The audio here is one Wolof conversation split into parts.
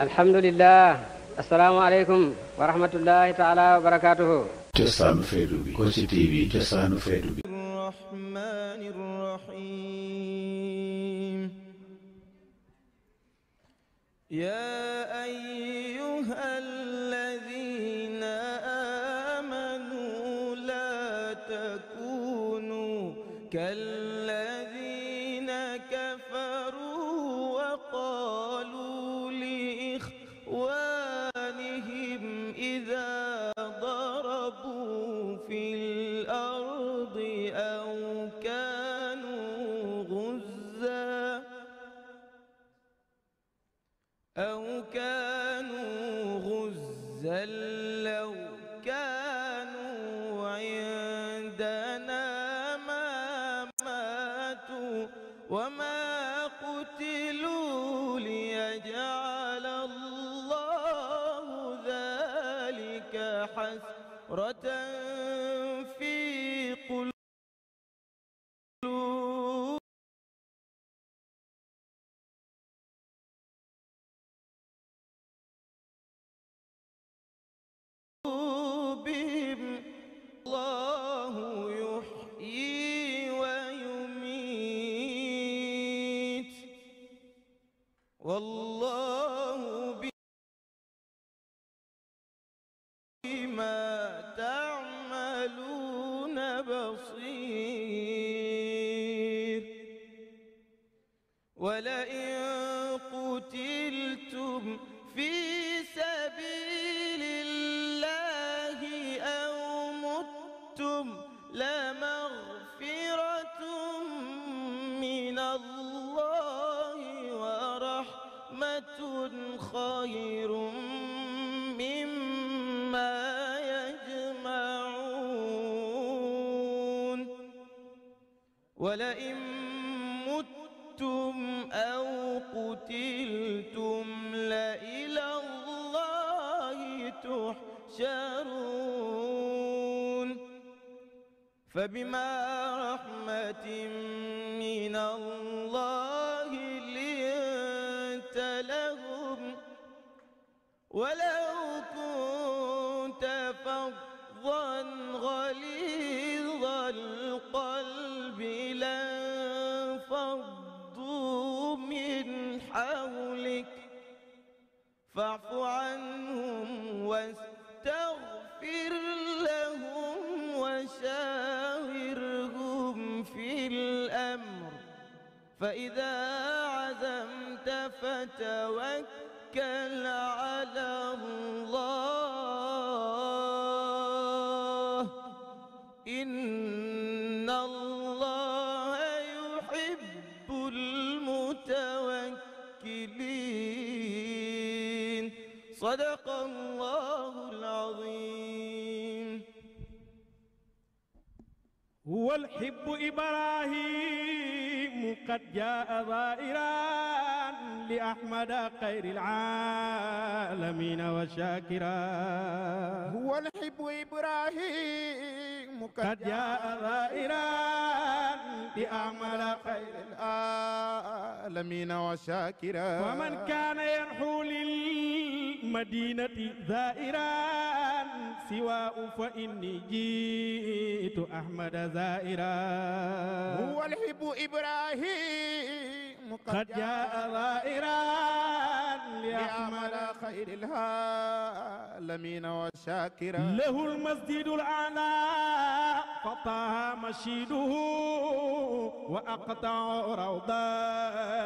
الحمد لله السلام عليكم ورحمة الله تعالى وبركاته جسان فيدوبي كوشي تي في جسان فيدوبي الرحمن الرحيم يا أيها العالمين وشاكرا ومن كان ينحو للمدينة زائرا سواء فإني جئت أحمد زائرا هو الحب إبراهيم قد جاء ظائرا ليعمل خير العالمين وشاكرا له المسجد الاعلى فطه مشيده واقطع روض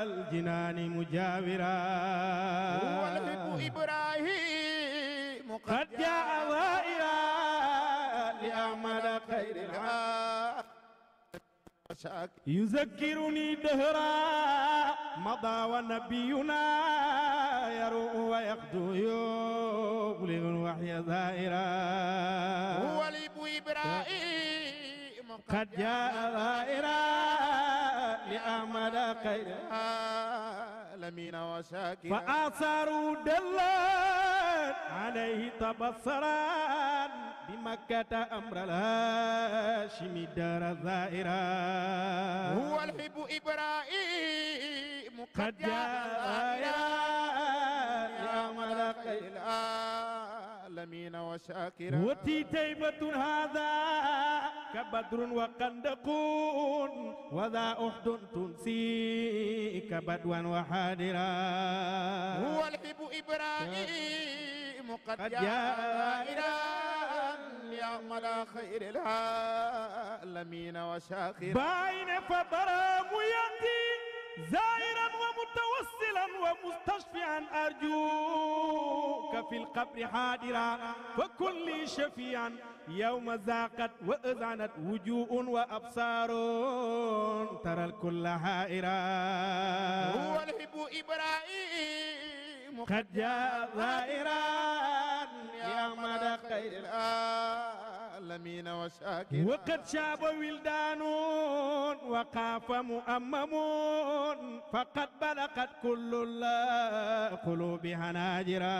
الجنان مجاورا هو الهب ابراهيم قد جاء ظائرا ليعمل خير العالمين أشاك يذكرني دهرا مضى ونبينا يروء ويغدو يبلغ الوحي زائرا هو لابو إبراهيم قد جاء ظاهرا لأحمد خيرا العالمين وساكنا فأثاروا دلا عليه تبصرا بمكة أمر الهاشم دار زائرا هو الحب إبراهيم قد جاء يا ملك العالمين وشاكرا وتي تيبة هذا كبدر وقندقون وذا أحد تنسي كبدوا وحادرا هو الحب إبراهيم قد جاء إلى يعمل خير العالمين وشاخر باين فضرام يأتي زائرا ومتوسلا ومستشفعا أرجوك في القبر حاضرا وكل شفيعا يوم زاقت وأذعنت وجوه وأبصار ترى الكل حائرا هو الهب إبراهيم قد جاء زائرا يا مدى خير الآن العالمين وشاكرا وقد شاب ولدان وقاف مؤمم فقد بلغت كل القلوب هناجرا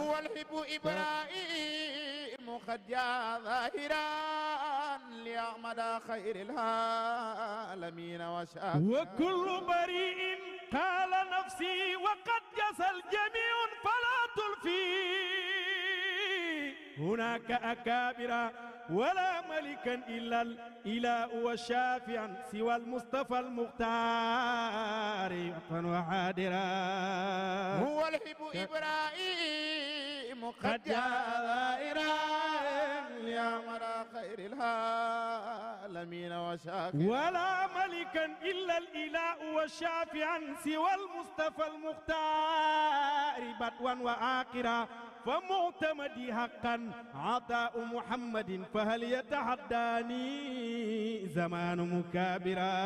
هو الحب إبراهيم قد جاء ظاهرا ليعمل خير العالمين وشاكرا وكل بريء قال نفسي وقد جسى الجميع فلا تلفي هناك أكابر ولا ملكا إلا الإله وشافعا سوى المصطفى المختار وعادرا هو الحب إبراهيم قد جاء ظاهرا يا مرا خير العالمين وشافعا ولا ملكا إلا الإله وشافعا سوى المصطفى المختار بدوا وآخرا فمعتمدي حقا عطاء محمد فهل يتحداني زمان مكابرا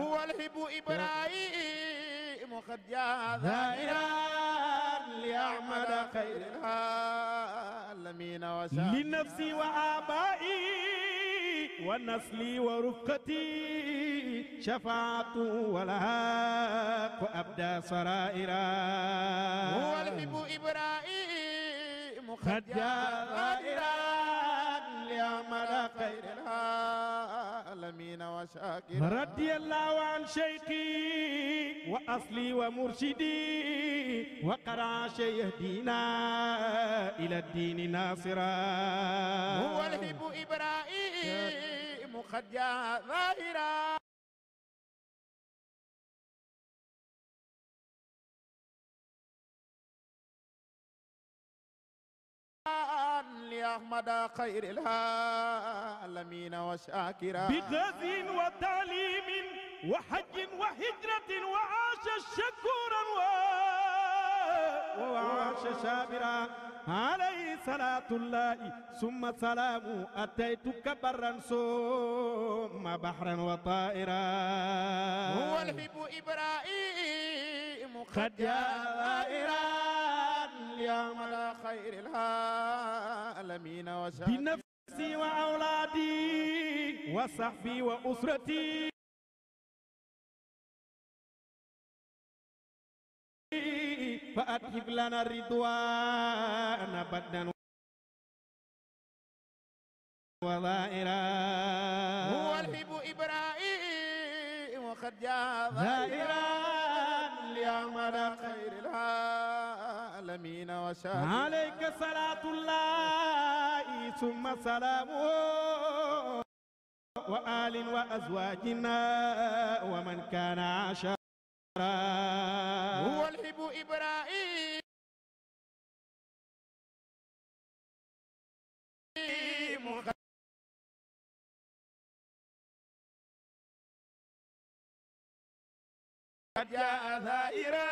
هو الهب إبراهيم وقد جاء ذائرا لأعمل خير العالمين العالمين وشاهد لنفسي وآبائي ونسلي ورفقتي شفاعة والحق وأبدى سرائرا هو الحب إبراهيم قد جاء ليعمل خير العالمين وشاكرا رضي الله عن شيخي وأصلي ومرشدي وقرع يهدينا إلى الدين ناصرا هو الهب إبراهيم قد جاء ظاهرا لأحمد خير العالمين وشاكرا بغزل وتعليم وحج وهجرة وعاش شكورا وعاش شابرا عليه صلاة الله ثم سلام أتيتك برا ثم بحرا وطائرا هو الحب إبراهيم قد يا الأيام على خير العالمين وشهد بنفسي وأولادي وصحبي وأسرتي فأتهب لنا الرضوان بدنا وظائرا هو الحب إبراهيم وقد جاء ظائرا ليعمل خير العالمين وشاكر عليك صلاة الله ثم سلام وآل وأزواجنا ومن كان عاشرا هو الحب إبراهيم قد جاء ثائرا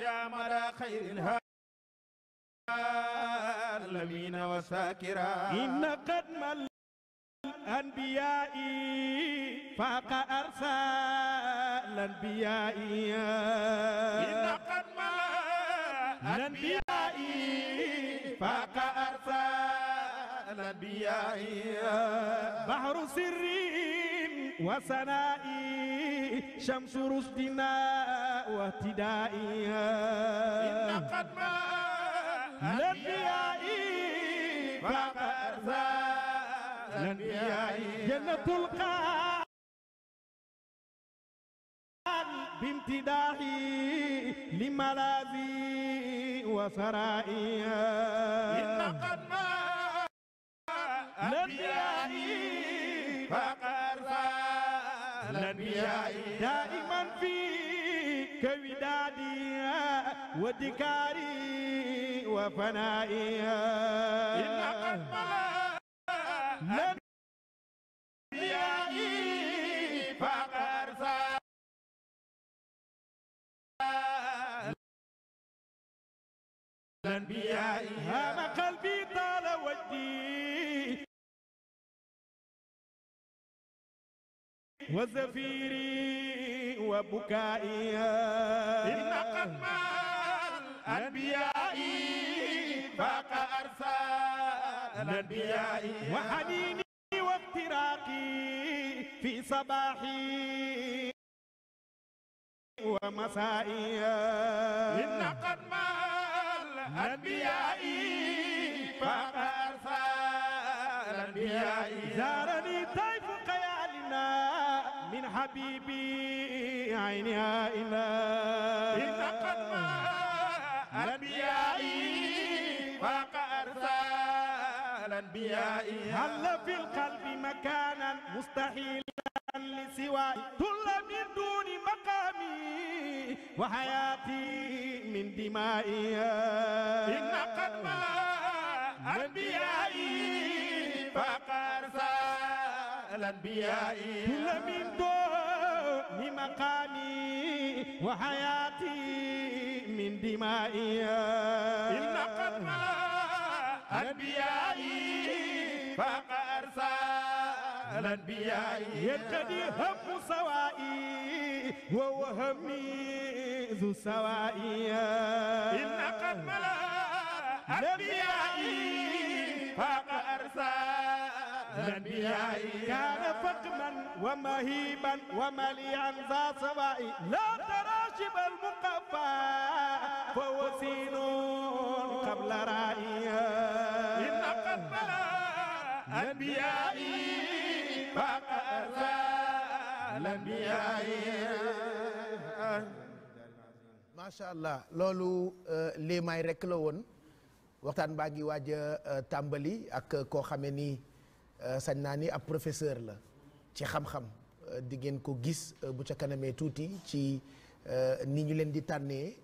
يا مرا خير العالمين وساكرا إن قد مل الأنبياء فاق أرسال الأنبياء إن قد مل الأنبياء فاق أرسال الأنبياء بحر سري وسنائي شمس رشدنا واهتدائي إن قد ما لنبيائي فبأرزا لنبيائي جنة القاع بامتداحي لملاذي وسرائي إن قد ما وادكاري وفنائي إن قلبي طال ودي وزفيري وبكائي إن قد مات أنبيائي فاق أرسال أنبيائي وحنيني وافتراقي في صباحي ومسائي إن قد مال أنبيائي فاق أرسال أنبيائي زارني طيف خيالنا من حبيبي عينها إلى بدائي هل في القلب مكانا مستحيلا لسواي طل من دون مقامي وحياتي من دمائي إن قد ما أنبيائي فقد سال أنبيائي من دون مقامي وحياتي من دمائي إن قد ما أنبيائي فقد سالت بيا يقدي هم سوائي ووهمي ذو سوائي إن قد ملا أنبيائي فقد الأنبياء كان فقما ومهيبا ومليا ذا سواء لا تراشب المقفى فهو سين قبل رائي Masya allah lalu lii may rek bagi wajah waxtaan baa ngi senani a tàmbali ak koo xamee ni sañ naa ni ab professeur la ci xam gis bu ca kanamee tuuti ci ni ñu leen di tànnee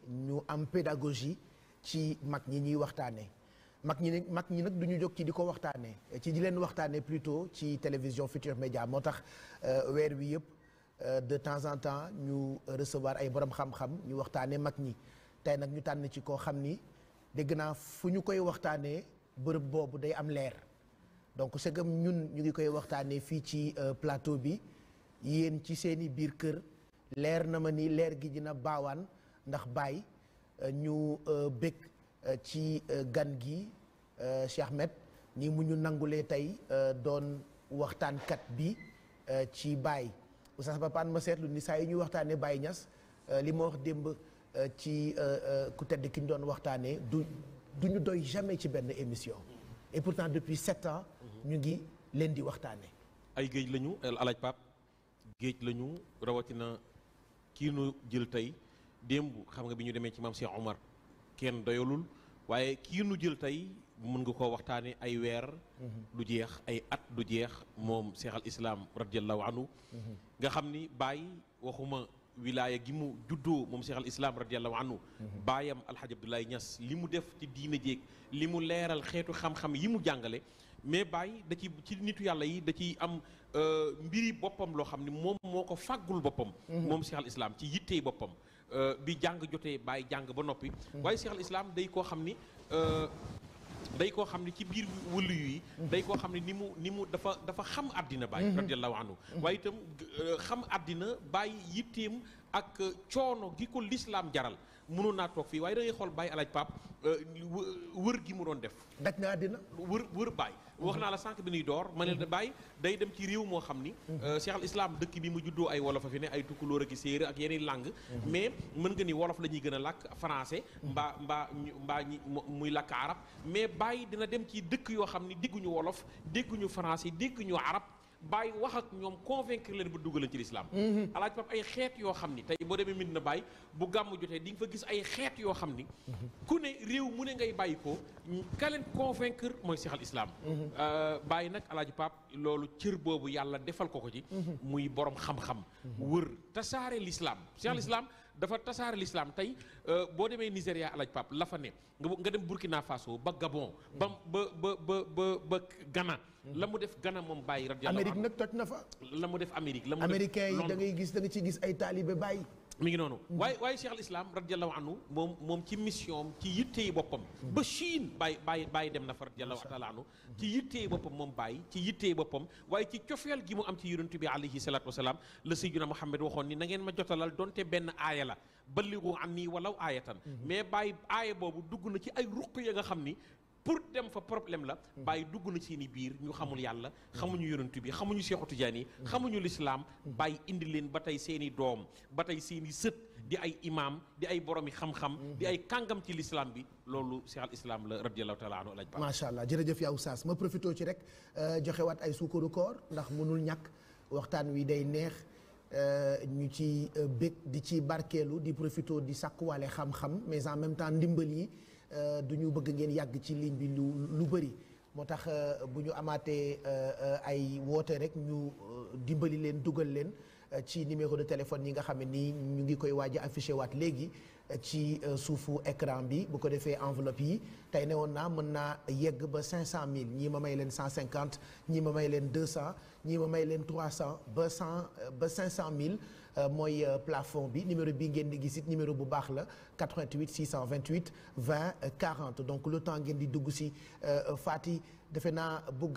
mag ñi nag mag ñi nag du ñu jóg ci di ko waxtaanee ci di leen waxtaanee plutôt ci télévision Futur Média moo tax euh, weer wi yëpp euh, de temps en temps ñu recevoir ay borom xam-xam ñu waxtaanee mag ñi tey nag ñu tànn ci ko xam ni dégg naa fu ñu koy waxtaanee bërëb boobu day am leer donc segam ñun ñu ngi koy waxtaanee fii ci euh, plateau bi yéen ci seeni biir kër leer na ma ni leer gi dina baawaan ndax bàyyi ñu bég Euh, ci euh, gan gi euh, Cheikh nii mu ñu nangule tey doon waxtaankat bi ci Baye Oustaz Pape ma seetlu ni saa yi ñuy waxtaanee Baye Niass li ma wax démb ci ku tedd ki ñu doon waxtaanee du du ñu doy jamais ci benn émission et pourtant depuis sept ans ñu ngi leen di waxtaanee. ay géej lañu alaaj Pape géej lañu rawatina kii nu jël tey démb xam nga bi ñu demee ci maam Cheikh Omar. kenn doyalul waye ki nu jël tay mën nga ko waxtaane ay weer mhm. du jeex ay at du jeex mom cheikh al islam radiyallahu anhu mhm. nga xamni baye waxuma wilaya gi mu juddoo mom cheikh al islam radiyallahu anhu mhm. Bayam al hadj abdullah li limu def ci diina jeek limu leral leeral xam-xam yi mu jàngale mais baye da ci ci nitu yalla yi da ci am euh, mbiri bopam lo xamni mom moko fagul bopam mom cheikh al islam ci yitte bopam Euh, bi jang jote bay jang ba nopi hmm. way cheikh islam day ko xamni euh day ko xamni ci bir wëllu yi hmm. day ko xamni nimu nimu dafa dafa xam adina bay hmm. radiyallahu anhu way itam euh, xam adina bay yittim ak choono giko l'islam jaral mënul naa toog fii waaye da ngay xool Baye alaaj Pape euh, wër gi mu doon def. daj naa dina. wër wër Baye. wax naa la sànq bi ñuy door ma ne mhm. bàyyi day dem ci réew moo xam ni. Mhm. Euh, Cheikh islaam dëkk bi mu juddoo ay wolof a fi ne ay tukkulóor ak i séeréer ak yeneen langue mhm. mais mën nga ni wolof la ñuy gën a làkk français. mbaa mbaa mbaa ñi muy làkk arab mais bàyyi dina dem ci dëkk yoo xam ni dégguñu wolof dégguñu français dégguñu arab bàyyi wax ak ñoom convaincre leen ba dugaleen ci lislaam mhm. alaaj pap ay xeet yoo xam ni tey boo demee Medina Baye bu gàmm jotee di nga fa gis ay xeet yoo xam ni mhm. ku ne réew mu ne ngay bàyyi ko ka leen convaincre mooy seexal islaam mhm. euh, bàyyi nag alaaj pap loolu cër boobu yàlla defal ko ko ci muy boroom xam-xam wër tasaare lislaam seexal islaam dafa tasaare l'islam tey euh, boo demee Nigéria alaj pap la fa ne nga dem Burkina Faso ba Gabon. ba ba ba ba ba Ghana. la mu def Ghana moom bàyyi rajo. Amérique nag toj na fa. la mu def Amérique. la mu def américain yi da ngay gis da nga ci gis ay taalibe bàyyi. mi ngi noonu mm-hmm. waaye waaye Cheikh al Islam radiyallahu anhu moom moom ci mission ci yittey boppam mm-hmm. ba Chine bàyyi bàyyi bàyyi dem na fa radiyallahu taala anhu mm-hmm. ci yittey boppam moom bàyyi ci yittey boppam waaye ci cofeel gi mu am ci yonent bi alayhi salaatu wasalaam la Sayyidina Muhammad waxoon ni na ngeen ma jotalal donte benn aaya la balligu anni walaw aayatan mais bàyyi aaya boobu dugg na ci ay ruq ya nga xam ni pour dem fa problème la bàyyi dugg na seeni biir ñu xamul yàlla xamuñu yonent bi xamuñu Seexu Tijaan yi xamuñu lislaam bàyyi indi leen ba tey seeni doom ba tey seeni sët di ay imaam di ay boromi xam-xam di ay kàngam ci lislaam bi loolu Seex al islaam la radiyallahu taala anhu alaj ba macha allah jërëjëf aw oustaz ma profité ci rek euh, joxewaat ay suukaru koor ndax mënul ñàkk waxtaan wi day neex euh, ñu ci euh, bég di ci barkeelu di profité di sàkkuwaale xam-xam mais en même temps ndimbal Euh, du ñu bëgg ngeen yàgg ci ligne bi lu lu bëri moo tax euh, bu ñu amaatee euh, ay woote rek ñu dimbali leen dugal leen ci numéro de téléphone yi nga xam ne nii ñu ngi koy waaja a affiché waat léegi ci suufu écran bi bu ko defee enveloppe yi tey ne woon naa mën naa yegg ba 500000 ñii ma may leen 150 ñii ma may leen 200 ñii ma may leen trois 300 ba 100 ba 500000. le euh, euh, plafond bi numéro bi ngeen di numéro bu 88 628 20 40 donc le temps ngeen di euh, Fati defena bu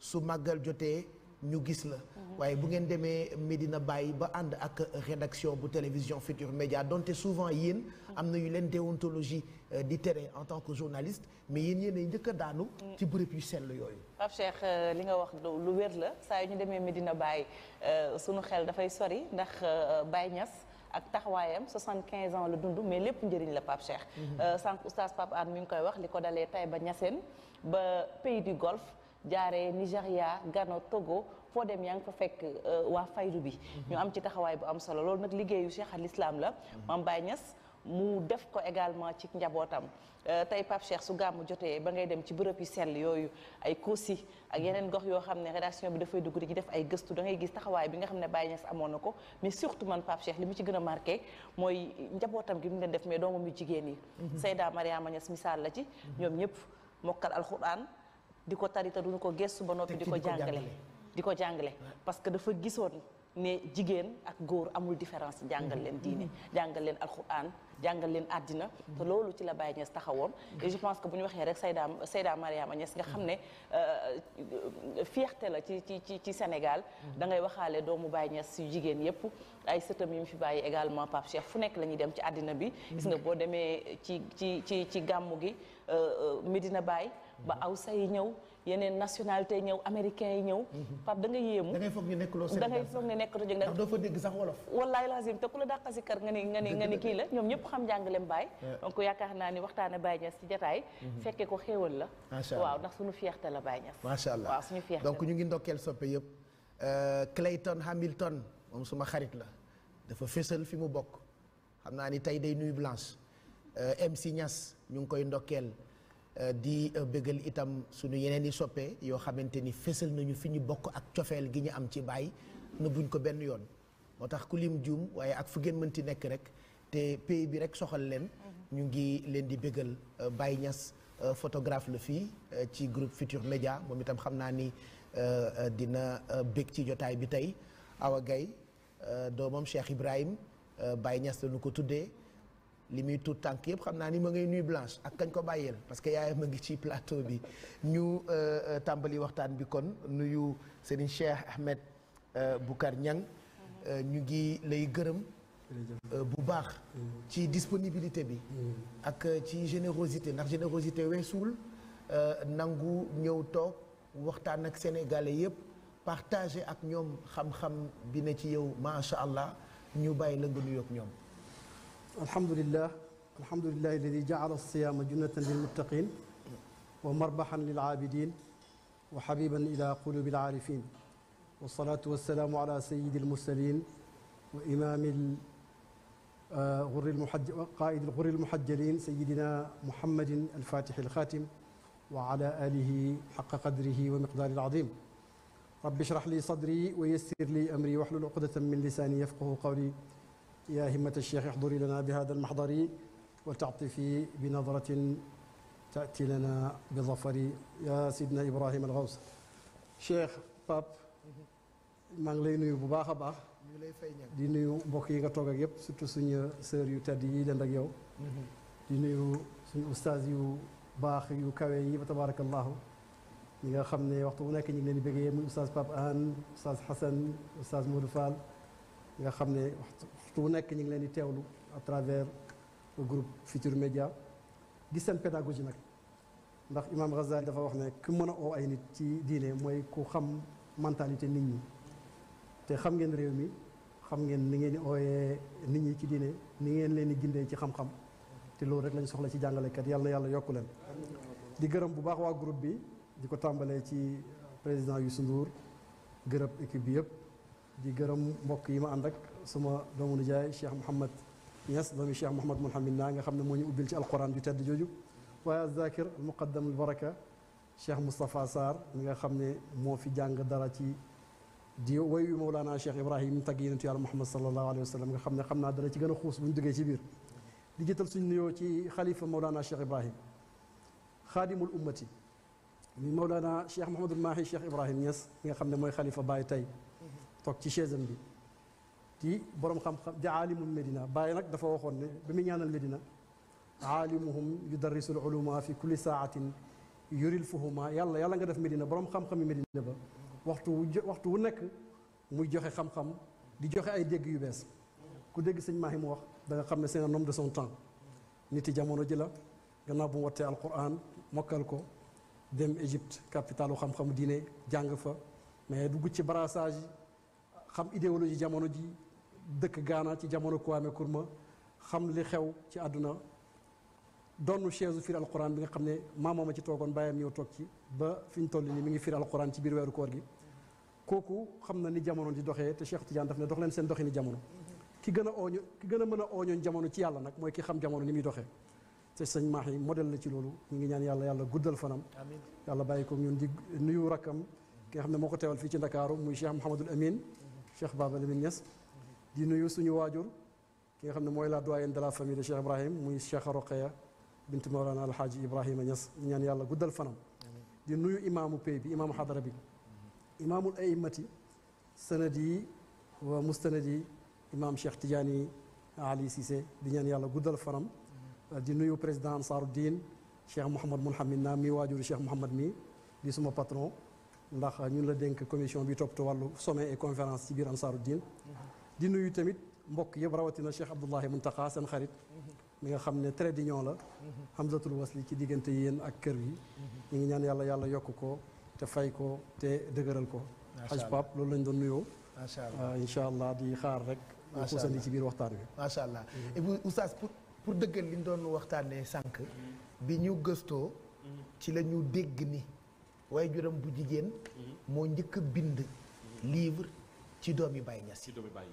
sous joté ñu ñu gis la waye bu ngeen démé Medina Baye ba and ak rédaction bu télévision Futur Média donté souvent yeen amna ñu yu déontologie euh, di tere en tant que journaliste mais yeen yéen ay njëkk a daanu ci bërëb yu sell yooyu Pape Cheikh euh, li nga wax lu wër la sa ñu démé Medina Baye euh, suñu xel fay sori ndax Baye ñass ak taxawaayam 75 ans le dundu mais lepp njëriñ la Pape Cheikh mhm. sank oustaz Pape Anne mi ngi koy wax liko dalé tay ba ñassène ba pays du Golfe jaaree Nigéria Gano Togo foo dem yaa ngi fa fekk euh, waa faydu bi mhm. ñu am ci taxawaay bu am solo loolu nag liggéeyu Cheikh al Islam la mhm. Mame Baye Niass mu def ko également ci njabootam euh, tey Pape Cheikh su gàmmu jotee ba ngay dem ci bërëb yu sell yooyu ay Kossy ak yeneen gox yoo xam ne rédaction bi dafay dugg di def ay gëstu da ngay gis taxawaay bi nga xam ne Baye Niass amoon na ko mais surtout man Pape Cheikh li mu ci gën a marqué mooy njabootam gi mu leen def mais doomam yu jigéen yi mhm. Seyda Mariama Niass misaal la ci ñoom ñëpp mokkal alxuraan di ko tari te duñu ko gëstu ba noppi di ko jàngale di ko jàngale parce que dafa gisoon ne jigéen ak góor amul différence jàngal leen mm-hmm. diine mm-hmm. jàngal leen alxuraan jàngal leen àddina te mm-hmm. loolu ci la bàyyi Niass taxawoon et je pense que bu ñu waxee rek seydaa Seyda Mariama Niass nga xam ne euh, fierté la ci ci ci ci Sénégal da ngay waxaale doomu Baye Niass yu jigéen yépp ay sëtam yi mu fi bàyyi également Pape Cheikh fu nekk la ñuy dem ci àddina bi gis nga boo demee ci ci ci ci gàmmu gi euh, euh, Medina Baye ba awsa yi ñëw yeneen nationalité yi ñëw américain yi ñëw mhm. Pape da nga yéemu da ngay foog ne nekkuloo Sénégal da ngay foog ne nekkuloo jëg ndax doo fa dégg sax wolof wallaay lazim te ku la dàqa si kër nga ni kii la ñoom ñëpp xam njàngalem Baye donc yaakaar naa ni waxtaane Baye Niass ci jataay mhm. fekkee ko xéewal la waaw ndax suñu fierté la Baye Niass macha ñu ngi ndokkeel soppe yëpp euh, Clayton Hamilton moom suma xarit la dafa fésal fi mu bokk xam naa ni tey day nuyu Blanche euh, MC Niass ñu ngi koy ndokkeel Euh, di euh, bégal itam sunu yeneen i soppee yoo xamante ni fésal nañu fi ñu bokk ak cofeel gi ñu am ci baay na buñ ko benn yoon moo tax ku lim juum waaye ak fu ngeen mënti nekk rek te pays bi rek soxal leen mhm. ñu ngi leen di bégal euh, Baye ñas photographe la fii ci groupe Futur Média moom itam xam naa ni dina bég ci jotaay bi tey Awa Gaye doomam Cheikh Ibrahim Baye Niass la ko tuddee li muy tuut tànk yëpp xam naa ni ma ngay nuy blanche ak kañ ko bàyyeel parce que yaayam a ngi ci plateau bi ñu euh, euh, tàmbali waxtaan bi kon nuyu Serigne Cheikh Ahmed euh, Boucar Niang ñu ngi lay gërëm bu baax mm-hmm. ci disponibilité bi mm-hmm. ak ci générosité ndax générosité weesuwul nangu ñëw toog waxtaan ak sénégalais yëpp partager ak ñoom xam-xam bi ne ci yow macha allah ñu bàyyi la nga nuyoog ñoom الحمد لله الحمد لله الذي جعل الصيام جنة للمتقين ومربحا للعابدين وحبيبا إلى قلوب العارفين والصلاة والسلام على سيد المرسلين وإمام الغر آه، المحج قائد الغر المحجلين سيدنا محمد الفاتح الخاتم وعلى آله حق قدره ومقدار العظيم رب اشرح لي صدري ويسر لي أمري واحلل عقدة من لساني يفقه قولي يا همة الشيخ احضري لنا بهذا المحضر وتعطفي بنظرة تأتي لنا بظفر يا سيدنا إبراهيم الغوث Cheikh Pape maa ngi lay nuyu bu baax a baax. ñu lay fay ñaan di nuyu mbokk yi nga toog ak yëpp surtout suñu sœurs yu tedd yi dend ak yow. di nuyu suñu ustaas yu baax yu kawe yi ba tabaarakallaahu ñi nga xam ne waxtu bu nekk ñu ngi leen di bëggee muy ustaas Pape Hann ustaas Hassan ustaas Modou Fall nga xam ne waxtu waxtu bu nekk ñu ngi leen di teewlu à travers le groupe Futur Média gis seen pédagogie nag ndax Imam Ghazali dafa wax ne ku mën a oo ay nit ci diine mooy ku xam mentalité nit ñi te xam ngeen réew mi xam ngeen ni ngeen di ooyee nit ñi ci diine ni ngeen leen di gindee ci xam te loolu rek lañ soxla ci jàngalekat yàlla yàlla yokku leen di gërëm bu baax waa groupe bi di ko tàmbalee ci président Youssou Ndour gërëb équipe bi yëpp di gërëm mbokk yi ma ànd ak suma doomu nijaay Cheikh mohammed Niass doomi Cheikh mohammed mohammed naa nga xamne ne moo ñu ubbil ci alquran ju tedd jooju waaye azakir almuqaddam albaraka Cheikh mustafa sar nga xamne mo fi jàng dara ci di wayu Mawlana Cheikh Ibrahim tagg ya yàlla sallallahu alayhi wasallam nga xamne xamna dara ci gëna xoos buñu duggé ci bir di jëtal suñu nuyo ci khalifa Mawlana Cheikh Ibrahim khadimul ummati mi Mawlana Cheikh mohammed Mahi Cheikh Ibrahim Niass nga xamne moy khalifa Baye tay tok ci chaise bi ci borom xam-xam di aalimul medina bàyyi nag dafa waxoon ne ba muy ñaanal medina aalimuhum yudarrisul uluma fi kulli saatin yuril fuhuma yàlla yàlla nga def medina borom xam-xami medina ba waxtu wu waxtu wu nekk muy joxe xam-xam di joxe ay dégg yu bees ku dégg sëñ Mahi mu wax da nga xam ne c'est un homme de son temps nit yi jamono ji la gannaaw bu mu wattee alquran mokkal ko dem Égypte capitalu xam-xamu diine jàng fa mais dugg ci brassage xam idéologie jamono ji dëkk Ghana ci jamono Kwame Nkrumah xam li xew ci àdduna donnu chaise firi alquran bi nga xam ne maamooma ci toogoon bàyyam ñëw toog ci ba fi ñu toll nii mi ngi firi alquran ci biir weeru koor gi kooku xam na ni jamono di doxee te Cheikh Tidiane daf ne dox leen seen doxini jamono ki gën a ooñu ki gën a mën a ooñoon jamono ci yàlla nag mooy ki xam jamono ni muy doxee te sëñ maax yi modèle la ci loolu ñu ngi ñaan yàlla yàlla guddal fanam yàlla bàyyi ko ñun di nuyu rakkam ki nga xam ne moo ko teewal fii ci Ndakaaru muy Cheikh Mouhamadul Amin Cheikh Baba Lamine Niass di nuyu suñu waajur ki nga xam ne mooy la doyenne de la famille de Cheikh Ibrahim muy Cheikh Roqeya bint Mawlana Alhaji Ibrahima Niass ñaan yàlla guddal fanam di nuyu imaamu pay bi imaamu xadara bi imaamul aimati sanad yi wa mustanad yi imaam Cheikh Tidiane Ali Cissé di ñaan yàlla guddal fanam di nuyu président Ansaruddin Cheikh Mouhamad Mounhamin naa mi waajuru Cheikh Mouhamad mi di suma patron ndax ñun la dénk commission bi toppatoo wàllu sommet et conférence ci biir Ansaruddin di nuyu tamit mbokk yëpp rawatina Cheikh abdullah Mountakha seen xarit mi nga xam ne trait d'union la Hamzatul Wasli ci diggante yéen ak kër wi ñu ngi ñaan yàlla yàlla yokk ko te fay ko te dëgëral ko Haj pap loolu lañ doon nuyoo incha allah di xaar rek ñu xuusandi ci biir waxtaan wi macha allah et puis oustaz pour pour dëggal li ñu doon waxtaanee sànq bi ñu gëstoo ci la ñu dégg ni way juram bu jigéen moo njëkk bind livre ci doomi Baye Niass ci doomi Baye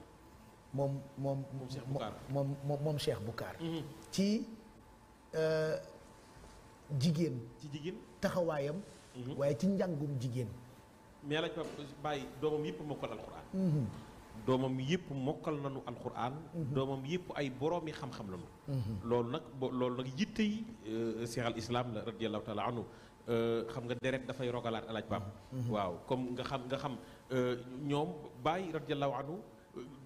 mom mom moom Cheikh Boucar moom moom Cheikh Boucar. ci eh, jigéen. ci jigéen taxawaayam. Mhm. waaye ci njangum jigen mais laaj Pap bàyyi domam yep mokal alquran mhm. domam yep mokal nañu alquran mhm. domam yep ay boromi xam-xam lañu. lool nak lool nak yitte yi euh, Cheikh al Islam la radiyallahu taala anhu euh, xam nga deret fay rogalat alaj Pap waaw comme nga xam nga xam euh, ñom bàyyi radiyallahu anhu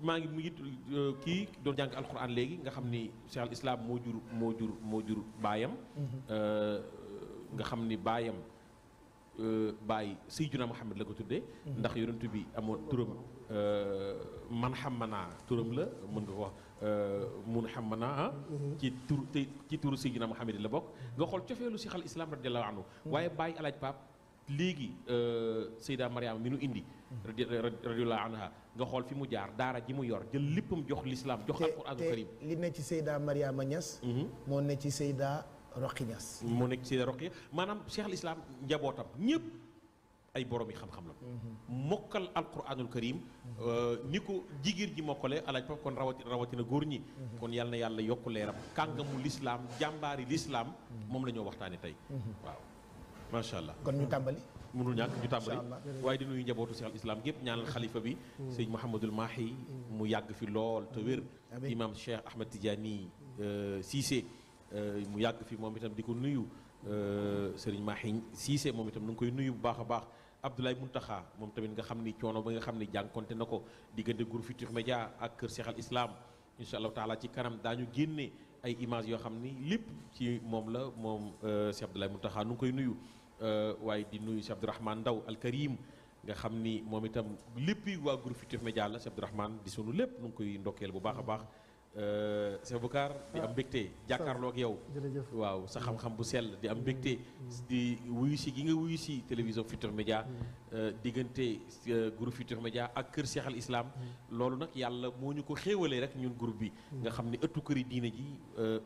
maa ngi mu ngi euh, kii doon jàng alxuraan léegi nga xam ni Cheikh al Islam moo jur moo jur moo jur baayam. Mm-hmm. Euh, nga xam ni baayam euh, baay Seydina Muhammad la ko tuddee. Mm-hmm. ndax yonent bi amoon turam man xamanaa turam la mën nga ko wax mun xamanaa ah. mm-hmm. ci tur ci turu Seydina Muhammad la bokk. nga xool cofeelu Cheikh al Islam radiyallahu anhu waaye baay alaaj Pape. léegi euh, Seyda Mariama mi nu indi radiyallahu anha nga xool fi mu jaar daara ji mu yor jël léppam jox lislaam jox alquraanu karim li ne ci Seyda Mariama Niass mhm. moo ne ci Seyda Roqi Niass moo maanaam cheikh al njabootam ñëpp ay borom yi xam-xam la mhm. mokkal alquraanul karim mhm. euh, ni ko jigéen ji mokkale alaaj pap kon rawatina góor ñi kon yal na yàlla yokku leeram kàngamu lislaam jàmbaari lislaam moom la waxtaane tey waaw macha allah kon ñu tàmbali mënul ñàkk ñu tàmbali waaye di nuyu njabootu Cheikh al islam gépp ñaanal xalifa bi mm. sëñ Mouhamadul Mahi mm. mu yàgg fi lool te wér mm. imam Cheikh Ahmed Tidiane euh, Cissé euh, mu yàgg fi moom itam di ko nuyu euh, sëriñ Mahi Cissé moom itam nu ngi koy nuyu bu baax a baax Abdoulaye Mountakha moom tamit nga xam ni coono ba nga xam ni jànkonte na ko diggante groupe Futurs ak kër Cheikh al islam incha allahu taala ci kanam daañu génne ay images yoo xam ni lépp ci moom la moom Cheikh Abdoulaye Mountakha nu koy nuyu Euh, waaye di nuyu si Abdourahmane Ndaw alkarim nga xam ni moom itam lépp yi waa groupe Futurs Médias la si Abdourahmane di sunu lépp nu ngi koy ndokkeel bu baax a baax euh, Cheikh Boucar di am mbégte jàkkaarloo ak yow waaw sa xam-xam bu sell di am mbégte mm-hmm. di wuyu si gi nga wuyu si télévision Futurs Médias mm-hmm. euh, diggante groupe Futurs Médias ak kër seexal islaam mm-hmm. loolu nag yàlla moo ñu ko xéewalee rek ñun groupe bi nga xam ne ëttu këri diine ji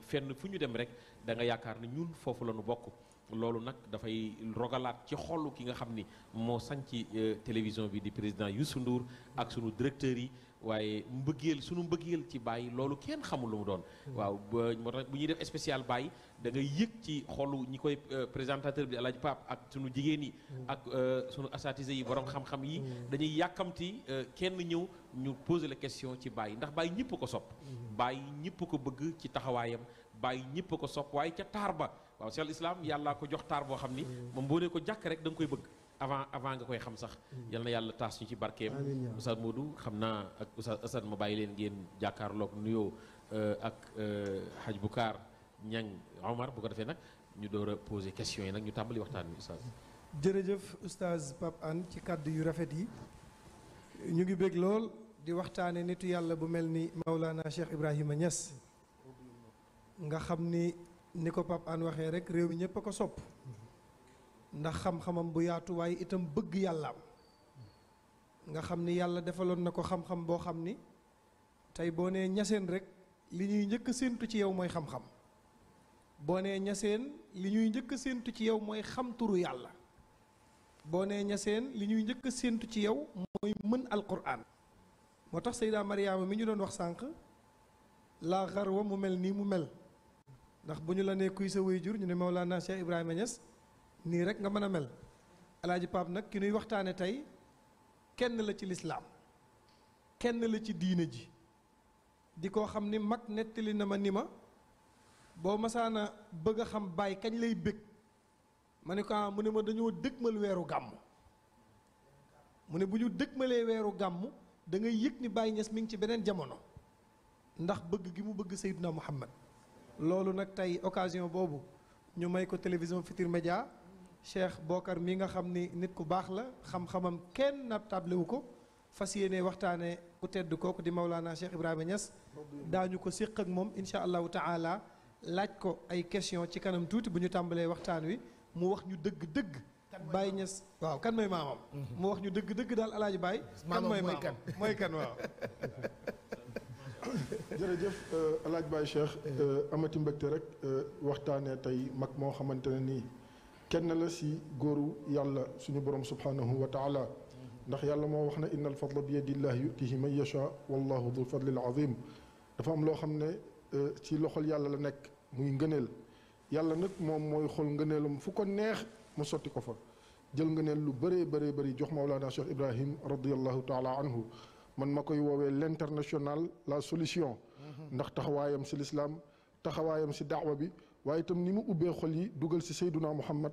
fenn fu ñu dem rek da nga yaakaar na ñun foofu la ñu bokk loolu nag dafay rogalaat ci xolu ki nga xam ni moo sanc euh, télévision bi di président Youssou Ndour ak sunu directeur yi waaye mbëggeel sunu mbëggeel ci bàyyi loolu kenn xamul lu mu doon. Hmm. waaw moo tax bu ñuy def spécial bàyyi dangay ngay yëg ci xolu ñi koy euh, présentateur bi El Hadj ak sunu jigéen yi. Hmm. ak euh, sunu asatise yi boroom xam-xam yi. Hmm. dañuy yàkkamti kenn ñëw ñu poser la question ci Baye ndax bàyyi ñëpp ko sop bàyyi ñëpp ko bëgg ci taxawaayam Baye ñëpp waaw Cheikh Islam yàlla ko jox taar boo xam ni mm. moom boo ne ko jàkk rek da nga koy bëgg avant avant nga koy xam sax mm. yal na yàlla taas ñu ci barkeem Oustaz Modou xam naa ak Oustaz Assane ma bàyyi leen ngeen jàkkaarloog nuyoo euh, ak euh, Hadj Boucar ñang Omar bu ko defee nag ñu door a poser question yi nag ñu tàmbali waxtaan wi Oustaz jërëjëf Oustaz pap an ci kàddu yu rafet yi ñu ngi bég lool di waxtaane nitu yàlla bu mel ni Maulana Cheikh Ibrahima Niass nga xam ni ni ko Pape Hann waxee rek réew mi ñëpp a ko sopp ndax xam-xamam bu yaatu waaye itam bëgg yàllaam nga xam ni yàlla defaloon na ko xam-xam boo xam ni tey boo nee ñaseen rek li ñuy njëkk a séentu ci yow mooy xam boo nee ñaseen li ñuy njëkk a ci yow mooy xam turu yàlla boo nee ñaseen li ñuy njëkk a séentu ci yow mooy mën alquran moo tax Sayda Mariama mi ñu doon wax sànq laa xar mu mel nii mu mel ndax bu ñu la nee kuy sa waajur ñu ne Maulana Cheikh Ibrahima Niass nii rek nga mën a mel alaaji Pape nag ki nuy waxtaane tey kenn la ci lislaam kenn la ci diine ji di ko xam ni mag nettali na ma ni ma boo masaana bëgg a xam baay kañ lay bég ma ne ko ah, mu ne ma dañoo dëgmal weeru gàmmu mu ne bu ñu dëgmalee weeru gàmm dangay ngay yëg ni Baay Ñas mi ngi ci beneen jamono ndax bëgg gi mu bëgg Seydina Muhammad loolu nag tey occasion boobu ñu may ko télévision fitir Médias Cheikh Bokar mi nga xam ni nit ku baax la xam-xamam kenn na table wu ko fas yéene waxtaane ku tedd kooku di Maulana Cheikh Ibrahima ñas daañu ko séq ak moom incha allahu taala laaj ko ay question ci kanam tuuti bu ñu tàmbalee waxtaan wi mu wax ñu dëgg-dëgg Baye Niass waaw kan mooy maamam mhm. mu wax ñu dëgg-dëgg daal alaaji Baye kan mooy maamam mooy kan waaw jërëjëf El Hadj Baye Cheikh amati mbégte rek waxtaanee tey mag moo xamante ne nii kenn la si góoru yàlla suñu borom subhanahu wa taala ndax yàlla moo wax ne inna al fadla bi yadillahi yutihi man yasha wallahu dul fadlil azim dafa am loo xam ne ci loxol yàlla la nekk muy ngëneel yàlla nag moom mooy xool ngëneelam fu ko neex mu sotti ko fa jël ngëneel lu bëree bëree bëri jox Mawlana Cheikh Ibrahim radiyallahu taala anhu man ma koy woowee l'international la solution ndax taxawaayam si lislaam taxawaayam si daawa bi waaye itam ni mu ubbee xol yi dugal si sayduna muhammad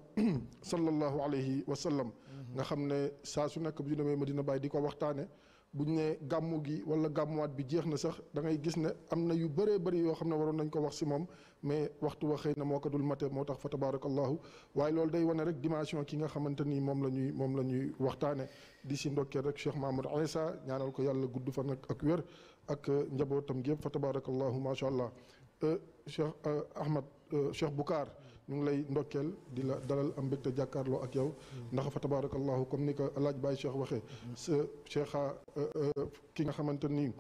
sallallahu alayhi wa sallam nga xam ne saa su nekk bu ñu demee Medina Baye di ko waxtaane bu ñu nee gàmmu gi wala gàmmuwaat bi jeex na sax da ngay gis ne am na yu bëree bëri yoo xam ne waroon nañ ko wax si moom mais waxtu wa xëy na moo ko dul mate moo tax fa tabarakallahu waaye loolu day wane rek dimension ki nga xamante ni moom la ñuy moom la ñuy waxtaane di si ndokkeel rek Cheikh Mamour Aïssa ñaanal ko yàlla gudd fan ak wér ak njabootam gi yëpp fa tabarakallahu macha allah Cheikh Ahmad Cheikh Boucar ñu ngi lay ndokkeel di la dalal am mbégte jàkkaarloo ak yow ndax fa tabarakallahu comme ni ko laaj Baye Cheikh waxee sa Cheikha ki nga xamante ni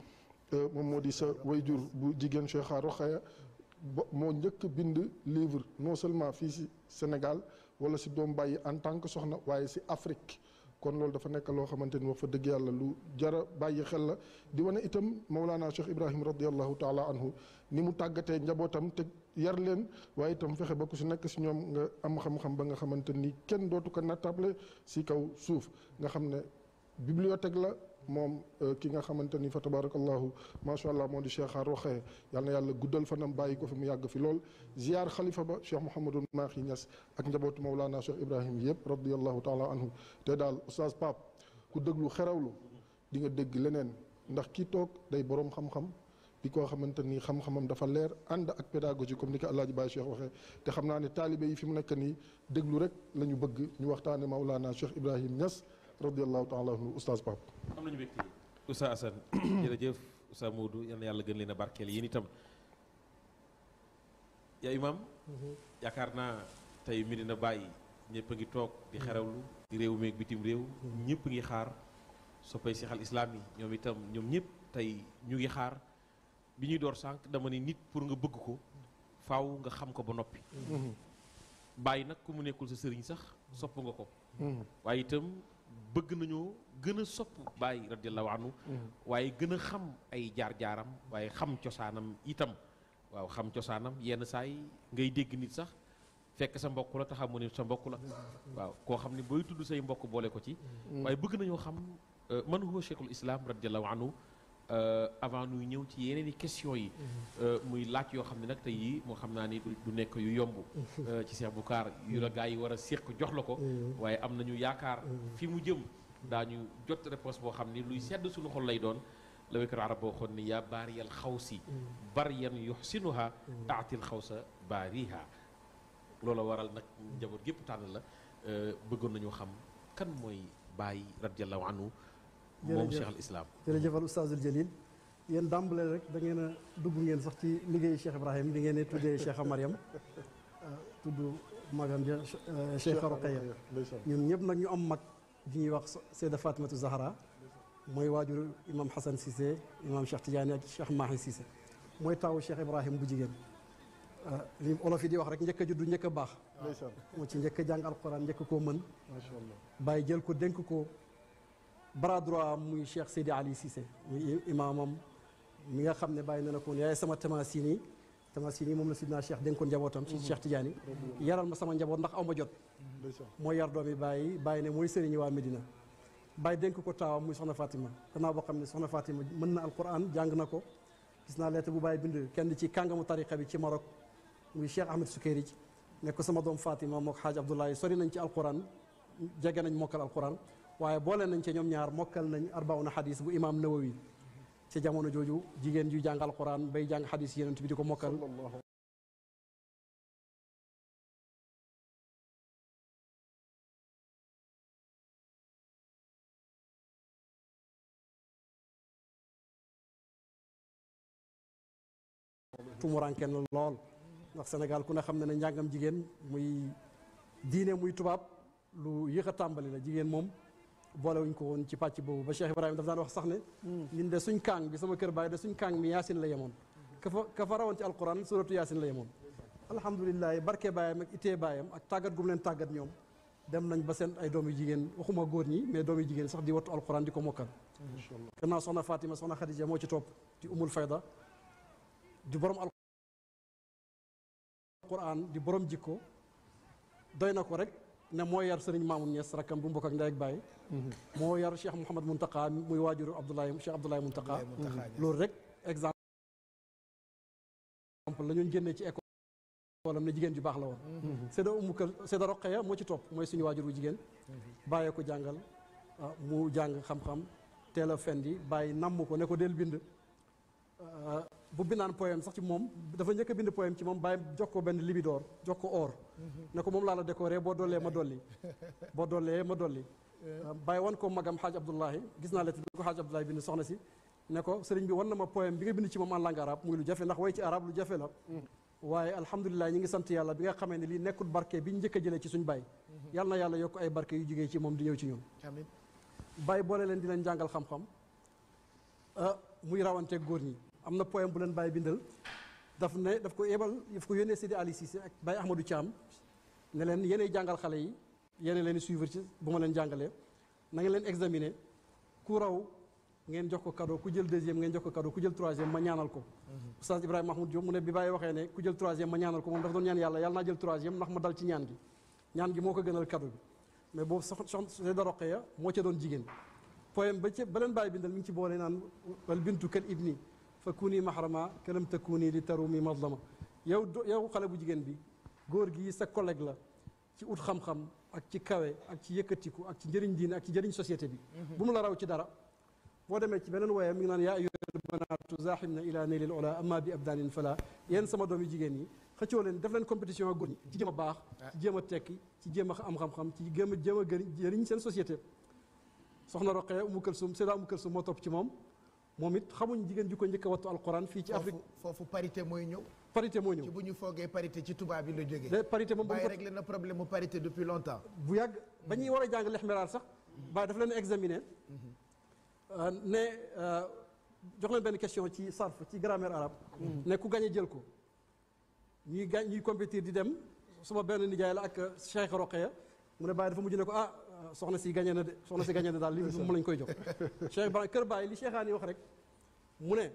moom moo di sa wayjur bu jigéen Cheikha Rokhaya moo njëkk bind livre non seulement fii si Sénégal wala si doom bàyyi en tant que soxna waaye si Afrique kon loolu dafa nekk loo xamante ni wax fa dëgg yàlla lu jara bàyyi xel la di wane itam Mawlaana Cheikh Ibrahim radiallahu taala anhu ni mu tàggatee njabootam te yar leen waaye itam fexe ba ku si nekk si ñoom nga am xam-xam ba nga xamante ni kenn dootu ko nattable si kaw suuf nga xam ne bibliothèque la mom ki nga xamanteni fa tabarakallah ma sha allah modi Cheikh ar Roxe yal na yàlla guddal fa nam bayiko fi mu yag fi lol ziar khalifa ba Cheikh Mouhamadou makhi Niass ak njabot Mawlana Cheikh Ibrahim yëpp radiallahu taala anhu te dal oustaz pap ku déglu xerawlu di nga deg lenen ndax ki tok day borom xam-xam di ko xamanteni xam-xamam dafa leer ànd ak pedagogy comme ni ko Alaaji Baye Cheikh waxe te xamna ni ne yi fi mu nek ni déglu rek lañu bëgg ñu waxtaane Mawlana Cheikh Ibrahim Niass radiyallahu taala anhu Ustaz Pape. am nañu mbégte oustaz Assane jërëjëf oustaz Modou yal na yàlla gën leen a barkeel yéen itam ya imam mhm. yaakaar naa tey Medina Baye ñëpp a ngi toog di xerawlu di réew meeg bitim réew mhm. ñëpp ngi xaar soppay Cheikh al Islam yi ñoom itam ñoom ñëpp tey ñu ngi xaar bi ñuy door sànq dama ni nit pour nga bëgg ko faaw nga xam ko ba noppi mhm. bàyyi nag ku mu nekkul sa sëriñ sax sopp nga ko waaye itam bëgg nañoo gën a sopp bàyyi radiyallahu mm-hmm. waaye gën a xam ay jaar-jaaram waaye xam cosaanam itam waaw xam cosaanam yenn saay ngay dégg nit sax fekk sa mbokk la taxaw taxamu ne sa mbokk la mm-hmm. waaw koo xam ne booy tudd say mbokk boole ko ci mm-hmm. waaye bëgg nañoo xam euh, man huwa cheikhul islam radiyallahu Euh, avant nuy ñëw ci yeneen i questions yi. Mhm. Euh, muy laaj yoo xam ne nag tey yii moo xam naa ni du nekk yu yomb. Mhm. Euh, ci Cheikh Boucar yu la mhm. gaa yi war a séq jox la ko. waaye am nañu yaakaar. fi mu jëm daañu jot réponse boo xam ni luy sedd suñu xol lay doon. la wékar arab boo xoon ni yaa baariyal xawsi. bariyan yuxsinuha taatil xawsa baariha. loola waral nag njaboot gépp tànn la bëggoon nañu xam kan mooy Baye radiyallahu anhu moom Cheikh al Islam jërëjëf al Oustaz al Jalil yéen dàmbale rek da ngeen a dugg ngeen sax ci liggéeyu Cheikh Ibrahim di ngeen ne tuddee Cheikh Mariam tudd magam ja Cheikh Roqaya ñun ñëpp nag ñu am mag ji ñuy wax Seyda Fatimatu Zahra mooy waajur imam Hassan Cissé imam Cheikh Tidiane ak Cheikh Mahi Cissé mooy taawu Cheikh Ibrahim bu jigéen li olof yi di wax rek njëkk a juddu njëkk a baax moo ci njëkk a jàng alquran njëkk koo mën bàyyi jël ko dénk ko bras droit muy Cheikh Seydi Ali Cissé muy imaamam mi nga xam ne bàyyi na ne ko yaay sama tamaasini tamaasini moom la sidna Cheikh dénkoon njabootam ci mhm. Cheikh Tidiane mhm. yaral ma sama njaboot ndax aw ma jot mooy yar doomi bàyyi bàyyi ne mooy sëriñi waa Medina bàyyi dénk ko taawam muy soxna Fatima gannaaw boo xam ne soxna Fatima mën na alquran jàng na ko gis naa lettre bu bàyyi bind kenn ci kàngamu tariqa bi ci Maroc muy Cheikh Ahmed Soukayrij ne ko sama doom Fatima mook xaaj Abdoulaye sori nañ ci alquran jege nañ mokkal alquran waaye boole nañ ca ñoom ñaar mokkal nañ hadis xadis bu imam nawawi ci jamono jooju jigéen ju jàng alquran bay jàng xadis yenent bi di ko mokkal tumuranken la lool ndax sénégal ku ne xam ne ne njàngam jigéen muy diine muy tubaab lu yéex a tàmbali la jigéen moom boolewuñ ko woon ci pàcc boobu ba Cheikh Ibrahima daf daan wax sax ne ñun de suñ kàng bi sama kër baay de suñ kàng mi yaasin la yemoon ka fa ka fa rawoon ci alquran suratu yaasin la yemoon alhamdulilah barke baayam ak itee baayam ak tàggat gum leen tàggat ñoom dem nañ ba seen ay doom yu jigéen waxuma góor ñi mais doom yu jigéen sax di wattu alquran di ko mokkal gannaaw soxna Fatima soxna Khadija moo ci topp di umul fayda di borom alquran di borom jikko doy na ko rek ne moo yar sëriñ Mamoun Niass rakkam bu mbokk ak ndey ak baay moo yar Cheikh Mouhamad Mountakha muy waajuru Abdoulaye Cheikh Abdoulaye Mountakha loolu rek exemple la ñun ci école wala ne jigéen ju baax la woon mhm. Seyda Umu Kal Seyda Roqeya moo ci topp mooy suñu waajuru jigéen mhm. bàyyee ko jàngal ah, mu jàng xam-xam teel a fendi bàyyi namm ko ne ko del bind ah, bu bindaan poème sax ci moom dafa njëkk a bind poème ci moom bàyyi jox ko benn libidoor jox ko or mhm. ne ko moom laa la décoré boo doolee ma dolli boo doolee ma dolli eh. euh, bàyyi wan ko magam xaaj Abdullahi gis naa lettre bi ko xaaj Abdullahi bind soxna si ne ko sëriñ bi wan na ma poème bi nga bind ci moom en langue arabe muy lu jafe ndax way ci arabe lu jafe la mm. waaye alhamdulilah ñi ngi sant yàlla bi nga xamee ne lii nekkul barke bi njëkk a jëlee ci suñu baay mm-hmm. na yàlla yokk ay barke yu jógee ci moom di ñëw ci ñun amiin boole leen di jàngal xam euh, muy rawanteeg góor ñi am na poème bu leen Baye bindal daf ne daf ko yebal daf ko yónnee Sidi Ali Cissé ak Baye Ahmadou Thiam ne leen yéenay jàngal xale yi yéenay leen suivre ci bu ma leen jàngalee na ngeen leen examiner ku raw ngeen jox ko cadeau ku jël deuxième ngeen jox ko cadeau ku jël troisième ma ñaanal ko. oustaz Ibrahima Mahmoud Diop mu ne bi Baye waxee ne ku jël troisième ma ñaanal ko moom dafa doon ñaan yàlla yàlla naa jël troisième ndax ma dal ci ñaan gi ñaan gi moo ko gënal cadeau bi mais boobu sox Seyda Roqeya moo ca doon jigéen poème ba ca ba leen Baye bindal mi ngi ci boole naan wal bintu kal ibni فكوني محرمة كلم تكوني لترومي مظلمة yow do yow xale bu jigéen bi góor gi sa collègue la ci ut xam-xam ak ci kawe ak ci yëkkatiku ak ci njëriñ diine ak ci njëriñ société bi bu mu la raw ci dara boo demee ci beneen woyam mi ngi naan yaa ayyuhal banaatu zaaximna ila naylil ola amma bi abdaanin fala yéen sama doomi jigéen yi xëccoo leen def leen compétition ak góor ñi ci jéem a baax ci jéem a tekki ci jéem a am xam-xam ci jéem a jéem a gëriñ seen société soxna roqee umu këlsum seeda umu këlsum moo topp ci moom moom it xamuñ jigéen ji ko njëkk a wattu alquran fii ci Afrique foofu parité mooy ñëw parité mooy ñëw ci bu ñu foogee parité ci tubaab yi la jógee parité moom bàyyi réglé na problème mu parité depuis longtemps bu yàgg ba ñuy war a jàng lexmeraar sax bàyyi daf leen examiner euh, ne euh, jox leen benn question ci sarf ci grammaire arabe ne ku gagné jël ko ñuy gaañ ñuy compétir di dem su ma benn nijaay la ak Cheikh Roqeya mu ne bàyyi dafa mujj ne ko ah soxna si gagné na de soxna si gagné na dal li moom lañ koy jox Cheikh ibrahim keur Baye li Cheikhaan yi wax rek mu ne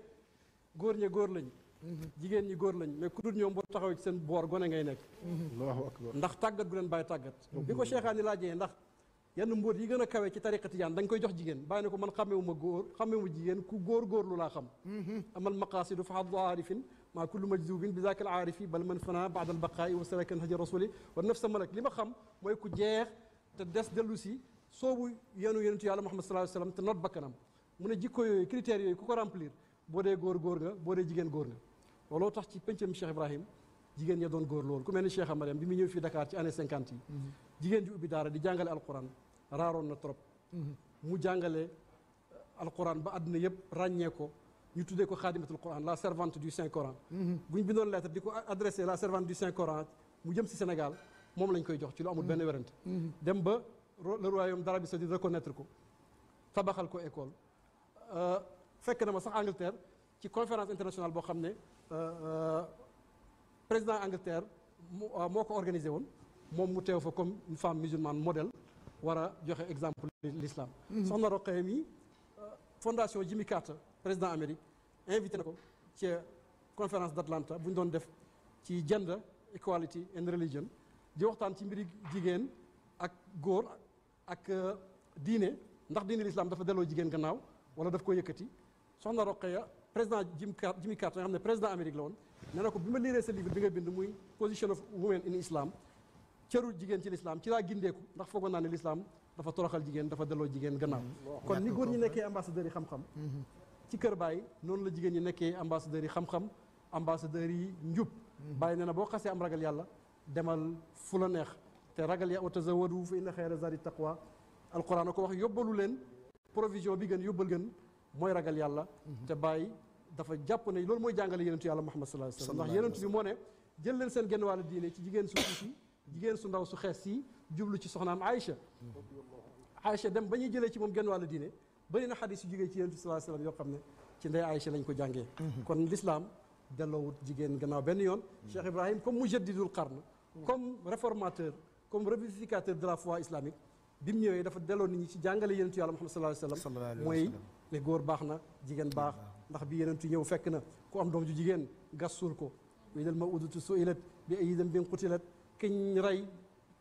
góor ña góor lañ jigéen ñi góor lañ mais ku dul ñom bo taxaw ci sen bor gone ngay nek Allahu akbar ndax tagat gu len baye tagat biko ko Cheikhaan yi ndax yenn mbot yi gëna kawe ci tariqati yaan dañ koy jox jigen bayina ko man xamewuma góor xamewuma jigen ku góor lu la xam amal maqasidu fa haddu ما كل مجذوب بذاك العارف بل من فنى بعد البقاء وسلك baada al والنفس ملك لما خم ما يكون جيخ te des dellu si soobu yenu yonentu yàlla Muhammad sallallahu alayhi wa sallam te not bakkanam mu ne jikko yooyu critères yooyu ku ko remplir boo dee góor góor nga boo dee jigéen góor nga looloo tax ci pencam Cheikh Ibrahim jigéen ñee doon góor loolu ku mel ni Cheikh Amariam bi mu ñëw fii Dakar ci année cinquante yi mhm. jigéen ji ubbi daara di jàngale alquran raaroon na trop mhm. mu jàngale euh, alquran ba àdduna yëpp ràññee ko ñu tuddee ko xaadimatul quran la servante du saint coran mhm. bu ñu si Sénégal moom lañ koy jox ci lu amul mm-hmm. benn werante mm-hmm. dem ba le royaume d'Arabie Saoudite reconnaître ko tabaxal ko école euh, fekk na ma sax Angleterre ci conférence internationale boo xam ne euh, euh, président Angleterre moo ko organisé woon moom mu teew fa comme une femme musulmane modèle war a joxe exemple l'islam mm-hmm. soxna Roqee mi fondation Jimmy Carter président Amérique invité na ko ci conférence d'Atlanta bu ñu doon def ci gender equality and religion di waxtaan ci mbiri jigéen ak góor ak euh, diine ndax diine lislaam dafa delloo jigéen gannaaw wala daf ko yëkkati soxna Roqeya président Jim Carter Jimmy Carter nga xam ne président Amérique la woon nee na ko bi ma liiree sa livre bi nga bind muy position of women in islam cëru jigéen ci lislaam ci laa gindeeku ndax foogoon naa ne lislaam dafa toroxal jigéen dafa delloo jigéen gannaaw mm-hmm. kon ni góor ñi nekkee ambassadeurs yi xam-xam mm-hmm. ci kër Baye noonu la jigéen ñi nekkee ambassadeurs yi xam-xam ambassadeurs yi njub mm-hmm. Baye nee na boo xasee am ragal yàlla demal fu la neex te ragal ya watazawadu tazawadu fa inna xayra zadi taqwa alquran ko wax yóbbalu leen provision bi gën yóbbal gën moy ragal yàlla te bay dafa jàpp ne loolu moy jàngale yenenbi yàlla muhammad sallallahu alaihi wasallam ndax yenentu bi moo ne jël leen seen genn diine ci jigen su ci jigen su ndaw su xess ci djublu ci soxnam aisha aisha dem bañu ñuy ci mom genn wàllu diine bari na hadith yu ci yenenbi sallallahu alaihi wasallam yo xamne ci ndey aisha lañ ko jangé kon l'islam delloowut jigen gannaaw ben yoon Cheikh Ibrahim comme mujaddidul qarn comme réformateur comme revivificateur de la foi islamique bi ñëwé dafa délo nit ñi ci jàngale yenentu yàlla Muhammad sallallahu alayhi wasallam moy mooy ne góor baxna jigen bax ndax bi yenentu ñëw fekk na ko am doom ju jigen gasul suul ko wéydal ma udutu suilat bi ay bin qutilat kiñ ray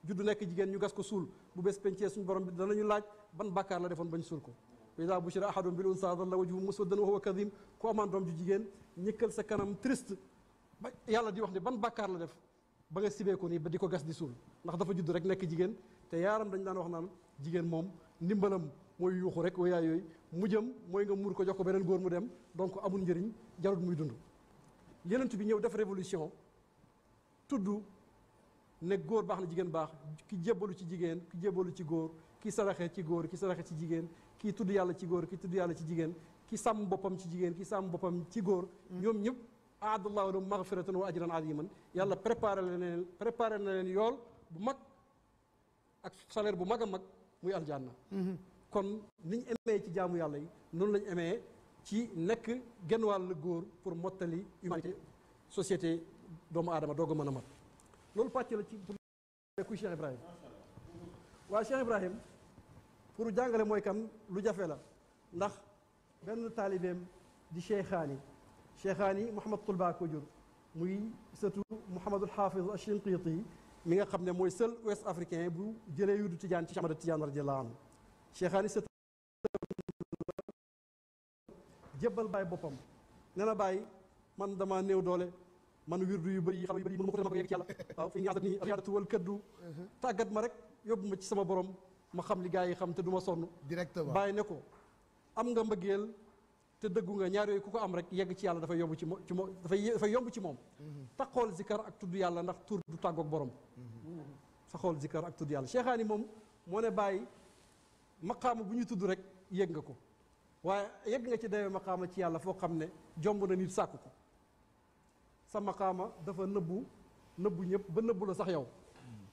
juddu nek jigen ñu gas ko sul bu bés pencee suñu borom bi da danañu laaj ban bakkar la defon bañ sul ko ida bushira ahadun bil unsa dhalla wajhu musaddan wa huwa kadhim ko am doom ju jigen ñëkkal sa kanam triste ba yàlla di wax ni ban bakkar la def ba nga sibee sibeeku nii ba di ko gas di suul ndax dafa judd rek nekk jigéen te yaaram dañ daan wax naan jigéen moom ndimbalam mooy yuuxu rek wa yaay yooyu mu jëm mooy nga muur ko jox ko beneen góor mu dem donc amul njëriñ jarut muy dund yenent bi ñëw def révolution tudd ne góor baax na jigéen baax ki jébbalu ci jigéen ki jébbalu ci góor ki saraxe ci góor ki saraxe ci jigéen kii tudd yàlla ci góor ki tudd yàlla ci jigéen ki sàmm boppam ci jigéen ki sàmm boppam ci góor mm. ñoom ñëpp أعد الله لهم مغفرة وأجرا عظيما يلا بريبار لنا بريبار لنا يول بمك أكسالير بمك مك مي الجنة كون نين أمي تي جامو يالي نون نين أمي تي نك جنوال لغور فور موتالي يمانتي سوسيتي دوم آدم دوغو مانا مك لول باتي لتي بكو شيخ إبراهيم wa cheikh ibrahim pour jangale moy kan lu jafé la ndax ben talibem di شيخاني محمد طلباك وجر موي ستو محمد الحافظ الشنقيطي ميغا خامني موي سل ويس افريكان بو جيلي يودو تيجان تي تيجان رضي الله شيخاني ستو جبل باي بوبام نانا باي من دما نيو دوله من ويردو يو بري خاوي بري من مكو تماك ياك يالا واو في نياتني رياضه ول كدو تاغات ما رك يوب ما سي سما بروم ما خام لي غاي خام تدوما سونو دايناكو ام nga mbeugel te dëggu nga ñaar yooyu ku ko am rek yegg ci yàlla dafay yomb ci moom ci moom dafay yomb ci moom tax mhm. taxool zikar ak tudd yàlla ndax tuur du tàggoog borom mhm. taxool zikar ak tudd yàlla cheikhaani moom moo ne bàyyi maqaama bu ñu tudd rek yëg nga ko waaye yëg nga ci dayoo maxaama ci yàlla foo xam ne jomb na nit sàkku ko sa maqaama dafa nëbbu nëbbu ñëpp ba nëbbu la sax yow mhm.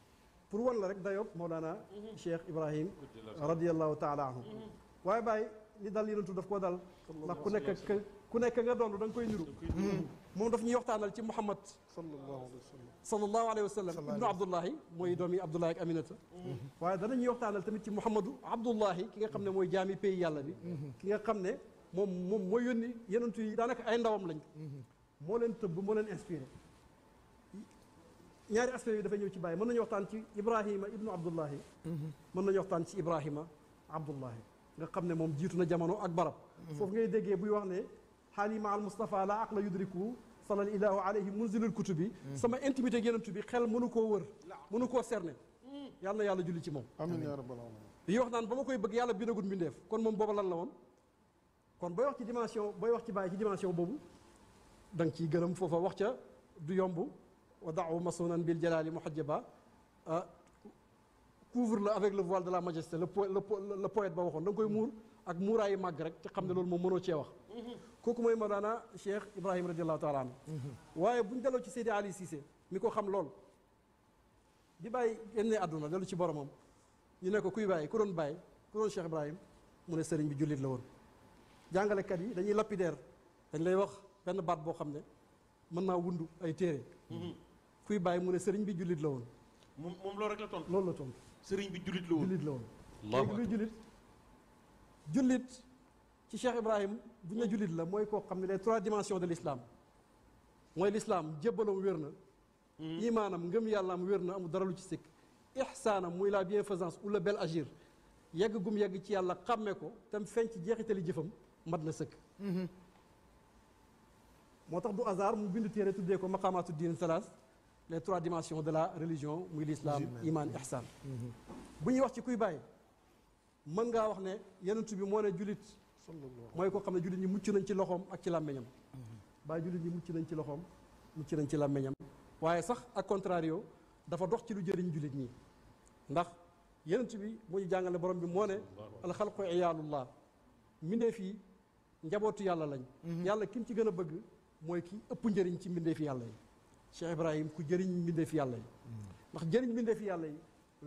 pour wan la rek dayoo Mawlana Cheikh Ibrahim radiallahu taala waaye bàyyi li dal yonentu daf koo dal ndax ku nekk ku nekk nga doon da nga koy niru moom daf ñuy waxtaanal ci Muhammad sallallahu alayhi wa sallam ibnu Abdullahi mooy doomi Abdullahi ak Aminata waaye danañuy waxtaanal tamit ci Muhammadu Abdullahi ki nga xam ne mooy jaami pays yàlla bi ki nga xam ne moom moom mooy yónni yonentu yi daanaka ay ndawam lañ moo leen tëbb moo leen inspiré ñaari aspect yi dafay ñëw ci bàyyi mën nañu waxtaan ci Ibrahima ibnu Abdullahi mën nañu waxtaan ci Ibrahima Abdullahi nga xamne mom jitu na jamono ak barab foofu ngay dege buy wax ne halima al Mustafa la aqla yudriku sallal ilahu alayhi munzil al kutubi sama intimité ak yenentu bi xel mënu koo wër mënu koo cerner yàlla yàlla julli ci mom amin ya rabbal alamin yi wax nan bama koy bëgg yàlla bindagut mbindeef kon mom booba lan la won kon boy wax ci dimension boy wax ci bàyyi ci dimension bobu dang ci ciy gërëm wax ca du yomb wa da'u masunan bil jalali muhajjaba couvre-le avec le voile de la majesté le po le poète ba waxon dang koy muur ak muuraayu mag rek te xamne ne mo meuno ci cee wax. koku moy madana Cheikh Ibrahima radiyallahu taala anhu waaye bu ci Seydi Ali Cissé mi ko xam lool. di bay génne aduna dellu ci boromam ñu ne ko kuy bay, ku doon bay ku doon Cheikh Ibrahim mu ne serigne bi julit la jangale kat yi dañuy lapidaire dañ lay wax ben bat bo xamne ne na wundu ay téere. Mhm. kuy bay mu ne serigne bi julit la won mom moom rek la ton loolu la ton سرين بجلد لون جلد لون الله أكبر جلد جلد في شيخ إبراهيم بنا جلد لما يكو قمنا لأي ترى ديمانسيون دي الإسلام وي الإسلام جبل ويرنا إيمانا مغم يالله ويرنا أمو درلو جسك إحسانا مو إلا بيان فزانس ولا بيل أجير يجي قم يجي تي الله قمكو تم فنش جيخي تلي جفم مدن سك موتاخ دو أزار مو بيندو تيري تدريكو مقامات الدين الثلاث le trois dimension de la religion muy l'islam iman ihsan bu ñuy wax ci kuy bàyyi mën ngaa wax ne yenentu bi moo ne jullit mooy ko xam ne jullit ñi mucc nañ ci loxoom ak ci làmmeñam bàyyi jullit ñi mucc nañ ci loxoom mucc nañ ci làmmeñam waaye sax ak contrario dafa dox ci lu jëriñ jullit ñi ndax yenent bi mu ñu jàngale borom bi moo ne alxalqu iyaalullah mbindeef yi njabootu yàlla lañ mhm. yàlla kim ci gën a bëgg mooy ki ëpp njëriñ ci mbindeef yàlla Cheikh Ibrahim ku jëriñ mbindeef yàlla yi ndax jëriñ mbindeef yàlla yi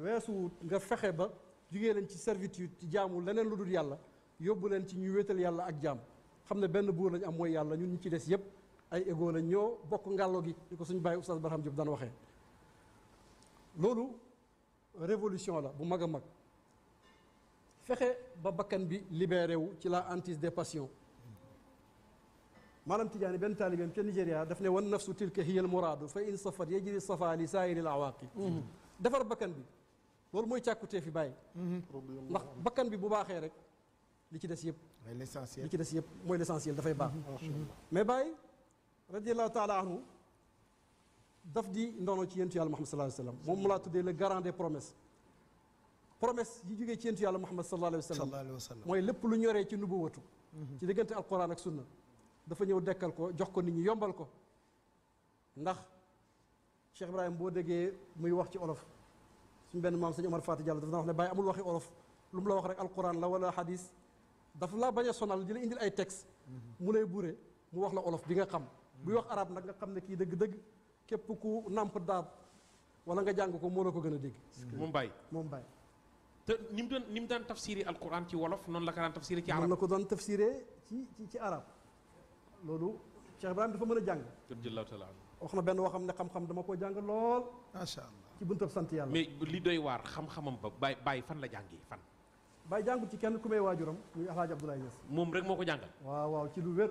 weesuwut nga fexe ba jugee leen ci servitude ci jaamu leneen lu dul yàlla yóbbu leen ci ñu wéetal yàlla ak jaam xam ne benn buur lañ am mooy yàlla ñun ñu ci des yëpp ay égo lañ ñoo bokk ngàllo gi ni ko suñ bàyyi oustaz Barham Diop daan waxee loolu révolution la bu mag a mag fexe ba bakkan bi libéré wu ci la hantise des passions ما لم تجاني بنت طالب يمكن نيجيريا دفني والنفس تلك هي المراد فان صفر يجري الصفا لسائر العواقب دفر بكن بي لول موي تياكو تي في باي الله بكن بي بو باخي رك لي تي ديس ييب لي ليسانسييل لي تي ديس ييب موي ليسانسييل دافاي باخ ما شاء الله باي رضي الله تعالى عنه داف دي نونو تي ينتو محمد صلى الله عليه وسلم موم لا تودي لو غران دي بروميس بروميس يي جوغي تي ينتو محمد صلى الله عليه وسلم موي لب لو نيوري تي نوبوتو تي ديغنت القران اك سنه dafa ñëw dekkal ko jox ko nit ñi yombal ko ndax cheikh ibrahim boo déggee muy wax ci olof suñu benn maam sëñ omar fati jàll dafa wax ne bàyyi amul waxi olof lu mu la wax rek alquran la wala hadis dafa laa bañ a sonal di la indil ay texte mhm. mu lay bure mu wax la olof bi nga xam bu wax arab nag nga xam ne kii dëgg-dëgg képp ku namp daab wala nga jàng ko moo la ko gën a dégg moom bàyyi moom bàyyi te nim doon nim daan tafsiri alquran ci wolof noonu la ko daan tafsiri ci arab noonu la ko doon tafsiré ci ci arab loolu Cheikh Ibrahim dafa mën a jàng. jërëjëf taala wax na benn waxam ne xam-xam dama ko jàng lool. macha allah ci buntab sant yàlla. mais li doy waar xam-xamam ba Baye Baye fan la jàngee fan. Baye jàngu ci kenn ku may waajuram muy El Hadj Abdoulaye Niass. moom rek moo ko jàngal. waaw waaw ci lu wér.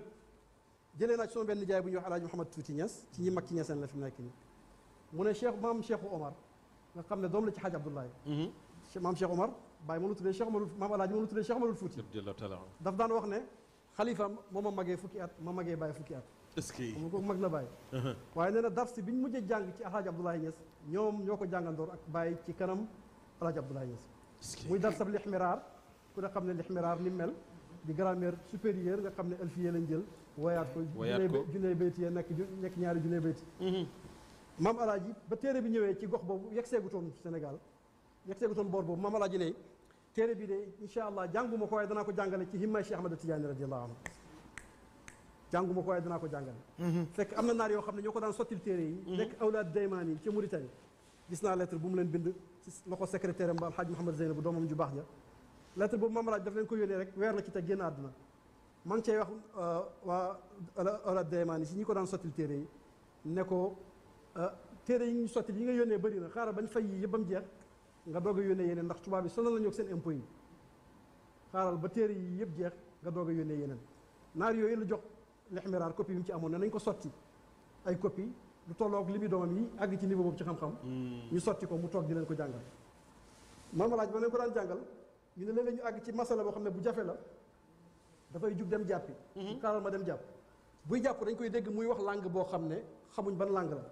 jëlee naa ci sama bu ñuy wax El Hadj Mouhamad Tuuti Niass ci ñi mag ci Niassène la fi mu nekk nii. mu ne Cheikh maam Cheikh Omar nga xam ne doom la ci Hadj Abdoulaye. Mhm. maam Cheikh Omar Baye ma lu tuddee Cheikh ma lu tuddee Cheikh daf daan wax ne xalifa moom a magee fukki at ma magee bàyyi fukki at mu ko mag la bàyyi waaye nee na dars bi ñu mujj a jàng ci alhaji Abdoulaye Niass ñoom ñoo ko jàngandoor ak bàyyi ci kanam alhaji Abdoulaye Niass muy darsab lixmiraar ku ne xam ne lixmiraar ni mel di grammaire supérieure nga xam ne alfiye lañ jël woyaat ko juney bayti yee nekk nekk ñaari juney bayti maam alaaji ba téere bi ñëwee ci gox boobu yegg seegutoon Sénégal yegg seegutoon boor boobu maam alaaji lay téere bi de incha allah jànguma ko waaye danaa ko jàngale ci himma Cheikh Ahmada Tidiane radiallahu anhu jànguma ko waaye danaa ko jàngale fekk am na naar yoo xam ne ñoo ko daan sottil téere yi nekk awlaad daymaan yi ca Mauritanie gis naa lettre bu mu leen bind ci loxo secrétaire am ba alxaaj Mouhamad Zeynab bu doomam ju baax ja lettre boobu maam laaj daf leen ko yónnee rek weer la ci te génn àdduna maa ngi cay wax waa awlaad daymaan yi si ñi ko daan sottil téere yi ne ko téere yi ñu sottil yi nga yónnee bëri na xaaral bañ fay yi yëpp bam jeex nga doog a yónnee yeneen ndax tubaab bi sonal la ñoo seen impôt yi xaaral ba téere yi yëpp jeex nga doog a yónnee yeneen naar yooyu la jox lexmiraar copie bi mu ci amoon ne nañ ko sotti ay copie lu tolloog li muy doomam yi àgg ci niveau boobu ci xam-xam hmm. ñu sotti ko mu toog di leen ko jàngal maama laaj ba leen ko daan jàngal ñu ne léeg-léeg ñu àgg ci masala boo xam ne bu jafe la dafay jug dem jàppi hmm. xaaral ma dem jàpp buy jàpp dañ koy dégg muy wax langue boo xam ne xamuñ ban langue la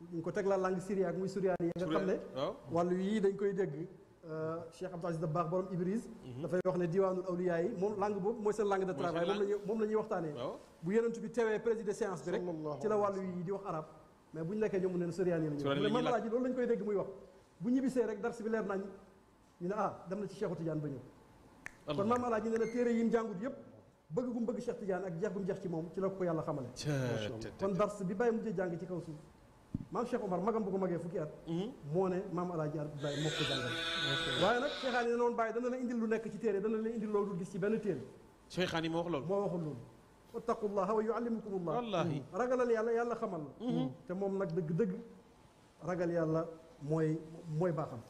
ñu ngi ko teg la langue syriaque muy suriyaani yi nga xam ne wàllu yii dañ koy dégg euh, Cheikh Abdou Aziz Dabakh borom Ibris mhm. dafay wax ne diwaanul awliya yi moom langue boobu mooy seen langue de travail moom lañu moom la waxtaanee bu yenentu bi teewee président séance bi rek ci la wàllu yi di wax arab mais bu ñu nekkee ñoom mu neen suriyaani yi la ñu mamalaa ji loolu lañ koy dégg muy wax bu ñibbisee rek dars bi leer nañ ñu ne ah dem na ci Cheikh Tidiane ba ñëw kon maam alaaji nee na téere yi mu jàngut yëpp bëgg gum bëgg Cheikh Tidiane ak jeex gum ci moom ci la ko ko yàlla xamale kon dars bi bàyyi ci kaw suuf maam Cheikh Omar magam bu ko magee fukki at mhm. moo ne maam Alaaji Abdoulaye moo ko jàngal waaye nag Cheikhaani ne noonu bàyyi dana la indil lu nekk ci téere dana la indil loo dul gis ci benn téere Cheikhaani moo wax loolu moo waxul loolu wattaqullaha wa yuallimukumullah wallaahi mhm. ragalal yàlla yàlla xamal la mhm. te moom nag dëgg-dëgg ragal yàlla mooy mooy baaxam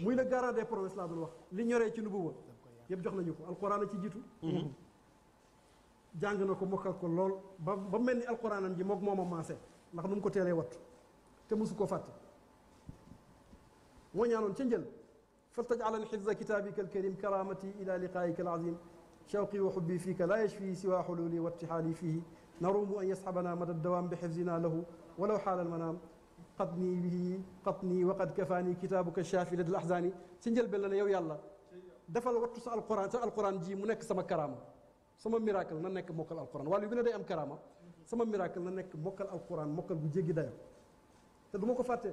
muy la garant des promesses laa doon wax li ñoree ci nubuwa yëpp jox nañu ko alquran ci jiitu jàng na ko mokkal ko lool ba ba mel ni alquranam ji mook moom a maase ndax nu mu ko teelee wattu te musu ko fàtte moo ñaanoon ca njël فلتجعل الحفظ كتابك الكريم كرامتي إلى لقائك العظيم شوقي وحبي فيك لا يشفي سوى حلولي وارتحالي فيه نروم أن يسحبنا مدى الدوام بحفظنا له ولو حال المنام قطني به قطني وقد كفاني كتابك الشافي لدى الأحزان سنجل بلنا يو يلا دفل وقت القرآن القرآن جي منك سما كرامة سما ميراكل ننك موكل القرآن والي بنا دي أم كرامة سما ميراكل ننك موكل القرآن موكل بجيجي دايو te duma ko fàtte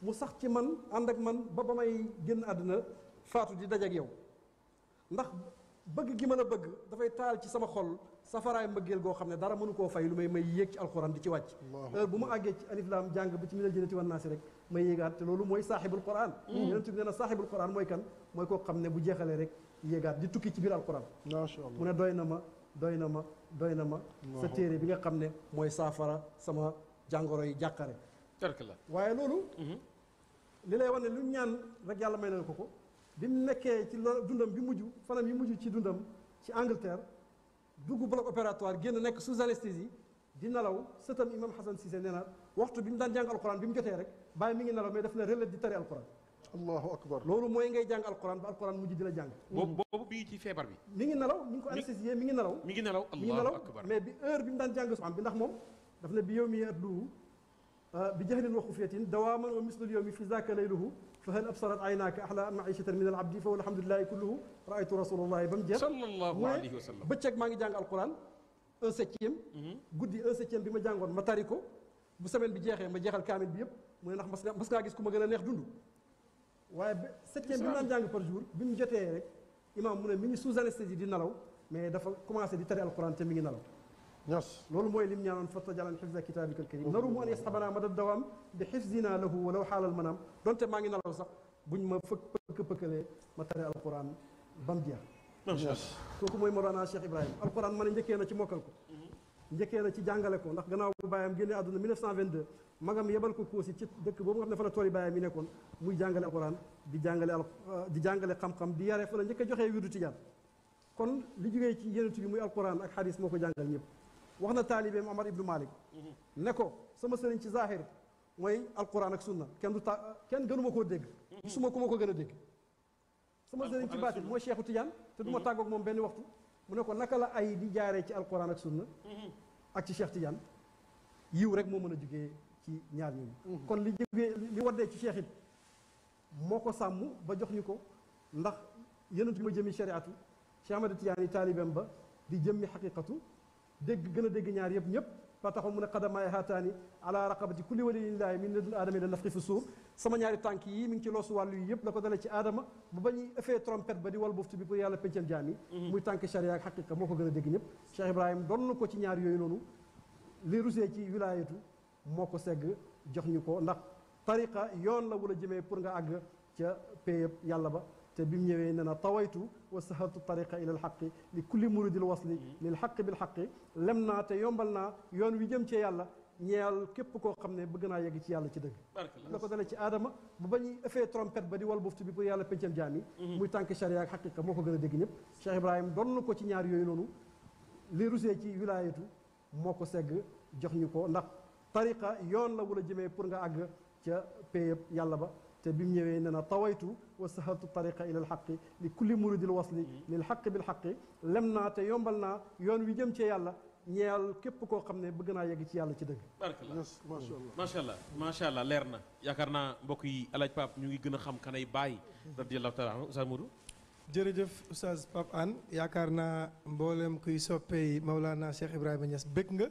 mu sax ci man ànd ak man ba ba may génn àddina faatu di daje ak yow ndax bëgg gi ma la bëgg dafay taal ci sama xol safaraay mbëggeel goo xam ne dara mënu koo fay lu may may yéeg ci alxuraan di ci wàcc heure bu ma àggee ci alif laam jàng bi ci minal jinnati wan naasi rek may yéegaat te loolu mooy saaxibul quraan mm. yonent bi nee na saaxibul quraan mooy kan mooy koo xam ne bu jeexalee rek yéegaat di tukki ci biir alxuraan maa sha mu ne doy na ma doy na ma doy na ma sa téere bi nga xam ne mooy saafara sama jàngoro yi jàqare tarkala waaye loolu. li lay wan ne lu ñaan rek yàlla may na ko ko. bi mu nekkee ci lo dundam bi mujj fanam yi mujj ci dundam ci Angleterre dugg bloc opératoire génn nekk sous anesthésie di nelaw sëtam imam Hassan Cissé nee na waxtu bi mu daan jàng alquran bi mu jotee rek bàyyi mi ngi nelaw mais daf na relève di tari alquran. allahu akbar loolu mooy ngay jàng alquran ba alquran mujj di la jàng. boobu boobu bi ci feebar bi. mi ngi nelaw mi ngi ko anesthésié mi ngi nelaw. mi ngi nelaw allahu akbar mi ngi nelaw mais bi heure bi mu daan jàng soxam bi ndax moom daf na bi yow mi at بجهل وخفية دواما ومثل اليوم في ذاك ليله فهل ابصرت عيناك احلى معيشة من العبد فهو لله كله رايت رسول الله بمجد صلى الله عليه وسلم بتشك ماغي جانغ القران ان سيتيم غودي بما جانغون ما تاريكو بو سيمين بي جيهي ما مسكا مسكا غيس كوما غنا نيه دوندو واي جانغ بار جور امام موني ميني سوزانستي دي نالو مي دا فا كومونسي دي القران تي ميغي يس لولو موي لم نيانون فتجالن حفظ كتابك الكريم نرو مو ان يصبرنا مدى الدوام بحفظنا له ولو حال المنام دونت ماغي نالو صاح بون ما فك بك بكلي ما تري القران بام ديا كوكو موي مولانا شيخ ابراهيم القران ما نديكي انا تي موكل كو أمم. نديكي انا تي جانغالي كو ناخ غناو بايام غيني ادنا 1922 ماغام يبل كو كوسي تي دك بوم خا فلا توري بايام مي نيكون موي جانغالي القران دي جانغالي دي جانغالي خام خام دي ياري فلا نديكي جوخي ويدو تي كون لي جوغي تي يينتو بي موي القران اك حديث موكو جانغال نيب wax na taalibeem Omar ibnu Malik ne ko sama sëriñ ci zahir mooy alquran ak sunna kenn du ta kenn gënuma koo dégg suma ku ma ko gën a dégg sama sëriñ ci baatin mooy Cheikhu Tidiane te du ma tàggoog moom benn waxtu mu ne ko naka la ay di jaaree ci alquran ak sunna ak ci Cheikh Tidiane yiw rek moo mën a jugee ci ñaar ñooñu kon li jógee li waddee ci Cheikh it moo ko sàmm ba jox ñu ko ndax yenentu ma jëmi shariatu Cheikh Ahmad Tidiane yi taalibeem ba di jëmmi xaqiqatu dégg gën a dégg ñaar yëpp ñëpp ba taxaw mu ne xadamaay haataani ala raqabati kulli waliyillaahi min ladun aadama ila nafxi fi suuf sama ñaari yi mi ngi yëpp la ko dalee ci aadama ba ba ñuy effet trompette ba di wal yi mm-hmm. muy tànk charia ak xaqiqa moo ko gën a dégg ñëpp Cheikh Ibrahima donn ko ci ñaar yooyu noonu li rusee ci wilaayatu moo ko segg jox ñu ko ndax tariqa yoon la wala jëmee pour nga àgg ca péyëb yàlla ba te bi mu ñëwee ne na tawaytu وسهرت الطريق الى الحق لكل مريد الوصل للحق بالحق لم نات يومبلنا يون وي جيم تي يالا نيال كيب كو خامني بغنا ياغ تي يالا تي دغ نكو دالي تي ادم بو باني افي ترومبيت با دي وال بوفتي بي يالا بنتيام جامي موي تانك شريعه حقيقه موكو غنا دغ نيب شيخ ابراهيم دون نكو تي نيار يوي نونو لي روسي تي ولايتو موكو سيغ جوخ نيكو نداخ طريقه يون لا ولا جيمي بور اغ تي بي يالا با te bi mu ñëwee nee na tawaytu wa sahaltu tariqa ila alxaqi li kulli muridil wasli lil xaqi bil xaqi lem naa te yombal naa yoon wi jëm ci yàlla ñeel képp koo xam ne bëgg naa yegg ci yàlla ci dëgg barakallah macha allah macha allah leer na yaakaar naa mbokk yi alaaj Pape ñu ngi gën a xam kanay bàyyi radiallahu taala anhu oustaz Modou jërëjëf oustaz Pape Hann yaakaar naa mboolem kuy soppey Maulana Cheikh Ibrahima Niass bëgg nga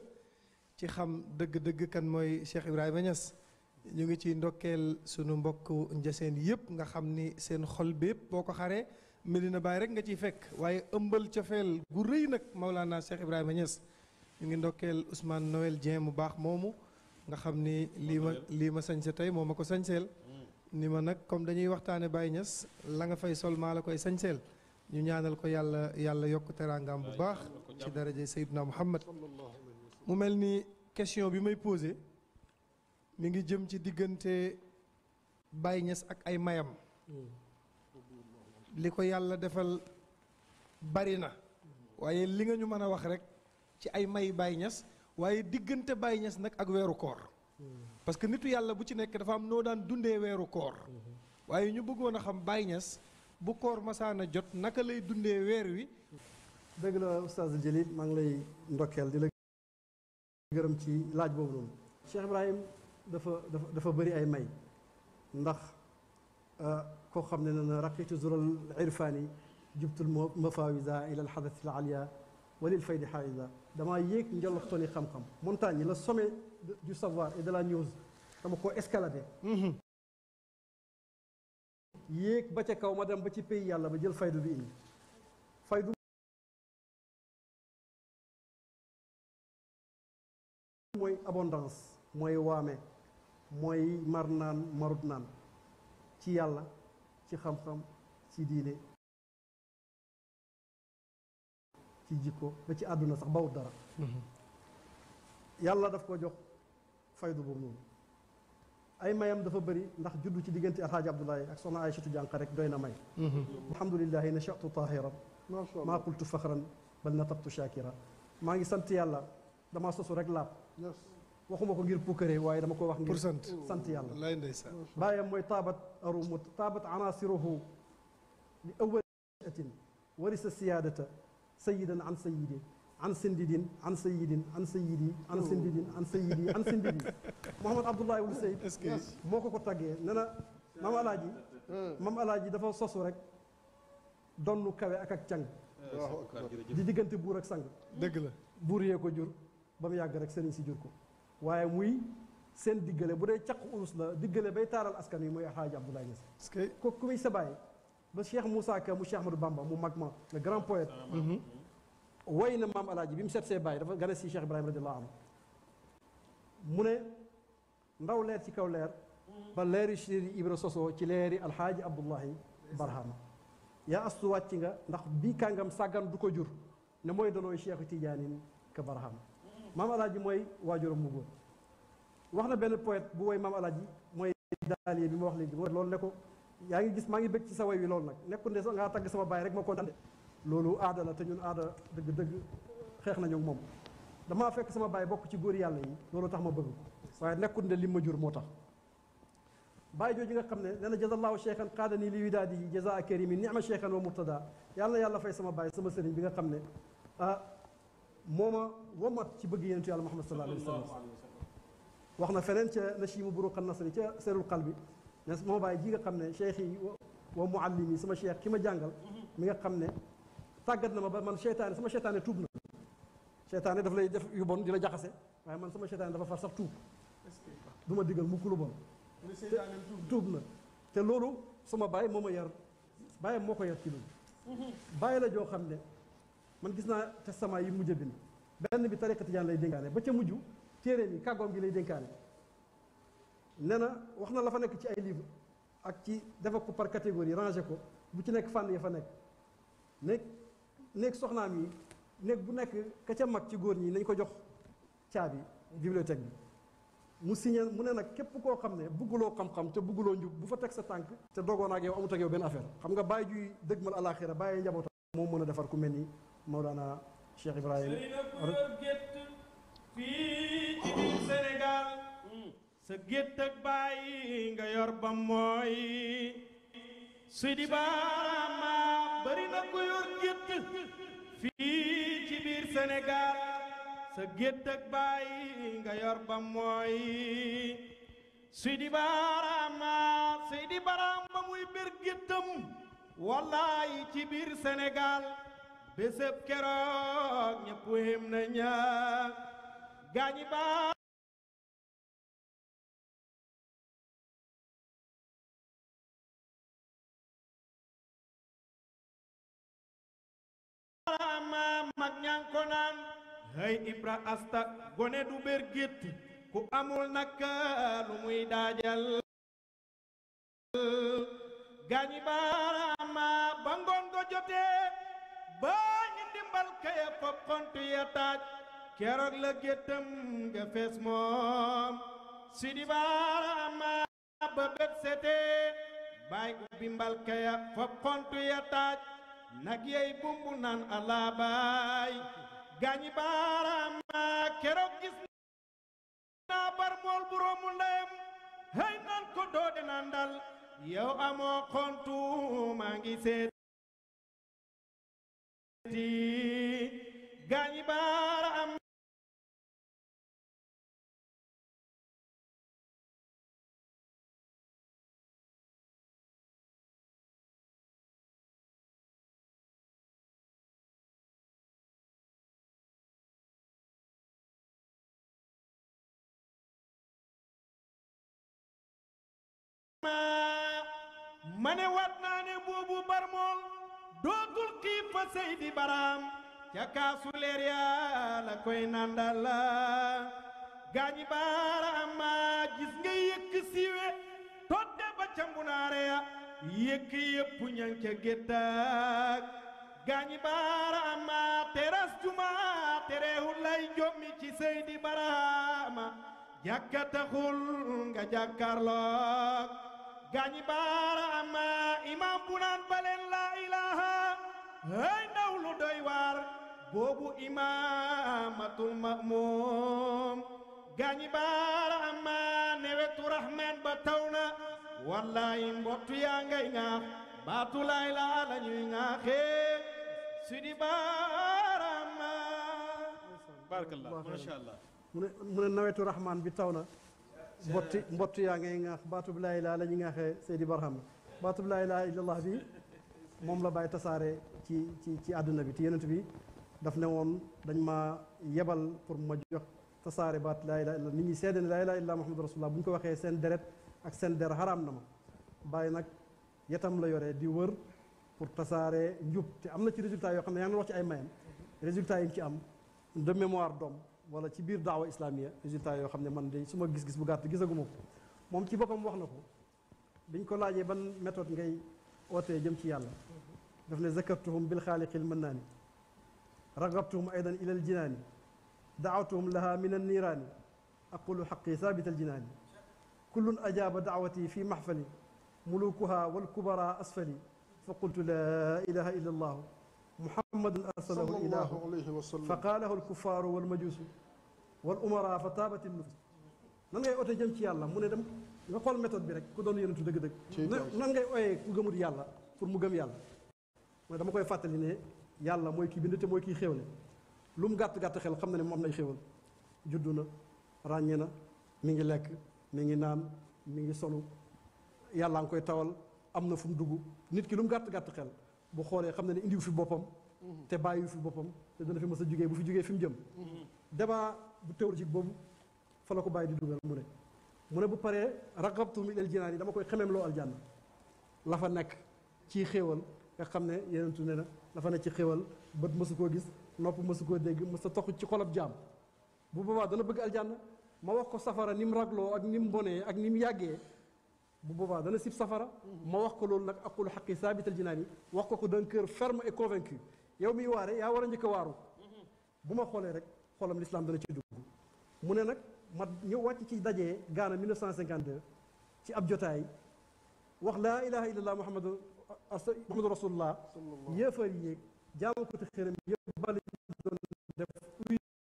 ci xam dëgg-dëgg kan mooy Cheikh Ibrahima Niass ñu ngi ci ndokkeel sunu mbokk njaseen yëpp nga xam ni seen xol bépp boo ko xaree Medina Baye rek nga ciy fekk waaye ëmbal cofeel gu rëy nag Maulana Cheikh Ibrahima Niass ñu ngi ndokkeel Ousmane Noël Dieng bu baax moomu nga xam ni lii ma lii ma sañse tey moom ma ko sañseel mm. ni ma nag comme dañuy waxtaane Baye Niass la nga fay sol maa la koy sañseel ñu ñaanal ko yàlla yàlla yokk teraangaam bu baax ci daraje Seydina Muhammad mu mel ni question bi may posé mi ngi jëm ci diggante Baye ak ay mayam li ko yàlla defal bari na waaye li nga ñu mën a wax rek ci ay may Baye waaye diggante Baye nag ak weeru koor parce que nitu yàlla bu ci nekk dafa am noo daan dundee weeru koor waaye ñu bëggoon a xam Baye bu koor masaana jot naka lay dundee weer wi dëgg la oustaz Jalil maa ngi lay ndokkeel di la gërëm ci laaj boobu noonu Cheikh Ibrahim dafa dafa dafa bëri ay may ndax koo xam ne na raqitu zural irfani jubtul mafawisa ila alxadat al aliya walil faydi xaayida damaa yéeg njoloxtoni xam-xam montagne la somme du savoir et de la news dama ko escalader yéeg ba ca kaw ma dem ba ci pays yàlla ba jël faydu bi indi faydu mooy abondance mooy waame mooy mar naan ci yàlla ci xam-xam ci diine ci jikko ba ci àdduna sax bawut dara mm-hmm. yàlla daf ko jox faydu boobu noonu ay mayam dafa bari ndax juddu ci diggante alxaaji abdoulaye ak soxna aysatu jànq rek doy na may mm-hmm. alhamdulilahi nachatu tahiran maa qultu faxran bal natabtu shakira maa ngi sant yàlla dama sosu rek laab waxuma ko ngir pukkare waaye dama ko wax ngir sant yàlla lay ndeysaan bàyyam mooy taabat arumu taabat anasiruhu li awal atin warisa siyaadata sayidan an sayidi an sindidin an sayidin an sayidi moo ko ko taggee ne na mam alaaji mam hmm. alaaji dafa sosu rek donnu kawe ak ak càng di diggante buur ak sang dégg la buur yee ko jur ba mu yàgg rek sëriñ si jur ko waaye muy seen diggale bu dee caq urus la diggale bay taaral askan wi muy alxaaji Abdoulaye Niass. parce que ko ku muy sa baay ba Cheikh Moussa Ka mu Cheikh Ahmadou Bamba mu mag ma le grand poète. way na maam alaaji bi mu set see baay dafa gane si Cheikh Ibrahima radiyallahu anhu mu ne ndaw leer ci kaw leer ba leeri Sidi Ibra sosoo ci leeri alxaaji Abdoulahi Barhama yaa astu wàcc nga ndax bii kàngam sàggan du ko jur ne mooy danooy Cheikh Tidiane ka Barhama maam alaaji mooy waajuram mu góor wax na benn poète bu woy maam alaaji mooy daaliye bi ma wax léegi mu loolu ne ko yaa ngi gis maa ngi bëgg ci sa woy wi loolu nag nekkul ne ngaa tagg sama baay rek ma kontaan loolu aada la te ñun aada dëgg dëgg xeex nañu moom damaa fekk sama baay bokk ci góor yàlla yi loolu tax ma bëgg waaye nekkul ne li ma jur moo tax baay jooju nga xam ne nee na jazallahu cheikhan qaadani li widaadi jaza karimi ni'ma cheikhan wa murtada yàlla yàlla fay sama baay sama sëriñ bi nga xam ne ah moo ma womat ci bëgg yonentu yàlla Muhammad sallallahu alayhi wa sallam wax na feneen ca nachimu buruq nasri ca serul qalbi ne moo bàyyi ji nga xam ne cheikh yi wa muallim yi sama cheikh ki ma jàngal mi nga xam ne tàggat na ma ba man cheytaane sama cheytaane tuub na cheytaane daf lay def yu bon di la jaxase waaye man sama cheytaane dafa far sax tuub du ma digal mukk lu bon tuub na te loolu sama bàyyi moo ma yar bàyyi moo ko yar ci loolu bàyyi la joo xam ne man gis naa testament yi mujj bind benn bi tariqa tijaan lay dénkaane ba ca mujj téeréem yi kàggoom gi lay dénkaane na wax na la fa nekk ci ay livre ak ci defa ko par rangé ko bu ci nekk fànn ya fa nekk nekk nekk soxnaam yi nekk bu nekk ka mag ci góor ñi nañ ko jox caabi bibliothèque bi mu signé mu ne nag képp koo xam ne bugguloo xam-xam te bugguloo njub bu fa teg sa tànk te dogoon ak yow amut ak yow benn affaire xam nga bàyyi juy dëgmal alaxira bàyyi njabootam moo mën a defar ku mel ni Mawlana Cheikh Ibrahim fii ci yor ba di baaraama bëri na ko fii ci biir Sénégal sa gétt ak nga yor ba mooy su di baaraama su di baaraam muy bir géttam wallaayi ci biir Sénégal Bisep kerok nyepuhim nanya, na ña gaañi baa mag ibra asta gone du bergit ku amul nakal, lu dajal. daajal gaañi baarama ba baa ñu ndimbal kaya fop xontu ya taaj keroog la géttam fees moom si di baara ba bët sete ubbi mbal kaya fop xontu ya taaj nag yey bumbu naan alaa baay gaañi baara amaa keroog gis naa bar mool bu rombu ndeyam hay naan ko doode naan dal yow amoo xontu maa ngi seet gaañi baara am ma ne waat ne dootul xiif fa Seydi Baraam ca kaasu leer yaa la koy nandala gaañi baaraam ma gis nga yëkk siiwe todde ba ca ya yëkk yëpp ñan ca géttaak gaañi baaraam ma teras juma tereewul lay jommi ci Seydi Baraama jàkka taxul nga jàkkaarloog gaañi baaraama imaam bu naan baleen laa ilaaha hëy ndaw doy waar boobu imaamatul ma'muum gaañi baaraama newetu raxmaan ba taw na wallaayi mbottu yaa ngay ŋaax baatu laa ilaaha la ñuy ŋaaxee sidi baaraama baarakallah masha mu ne nawetu raxmaan bi taw na mbotti mbottu yaa ngay ŋaax baatub laa ilaa la ñu ŋaaxee Seydi Barham baatub laa ilaa illallah bi moom la bàyyi tasaare ci ci ci àdduna bi te yonent bi daf ne woon dañ ma yebal pour ma jox tasaare baat laa ilaa illallah nit ñi seede ne laa ilaa illallah Muhammadu rasulullah bu ñu ko waxee seen deret ak seen der xaraam na ma bàyyi nag yetam la yore di wër pour tasaare njub te am na ci résultat yoo xam ne yaa ngi wax ci ay mayam résultat yi ci am de mémoire doom wala ci biir daawa islamiya résultat yoo xam ne man de su ma gis-gis bu gàtt gisaguma ko moom ci boppam wax na ko biñ ko laajee ban méthode ngay ootee jëm ci yàlla daf ne zakartuhum bil xaaliqil mannaani ragabtuhum aydan ilal jinaani daawatuhum laha min anniiraani aqulu xaqi saabita aljinaani kullun ajaaba daawati fi maxfali mulukuha walkubara asfali fa qultu laa ilaha illa allahu محمد أرسله صلى الله عليه وسلم فقاله الكفار والمجوس والأمراء فتابت النفس nan ngay oote jëm ci yàlla mu ne dem nga xool méthode bi rek ku doon yonentu dëgg-dëgg nan ngay ooyee ku gëmut yàlla pour mu gëm yàlla mu ne dama koy fàttali ne yàlla mooy kii bind te mooy kii xéewle lu mu gàtt-gàtt xel xam na ne moom lay xéewal juddu na ràññe na mi ngi lekk mi ngi naan mi ngi solu yàlla nga koy tawal am na fu mu dugg nit ki lu mu gàtt-gàtt xel bu xoolee xam na ne indiwu fi boppam mhm. te bàyyiwu fi boppam te dana fi mës a jugee bu fi jugee fi mu jëm mhm. débat bu théologique boobu fa la ko bàyyi di dugal mu ne mu ne bu paree raqabtum ilal jinaan yi dama koy xemem loo aljanna la fa nekk ci xéewal nga xam ne yenentu ne na la fa nekk ci xéewal bët masu koo gis nopp mësu koo dégg mës sa toq ci xolab jaam bu boobaa dana bëgg aljanna ma wax ko safara ni mu ragloo ak ni mu bonee ak ni mu yàggee bu boobaa dana sib safara ma wax ko loolu nag aqulu xaqi saabital jinaani wax ko ko d'un cœur ferme et convaincu yow miy waare yaa war a njëkk a waaru bu ma xoolee rek xoolam l'islam dana ci dugg mu ne nag ma ñëw wàcc ci dajee gaana 1952 ci ab jotaay wax laa ilaha illallah muhammadu muhammadu rasulullah yéefar yéeg jaamu ko te xëram yëpp bali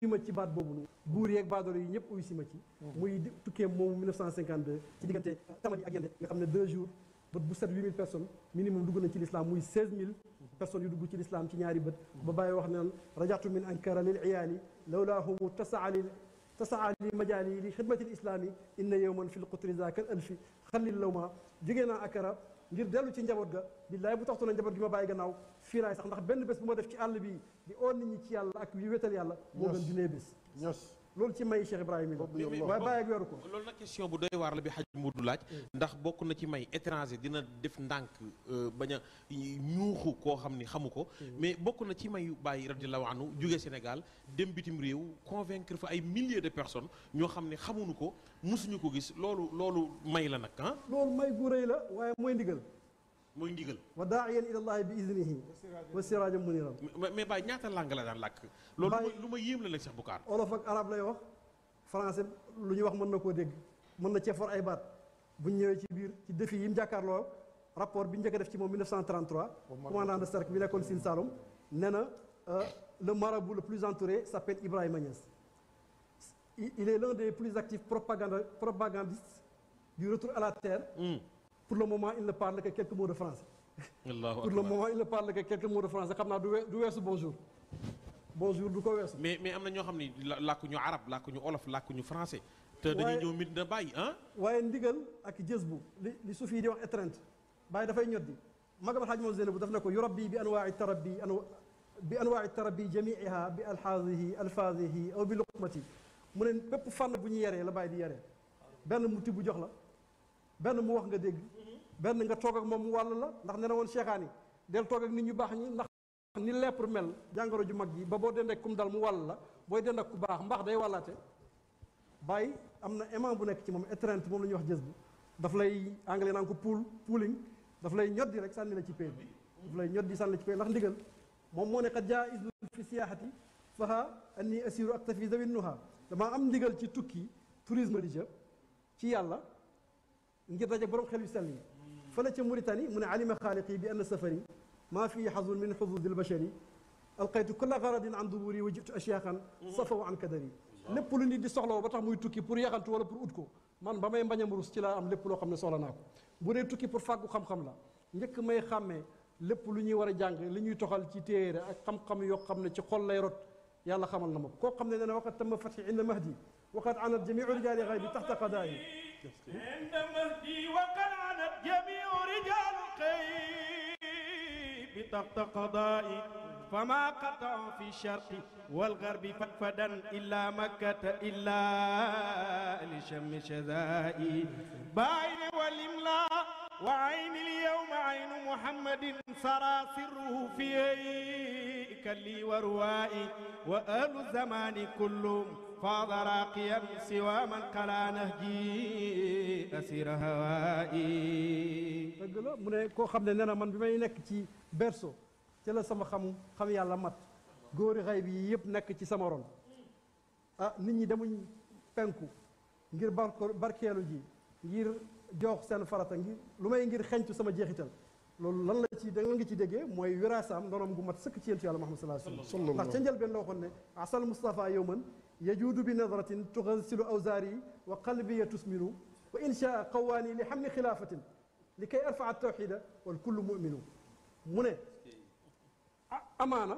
fima ma ci baat boobu noonu buur yeeg badoro yi ñëpp uy sima ci muy tukkee moomu 1952 ci diggante tamali ak yende nga xamné 2 jours bëtt bu set 8000 personnes minimum dugg nañ ci l'islam muy 16000 personnes yu dugg ci l'islam ci ñaari bëtt ba bàyyi wax naan rajatu min ankara lil iyaali lawlaahumu tas'a lil tas'a li majali li khidmati l'islam inna yawman fil l qutri zaaka alfi xallil lawma ma akara ngir dellu ci njaboot ga billaay bu taxtu na njaboot gi ma bàyyi gannaaw fii laay sax ndax benn bés bu ma def ci àll bi di oo nit ñi ci yàlla ak yu wétal yàlla moo gën junee bés loolu ci may Cheikh Ibrahima yi la waaye bàyyi ak weeru ko loolu nag question bu doy waar la bi xaj mudu laaj mm. ndax bokk na ci may étranger dina def ndànk euh, bañ a ñuuxu koo xam ni xamu ko mm. mais bokk na ci may bàyyi radiyallahu anhu jóge Sénégal dem bitim réew convaincre fa ay milliers de personnes ñoo xam ne xamuñu ko mosuñu ko gis loolu loolu may la nag ah loolu may gu rëy la waaye mooy ndigal moy ndigal wa daaiyan ila allah bi iznihi wa sirajan munira mais bay ñata langue la daan lak lolu luma yim yéem la nag sax bukaar olof ak arab lay wax français lu ñu wax mën na koo dégg mën na ci for ay baat bu ñu ci bir ci défi yim jakarlo rapport bi njëkk def ci mom 1933 commandant de cercle bi nekkoon Sine Saloum nee euh, le marabout le plus entouré s'appelle Ibrahima Niass il est l'un des plus actifs propagandistes du retour à la terre hmm. pour le moment il ne parle que quelques mots de français. pour le moment il ne parle que quelques mots de français xam naa du du weesu bonjour. bonjour du ko weesu. mais mais am na ñoo xam ni làkkuñu arab làkkuñu olof làkkuñu français. te dañuy ñëw mit na bàyyi ah. waaye ndigal ak jës bu li li su fii di wax étreinte bàyyi dafay ñoddi magamal xaaj moom Zeynabu daf ne ko yurabbi bi anwaai tarabbi bi بانواع التربي جميعها bi alxaazihi او aw من luqmati mu ne bépp fànn bu ñu yaree la bàyyi di yaree benn mu tibb jox la benn mu benn nga toog ak moom mu wàll la ndax nee na woon seexaan yi del toog nit ñu baax ñi ndax ni leppre mel jàngoro ju mag ji ba boo dendek kum dal mu wàll la booy dend ak ku baax mbaax day wàllaate bàyyi am na aimant bu nekk ci moom étreinte moom la ñuy wax jës bu daf lay anglais nan ko pool pooling daf lay ñoddi rek sànni la ci pay bi daf lay ñoddi sànni la ci pay ndax ndigal moom moo ne qad jaa idun fi siyaahati faha anni asiru aktafi zawin nuha damaa am ndigal ci tukki tourisme religieux ci yàlla ngir daje borom xel yu sell yi fële ca Mauritanie mu ne alima xaaliqi bi anna safari maa fii xazun min xuzuz albashari alqaytu kulla garadin an duburi wa jitu ashiyaxan safaw an kadari lépp lu nit di soxla ba tax muy tukki pour yaxantu wala pour ut ko man ba may mbañam rus ci laa am lépp loo xam ne soxla naa ko bu dee tukki pour fàggu xam-xam la njëkk may xàmmee lépp lu ñuy war a jàng li ñuy toxal ci téere ak xam-xam yoo xam ne ci xol lay rot yàlla xamal na ma ko koo xam ne nee na waqat tama fatxi inda mahdi waqat anat jamiu rijaali xaybi taxta qadaayi inda mahdi waqat anat jamiu القيب قضائي فما قطع في الشرق والغرب فدا إلا مكة إلا لشم شذائي باين والإملاء وعين اليوم عين محمد سرى سره في كلي وروائي وأهل الزمان كلهم فاض راقيا سوى من كلا نهجي أسير هوائي dëgg la mu ne koo xam ne nee na man bi may nekk ci berceau ci la sama xam xam yàlla mat góori xay bi yëpp nekk ci sama ron ah ngir barko barkeelu ji ngir jox seen farata ngir lu ngir xencu sama jeexital loolu lan la ci da nga ci déggee mooy wiraasaam ndonoom gu mat sëkk ci yentu yàlla Muhammad sallallahu alayhi wa ndax ca njëlbeen la waxoon asal Mustafa yow يجود بنظرة تغسل أوزاري وقلبي تثمر وإن شاء قواني لحمل خلافة لكي أرفع التوحيد والكل مؤمن من أمانة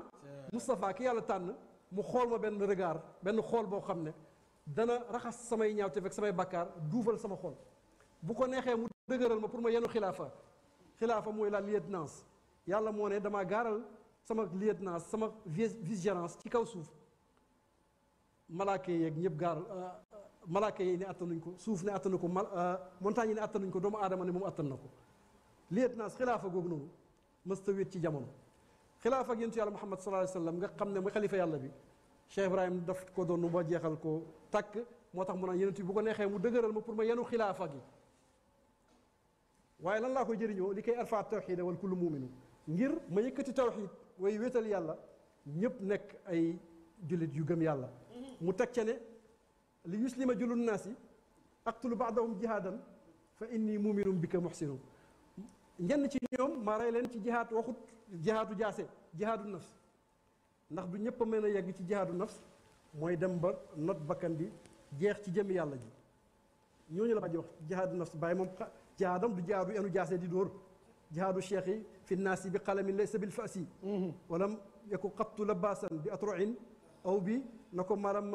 مصطفى كي على تان مخول ما بين رجال بين خول بو خمنة دنا رخص سماي نياوتي فيك سماي بكار دوفل سما خول بوكو نيهي مو دغرل ما ينو خلافة خلافة مو إلى ليدنانس يالا مو دما غارل سما ليدنانس سما فيزيرانس تي كاو سوف malaaka yi yeeg ñëpp gaar malaaka yi ne attanuñ ko suuf ne attanu ko montagne yi ne attanuñ ko doomu aadama ne moom attan na ko liet naas xilaafa googu noonu mësta wét ci jamono xilaafa ak yentu yàlla muhammad sallallahu alayhi wasallam nga xam ne mooy xalifa yàlla bi Cheikh Ibrahim daf ko doon ba jeexal ko takk moo tax mu naan yenentu bi bu ko neexee mu dëgëral ma pour ma yenu xilaafa gi waaye lan laa koy jëriñoo li koy arfa tawxida wal kullu muminu ngir ma yëkkati tawxid way wéetal yàlla ñëpp nekk ay jullit yu gëm yàlla mu teg ca ne li yuslima julul naas yi aqtulu baadahum jihaadan fa inni muminum bika muxsinun ñenn ci ñoom ma rey leen ci jihaat waxut jihaatu jaase jihaatu nafs ndax du ñëpp a mën a yegg ci jihaatu nafs mooy dem ba not bakkan bi jeex ci jëmi yàlla ji ñooñu la bàyyi wax jihaadu nafs bàyyi moom jihaadam du jihaadu enu jaase di dóor jihaadu cheikh yi fi naasi bi xalamin laysa bil faasi walam yaku qattu labaasan bi atroin aw bi na ko maram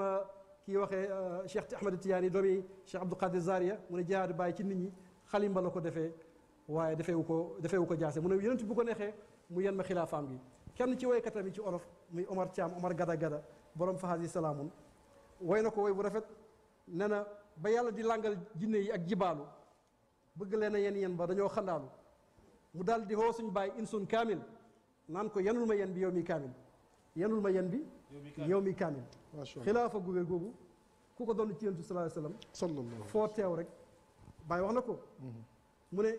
kii waxee Cheikh Ahmed Tidiane doomi Cheikh Abdou Qadir Zaria mu ne jihaadu bàyyi ci nit ñi xalimba la ko defee waaye defeewu ko defeewu ko jaase mu ne yeneen bu ko neexee mu yen ma xilaafaam gi kenn ci woykatam yi ci olof muy Omar Thiam Omar Gada Gada borom faxaas yi salaamun woy na ko woy bu rafet nee na ba yàlla di làngal jinne yi ak jibaalu bëgg leen a yen yen ba dañoo xandaalu mu daal di hoo suñ bàyyi insun kaamil naan ko yenul ma yen bi yow mi kaamil ينو المين بي يومي كامل خلافة قبير قبو كوكو دون تيون صلى الله عليه وسلم صلى الله عليه وسلم فوت يورك باي وغنكو مني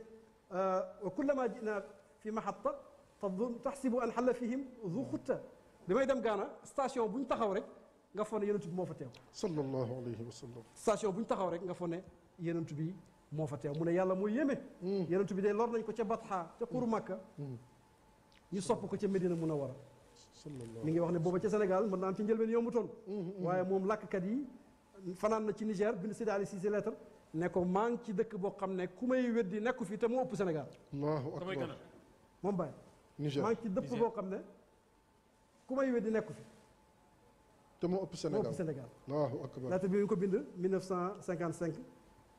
وكلما جئنا في محطة تظن تحسب أن حل فيهم ذو خطة لما يدم قانا استاشيو بون تخورك غفوني ينو تبي موفتيو صلى الله عليه وسلم استاشيو بون تخورك غفوني ينو تبي موفتيو مني يالا مو يمي ينو تبي دي لورنا يكو تبطحا تقور مكة يصبكو تبي مدينة منورة mi ngi wax ne booba ca Sénégal mën naa am ci njëlbeen yombutoon mm-hmm. waaye moom làkkat yi fanaan na ci Niger bind Seydi Ali Cissé lettre ne ko maa ngi ci dëkk boo xam ne ku may weddi nekku fi te mu ëpp Sénégal moom Baye Niger maa ngi ci dëkk boo xam ne ku may weddi nekku fi te moo ëpp Sénégal moo ëpp Sénégal. Allahu akbar laata bi ñu ko bind 1955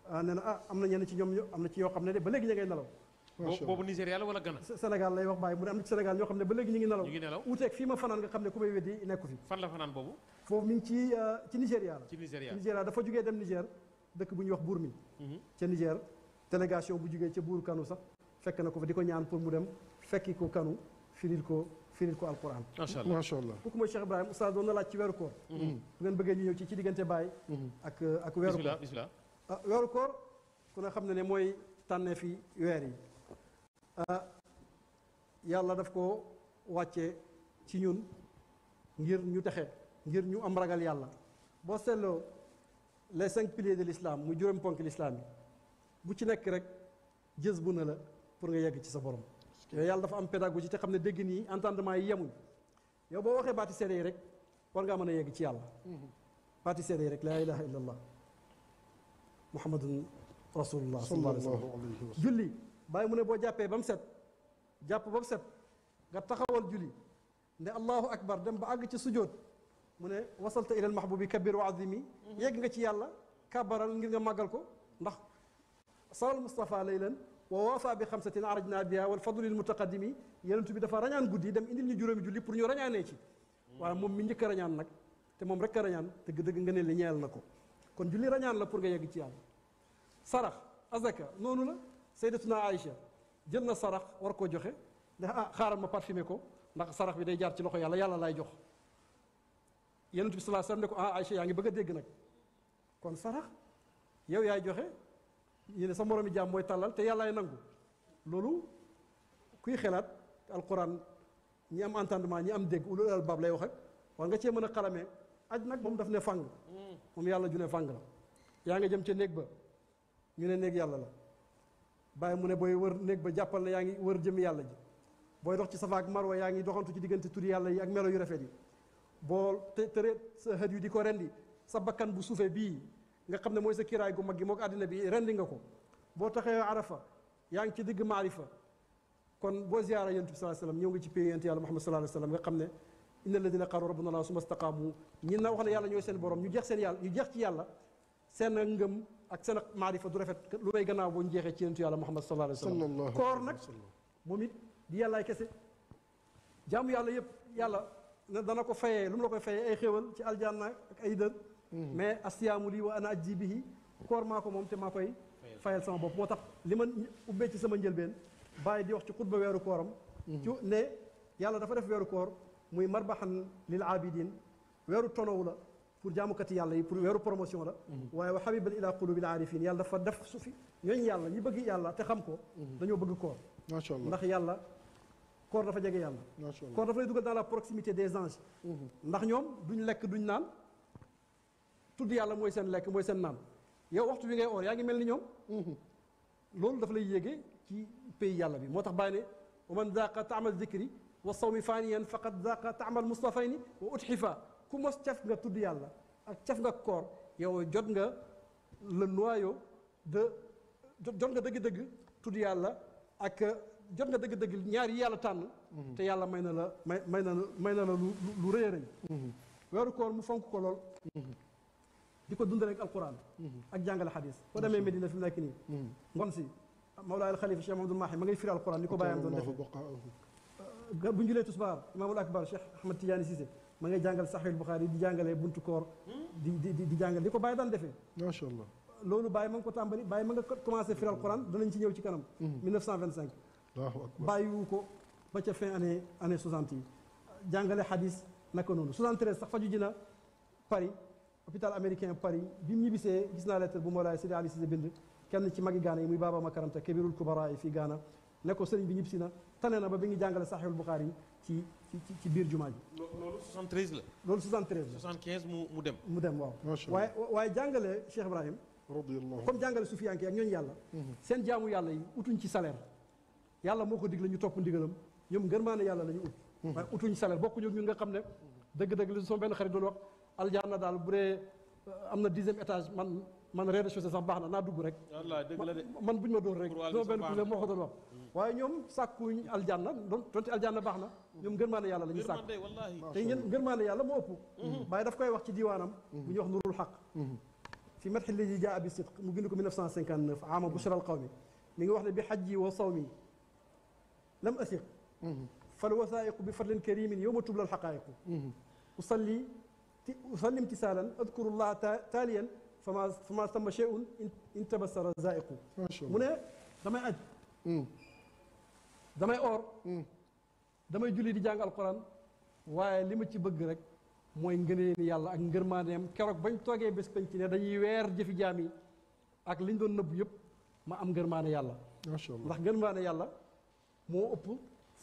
ah, nee na ah am na ñenn ci ñoom am na ci yoo xam ne de ba léegi ña ngay nelaw. boobu Nigéria la wala Ghana Sénégal lay wax bàyyi mu ne am na ci Sénégal ñoo xam ne ba léegi ñu ngi nelaw ñu ngi nelaw wuuteeg fii ma fanaan nga xam ne ku may weddi nekku fi fan la fanaan boobu foofu mi ngi ci ci Nigéria la ci Nigéria Nigéria dafa jugee dem Niger dëkk bu ñuy wax buur mi ca Niger délégation bu jugee ca buur kanu sax fekk na ko fa di ko ñaan pour mu dem fekki ko kanu firil ko firil ko alquran macha allah kooku mooy Cheikh Ibrahima oustaz doon na laaj ci weeru koor bu ngeen bëggee ñu ñëw ci ci diggante bàyyi ak ak weeru koor weeru koor ku ne xam ne ne mooy tànnee fi weer yi Ah, yàlla daf ko wàcce ci ñun ngir ñu texe ngir ñu am ragal yàlla boo seetloo les cinq piliers de l'islam mu juróom ponk l'islam yi bu ci nekk rek jës bu na la pour nga yegg ci sa borom yooyu yàlla dafa am ci te xam ne dégg nii entendement yi yemuñ yow boo waxee baati seede yi rek war ngaa mën a yegg ci yàlla mm-hmm. baati seede yi rek laa ilaha illa allah rasulullah julli bàyyi mu ne boo jàppee ba mu set jàpp ba mu set nga taxawal julli ne allahu akbar dem ba àgg ci sujoot mu ne wasalta ilal mahbubi kabir wa azimi yegg nga ci yàlla kabaral ngir nga màggal ko ndax salal Moustapha lay leen wa waafa bi xamsatin arajna biha wal fadli lil mutaqaddimi yenentu bi dafa rañaan guddi dem indil ñu juróomi julli pour ñu rañaanee ci waaye moom mi njëkk a rañaan nag te moom rek a rañaan dëgg-dëgg nga ne li ñeel na ko kon julli rañaan la pour nga yegg ci yàlla sarax azaka noonu la naa Aïcha jën na sarax war koo joxe ndax ah xaaral ma parfumé ko ndax sarax bi day jaar ci loxo yàlla yàlla laay jox yonent bi sallallahu alayhi ko ah Aïcha yaa ngi bëgg dégg nag kon sarax yow yaay joxe ñu ne sa moromi jaam mooy tàllal te yàllaay nangu loolu kuy xelaat alquran ñi am entendement ñi am dégg ulul albab lay wax ak war nga cee mën a xalamee aj nag moom daf ne fàng mm. moom yàlla ju ne fàng la yaa nga jëm ca néeg ba ñu ne néeg yàlla la bàyyi mu ne boy wër nek ba jàppal la yaangi wër jëm yàlla ji boy dox ci safa ak marwa yaangi doxantu ci digënté tur yàlla yi ak melo yu rafet yi bo tëre sa hëd yu diko rendi sa bakkan bu soufé bi nga xamné moy sa kiray gu maggi gi adina bi rendi nga ko bo taxé arafa yaangi ci digg maarifa kon bo ziyara yonent bi sallallahu alayhi wasallam ñëw nga ci pays yonent yàlla Muhammad sallallahu alayhi wasallam nga xamné ne inna alladina qalu rabbuna la sumastaqamu ñina ñi na wax ne yàlla ñoy seen borom ñu jex seen yàlla ñu jex ci yàlla seen ngëm ak seen maarifa du rafet lu may gannaaw boo njeexee ci yenentu yàlla muhammad sallallahu alayhi wa sallam koor nag moom it di yàllaay kese jaamu yàlla yëpp yàlla ne dana ko fayee lu mu la koy fayee ay xéwal ci aljanna ak ay dër mais asiyaamu lii wa ana ajji bihi koor maa ko moom te maa koy fayal sama bopp moo tax li ma ubbee ci sama njëlbeen bàyyi di wax ci xutba weeru kooram ci ne yàlla dafa def weeru koor muy marbaxan lil aabidin weeru tonow la pour jaamukat yàlla yi pour wéru promotion la waye wa habiban ila qulub al arifin yàlla fa def su fi yàlla ñi bëgg yàlla te xam ko dañoo bëgg koor sha allah ndax yàlla koor dafa jégué yàlla ma sha allah koor dafa lay dugal dans la proximité des anges ndax ñom duñ lek duñ nan tudd yàlla moy sen lek moy sen nan yow waxtu wi ngay or yaa ngi mel ni loolu dafa lay yéege ci pays yàlla bi motax bayne bàyyi ne wa man daqa taamal dikri wa sawmi faniyan faqad daqa taamal mustafayni wa utxifa ku mos caf nga tudd yàlla ak caf nga koor yow jot nga le noyau de jot nga dëgg-dëgg tudd yàlla ak euh, jot nga dëgg-dëgg ñaar yi yàlla tànn mhm. te yàlla may na la may may na may na la lu lu rëy a rëy mhm. weeru koor mu fonk ko lool mhm. di ko dund rek alquran ak jàngale xadis boo demee Medina fi mu nekk nii ngon si Mawlaa al Xalifa Cheikh Mahamadul Mahi ma ngay firi alquran ni ko bàyyam doon def euh, bu ñu julee tisbaar imaamul akbar Cheikh Ahmad Tidiane Cissé ma ngay jàngal saxiil Buxaari di jàngalee buntu koor di di di jàngal di ko bàyyi daan defee macha allah loolu bàyyi ma nga ko tàmbali bàyyi ma nga commencé firal Quran danañ ci ñëw ci kanam 1925 bàyyiwu ko ba ca fin année année 60 jàngale xadis naka noonu 73 sax faju ji Paris hôpital américain Paris bi mu ñibbisee gis naa lettre bu Mawlaay Sidi Ali Cissé bind kenn ci magi Gaana yi muy Baaba Makaranta Kabirul Kubara yi fii Gaana ne ko sëriñ bi ñibbisi na tane ba bi ngi jàngale saxiil Buxaari ci ci ci biir jumaa ji. loolu 73 la. loolu 73 la 75 mu mu dem. mu dem waaw. waaye waaye jàngale Cheikh Ibrahim. radiyallahu comme jàngale sufiyanke ak ñooñu yàlla. Mhm. seen jaamu yàlla yi utuñ ci salaire. yàlla moo ko digle ñu topp ndigalam ñoom ngërmaane yàlla la ñu ut. Mhm. waaye utuñ salaire bokkuñu ñun nga xam ne. dëgg-dëgg li sama benn xarit doon wax na daal bu dee euh, am na dixième étage man man rez-de-chaussée sax baax na naa dugg rek. man buñ ma doon rek. sama benn cousin moo ko doon wax. waaye ñoom sàkkuñ aljanna don donte aljanna baax na ñoom ngërmaane yàlla la ñu sàkk te ñun ngërmaane yàlla moo ëpp bàyyi daf koy wax ci diiwaanam bu ñuy wax nurul xaq fi madxi ladi jaa bi sidq mu bind ko 1959 ama bushra al qawmi mi ngi wax ne bi xajji wa sawmi lam asiq fal wasaiqu bi fadlin karimin yowma tubla al xaqaiqu usalli usalli imtisaalan adkuru llaha taaliyan fama fama sama cheyun in tabassara zaiqu mu ne damay aj damay oor hmm. damay julli di jàng alquran waaye li ma ci bëgg rek mooy ngëneeni yàlla ak ngërmaaneem keroog bañ toogee bés penc ne dañuy weer jëfi jaam ak li ñu doon nëbb yëpp ma am ngërmaane yàlla macha allah ndax ngërmaane yàlla moo ëpp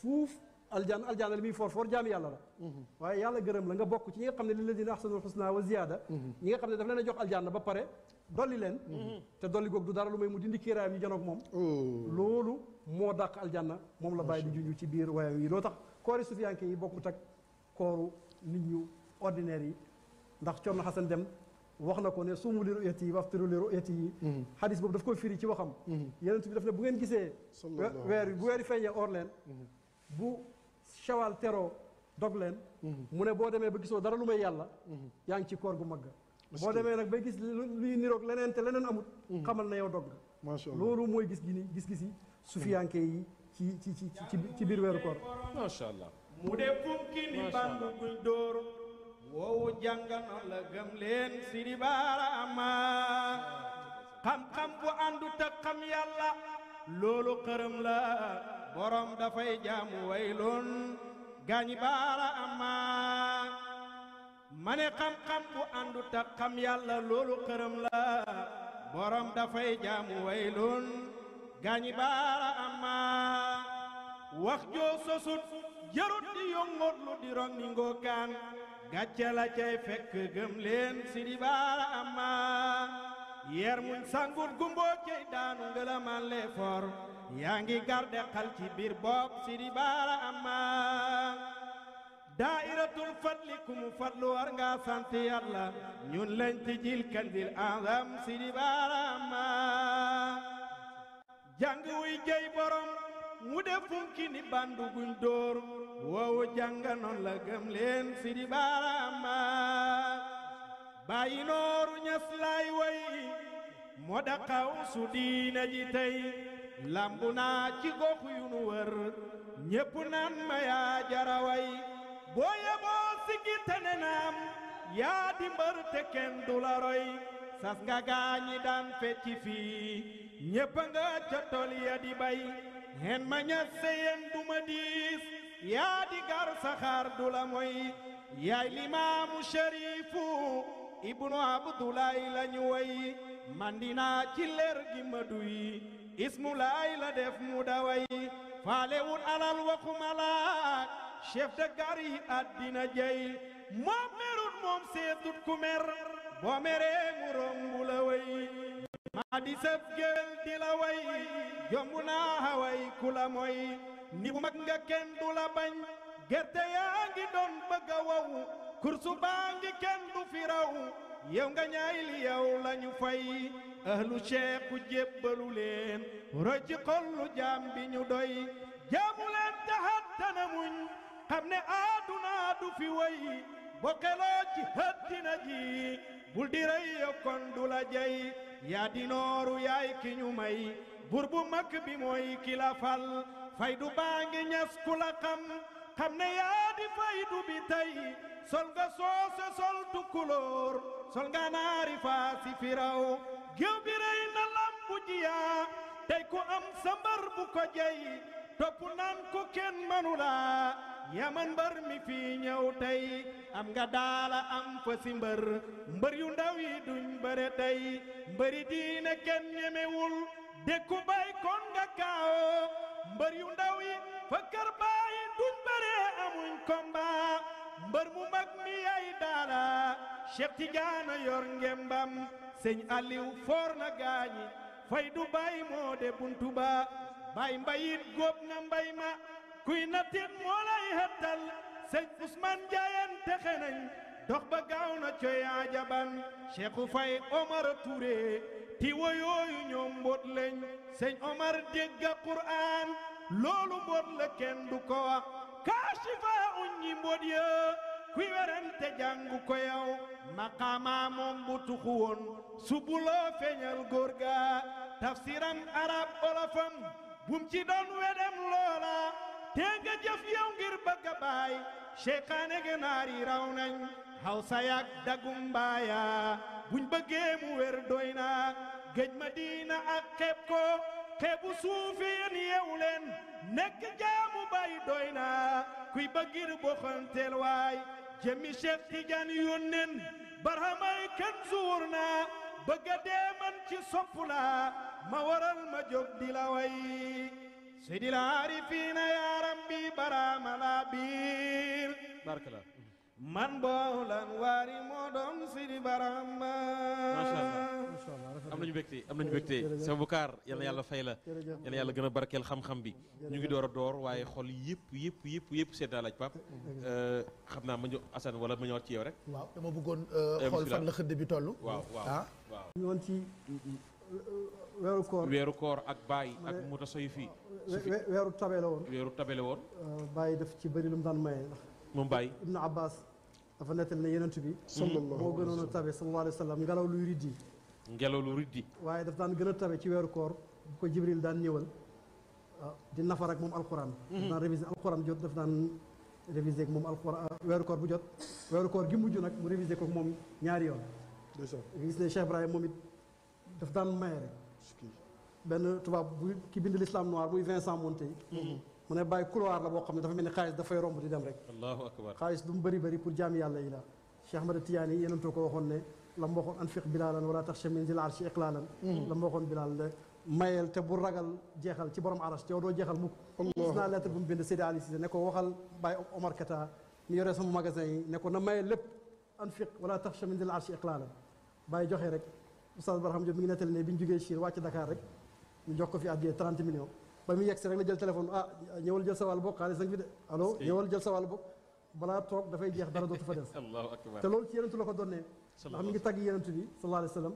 fuuf aljaan aljaan li muy foor foor jaami yàlla la hmm. waaye yàlla gërëm la nga bokk ci ñi nga xam ne lilladiina ahsanul husnaa wa ziyaada hmm. ñi nga xam ne daf leen a jox aljaan ba pare dolli leen mhm. te dolli goog du dara lu may mu dindi kiiraayam ñu janoog moom loolu moo dàq aljanna moom la bàyyi di junj ci biir wayam yi loo tax koori sufiyanke yi bokkut ak kooru nit ñu ordinaire yi ndax Cerno Xasan Dem wax na ko ne suumu li ruyati yi waftiru li ruyati yi mhm. xadis boobu daf koy firi ci waxam mhm. yeneen bi dafa ne bu ngeen gisee weer bi bu weeri feeñee or leen bu shawal teroo dog leen mu ne boo demee ba gisoo dara lu may yàlla yaa ngi ci koor gu mag boo demee nag ba gis luy niroog leneen te leneen amut. Hmm. xamal na yow dog nga. macha allah loolu mooy gis ni gis-gisi sufiyanke yi ci ci ci ci biir weeru koor. macha allah. mu de fukki ni bànd guñ dóor woowu jàngana la gëm leen si di baaraama xam-xam bu àndut xam yàlla loolu xërëm la borom dafay jaamu wayloon gaañi baara amaa ma ne xam-xam bu àndu ta yàlla loolu xërëm la borom dafay jaamu waylun gaañi baara amma wax joo sosut jarut di yongoot di rong ni ngookaan gàcce la cay fekk gëm si di baara amma yer muñ sangut gumboo cey daanu ngëlamaan lee yaa ngi garde xal ci biir si di baara amma daayiratul fadli ku mu fadlu war ngaa sant yàlla ñun lañ ci jil kandil azam sidi baaraama jàng wuy borom mu def funki bandu guñ dóor woowu jànganoon la gëm leen sidi baaraama bàyyi nooru ñas laay way moo daqaw su diina ji tey lambu naa ci gox yu nu wër ñépp naan ma yaa jaraway boo yeboo siggi tene naam yaa di mbër du la roy sas nga gaañi daan fecci fii ñépp nga ca di bay hen ma ñas du ma diis yaa di gar saxaar du la moy yaay limaamu shariifu ibnu abdulaay lañu way mandinaa ci leer gi ma duy ismu laay la def mu daway faale wut alal waxuma laak chef de gare àddina jey moom merut moom seetut ku mer boo meree mu la way maa di sëb géel di la way jomb naa xaway ku la moy ni mag nga kenn du la bañ gerte yaa ngi doon bëgg a wow kursu baa ngi kenn du fi raw yow nga ñaay li yow lañu fay ahlu ceexu jébbalu leen roy ci xollu jaam bi ñu doy jaamu leen taxat tana muñ xam ne àdduna du fi way bokkeloo ci hëddina bul di rey yo du la jey yaa yaay ki ñu may bur bu mag bi mooy ki la fal faydu baa ngi ñas ku la xam xam ne yaa di faydu bi tey sol nga soose sol tukkulóor sol nga naari faasi firaw géew na lambu jiyaa tey ku am sambar bu ko jey topp naan ko kenn manula yaman mbër mi fii ñëw tey am nga daala am fa si mbër mbër yu ndaw duñ bëre tey mbëri diine kenn ñemewul dékku bay kon nga kaawoo mbër yu ndaw fa kër bàyyi duñ bëre amuñ combat mbër mu mag mi yay daala Cheikh Tidiane yor ngembam sëñ Aliou foor na gaañi fay du bay moo de buntu ba bay mbayit góob nga mbay ma kuy natteet moo lay xettal sëñ Ousmane Ndiaye texe dox ba gaaw na coyaa jaban Cheikhou Faye Omar Touré ti woyooyu ñoom mbóot lañ Omar dégga Qur'aan loolu mbóot kenn du ko wax kaashifa uññi mbóot ya kuy werante jàngu ko yow maqaamaa moom bu tuxu woon subuloo feeñal góor ga tafsiram arab olofam bum ci doon wedem loola te nga jëf yow ngir bëgg a baay seytaane ganaar yi raw nañ hawsa yaak dagum mbaaya buñ bëggee mu wér doy na géej Madina ak xeeb ko xeebu suufi yéen jaamu bay doy na kuy bëggir boxanteel waay jëmi Cheikh Tidiane yónneen barhamay kenn suur na bëgga dee ci sopp ma waral ma jóg di la way Sayyidil Arifina ya Rabbi bara malabir Barakallah Man bawlan wari modom Sidi Baramba Masya Allah am nañu mbégte am nañu mbégte sa Boucar yal na yàlla fay la yal na xam-xam bi ñu ngi door a door waaye xol yëpp yëpp yëpp yëpp seet naa laaj Pape eh, xam naa ma ñu Assane wala ya ma ñëwaat eh, eh, ci yow rek waaw dama bëggoon xool fan la xëdd bi toll waaw waaw waaw ñu woon ci weeru koor weeru koor ak baay ak muta weeru tabe la woon weeru tabe la woon bàyyi daf ci bëri lu mu daan maye ndax moom bàyyi ibnu abbas dafa nettal ne yenent bi moo gënoon a tabe sallallahu alayhi wa sallam ngelaw luy riddi ngelaw lu riddi waaye daf daan gën a tabe ci weeru koor bu ko jibril daan ñëwal di nafar ak moom alquran daf daan révisé alquran jot daf daan révisé ak moom alquran weeru koor bu jot weeru koor gi mujj nag mu révisé ko moom ñaari yoon gis ne Cheikh Ibrahima moom it daf daan maye rek benn tubaab bu ki bind l'islam noir muy Vincent Monteil mu ne bàyyi couloir la boo xam ne dafa mel ni xaalis dafay romb di dem rek allahu akbar xaalis du bari bari pour jaam yàlla yi Cheikh ahmed tiani yi yenentoo ko waxoon ne la mu waxoon anfiq bilaalan wala taxsha min zil arshi iqlaalan la mu waxoon bilaal ne mayel te bu ragal jeexal ci borom aras te yow doo jeexal mukk gis naa lettre bu mu bind Seydi Ali Cissé ne ko waxal Baye Omar Kata mi yore sama magasin yi ne ko na mayel lépp anfiq wala taxsha min zil arshi iqlaalan Baye joxe rek Oustaz Barham Diop mi ngi nettali ne biñ ñu jógee Chine wàcc Dakar rek ñu jox ko fi addiya 30 millions ba muy yegg si rek la jël téléphone ah ñëwal jël sa wàll bokk xaalis nag fi de allo ñëwal jël sa wàll bokk balaa toog dafay jeex dara dootu fa des allahu akbar te loolu ci yenentu la ko donnee ndax mi ngi tagg yenentu bi sallallahu alayhi wa sallam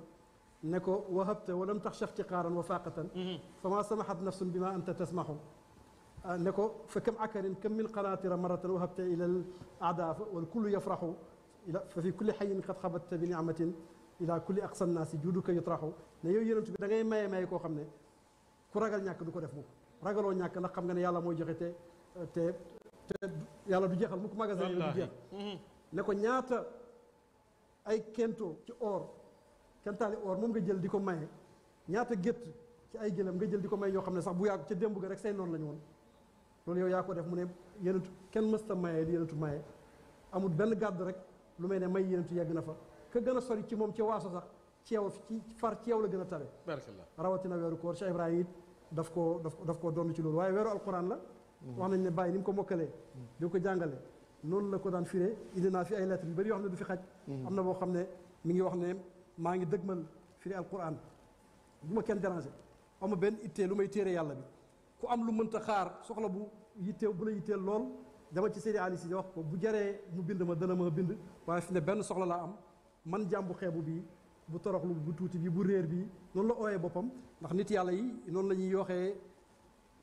ne ko wahabta walam taxsha iftiqaaran wa faaqatan fama samaxat nafsun bima anta tasmaxu ne ko fa kam akarin kam min qanaatira maratan wahabta ila al aada wal kullu yafraxu ila fa fi kulli xayin qad xabatta bi nicmatin ila kulli aqsa nnaasi juduka yutraxu ne yow yenentu bi da ngay maye maye koo xam ne ku ragal ñàkk du ko def mukk ragaloo ñàkk ndax xam nga ne yàlla mooy joxe te te te yàlla du jeexal mukk magasin yi du jeex ne ko ñaata ay kento ci or kentaali or moom nga jël di ko maye ñaata gétt ci ay gëlëm nga jël di ko may ñoo xam ne sax bu yàgg ca démb gi rek say noon la woon loolu yow yaa ko def mu ne yenentu kenn mësta maye li yenentu maye amul benn gàdd rek lu may ne may yenentu yegg na fa ka gën a sori ci moom ci waaso sax ceew ci far ceew la gën a tabe rawatina weeru koor Cheikh it daf koo daf daf koo doon ci loolu waaye weeru alquran la wax nañ ne bàyyi ni mu ko mokkalee di ko jàngale noonu la ko daan firee indi naa fi ay lettre yu bëri yoo xam ne du fi xaj am na boo xam ne mi ngi wax ne maa ngi dëgmal firi alquran bu ma kenn dérangé ama benn ittee lu may téere yàlla bi ku am lu mënta xaar soxla bu yittee bu la yittee lool dama ci Seydi Ali si wax ko bu jaree mu bind ma dana ma bind waaye fi ne benn soxla laa am man jàmbu xeebu bii bu toroxlu bu tuuti bi bu réer bi noonu la ooyee boppam ndax nit yàlla yi noonu la ñuy yooxee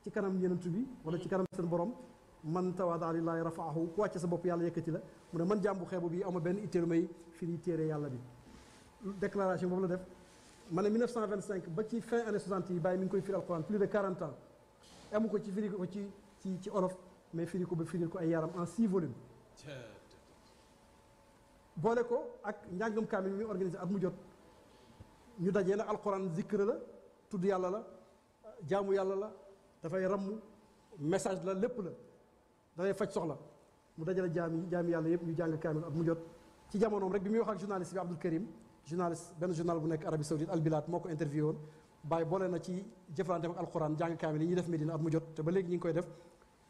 ci kanam yenentu bi wala ci kanam seen borom man tawaadaa lillaahi rafaahu ku wàcce sa bopp yàlla yëkkati la mu ne man jàmbu xeebu bi ama benn itteelu may firi téere yàlla bi déclaration boobu la def ma ne 1925 ba ci fin année 60 yi bàyyi mi ngi koy fi alquran plus de 40 ans amu ko ci firi ko ci ci ci olof mais firi ko ba firi ko ay yaram en 6 volumes boole ko ak njàngam kaamil mi organisé at mu jot ñu dajé nag alquran zikr la tudd yàlla la jaamu yàlla la da fay ram message la lépp la da fay fajj soxla mu dajé la jaami jaami yàlla yëpp ñu jàng kamil at mu jot ci jamono rek bi muy wax ak journaliste bi Abdoul Karim journaliste ben journal bu nek Arabie Saoudite Al Bilad moko ko interviewé woon bàyyi na ci jëflante ak alquran jàng kamil yi def Medina at mu jot te ba légui ñi ngi koy def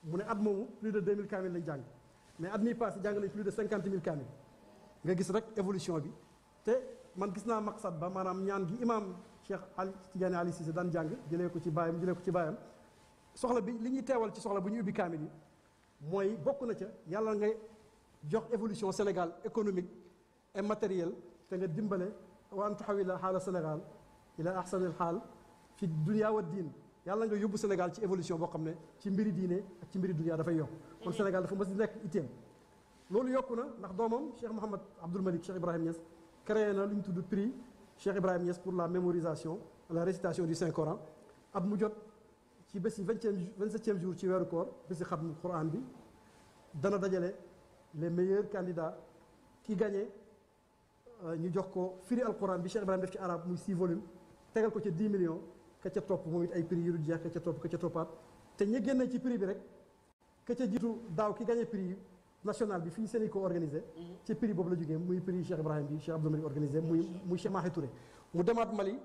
mu ne at moomu plus de 2000 kamil lañ jàng mais at mi passé jàng nañ plus de 50000 kamil nga gis rek évolution bi te man gis naa maqsad ba maanaam ñaan gi imaam Cheikh Ali Tidiane Ali Cissé daan jàng jëlee ko ci baayam jëlee ko ci baayam soxla bi li ñuy teewal ci soxla bu ñu ubbi kaamil yi mooy bokk na ca yàlla ngay jox évolution Sénégal économique et matériel te nga dimbale wa an tuxawila xaala Sénégal ila ahsanil xaal fi dunia a diin yàlla nga yóbbu Sénégal ci évolution boo xam ne ci mbiri diine ak ci mbiri dunia dafay yokk kon Sénégal dafa mës di nekk itteem loolu yokku na ndax doomam Cheikh Mouhamad Abdoul Malik créé na lu ñu prix Cheikh Ibrahim Niass pour la mémorisation la récitation du Saint Coran at mu jot ci bés 27e jour ci weeru koor bési le Coran. bi dana dajale les meilleurs candidats qui gagné euh, ñu jox ko firi Coran, bi Cheikh Ibrahim def ci arabe muy six volumes tegal ko ca 10 millions ka ca topp moom it ay prix yu dul jeex ka ca topp ka ca toppaat te ñi génne ci prix bi rek ka ca jiitu daaw ki gagné prix national bi fii Sénégal ko organisé. Mm-hmm. ci prix boobu la jógee muy prix Cheikh Ibrahim bi Cheikh Abdou Malik organisé muy muy Cheikh Mahi mu demaat Mali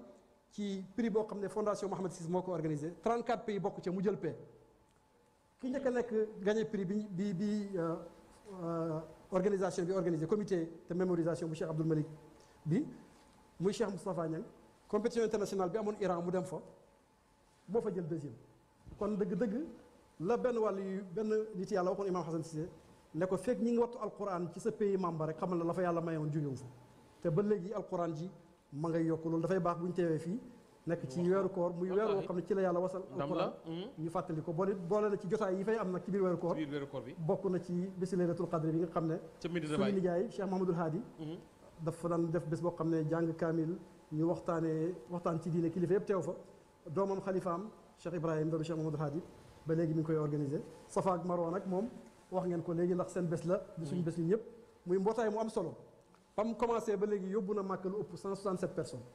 ci prix boo xam ne fondation Mohamed VI moo ko organisé 34 pays bokk ca mu jël paie ki njëkk a nekk gagné prix bi bi bi euh, euh, organisation bi organisé comité de mémorisation bu Cheikh Abdou Malik bi muy Cheikh Moustapha Niang compétition internationale bi amoon Iran mu dem fa moo fa jël deuxième kon dëgg-dëgg la benn wàll yu benn nit yàlla waxoon Imam neko fek ñi ngi wattu alquran ci sa pays membre rek xamal la fa yàlla mayoon jógewu fa te ba legi alquran ji ma ngay yok lu dafay baax bu ñu teewee fii nekk ci wéru koor muy wéru woo xamni ci la yàlla wasal alquran ñu fatali ko boo bolé na ci jotay yi fay am nag ci bir wéru koor bi bokk na ci bisilatul qadr bi nga xam ne suñu jaay Cheikh mamadou hadi Haadi fa daan def bés bo xamné jàng kamil ñu waxtane waxtan ci diine kilifa yëpp teew fa doomam xalifaam Cheikh ibrahim do Cheikh mamadou hadi ba legi mi ngi koy organiser Safa ak Marwa nak mom wax ngeen ko léegi ndax seen bés la di suñu bés ñun ñëpp muy mbootaay mu am solo bam commencé ba léegi yóbbu na màkk lu ëpp 167 personnes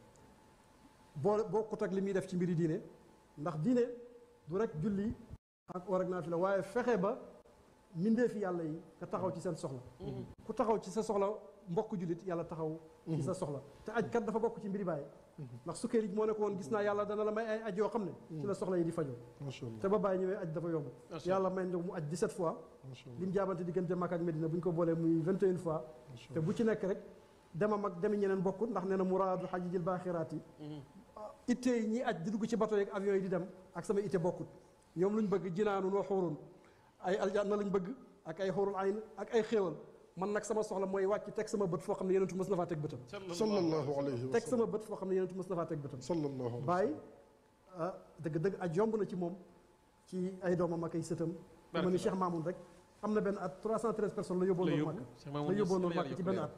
boo bokkut ak li muy def ci mbiri diine ndax diine du rek julli ak war ak naa fi la waaye fexe ba mindee fi yàlla yi nga taxaw ci seen soxla ku taxaw ci sa soxla mbokk jullit yàlla taxaw ci sa soxla te ajkat dafa bokk ci mbiri bàyyi ndax sukkeerig moo ne ko woon gis naa yàlla dana la may ay aj yoo xam ne ci la soxla yi di fajoo te ba bàyyi ñëwee aj dafa yomb yàlla may ndox mu aj 17 fois li mu jaabante diggante Makka ak Medina bu ñu ko boolee muy 21 fois te bu ci nekk rek dama ak demi ñeneen bokkut ndax nee na muraadu xajijil baaxiraat yi itte yi ñi aj di dugg ci bateau yeeg avion yi di dem ak sama ité bokkut ñoom luñ bëgg jinaanu wa xuurun ay aljanna lañ bëgg ak ay xuurul ayn ak ay xéewal man nak sama soxla moy wàcc tek sama beut fo xamne ne yonentu mës na faa sallallahu alayhi wa tek sama beut fo xamne ne yonentu mës na faa sallallahu bay ah deug dëgg aj yomb na ci mom ci ay doom ak ay seutam ma ni Cheikh Mamoun rek amna ben at 313 personnes la yobol noonu mak la yobol noonu mak ci ben at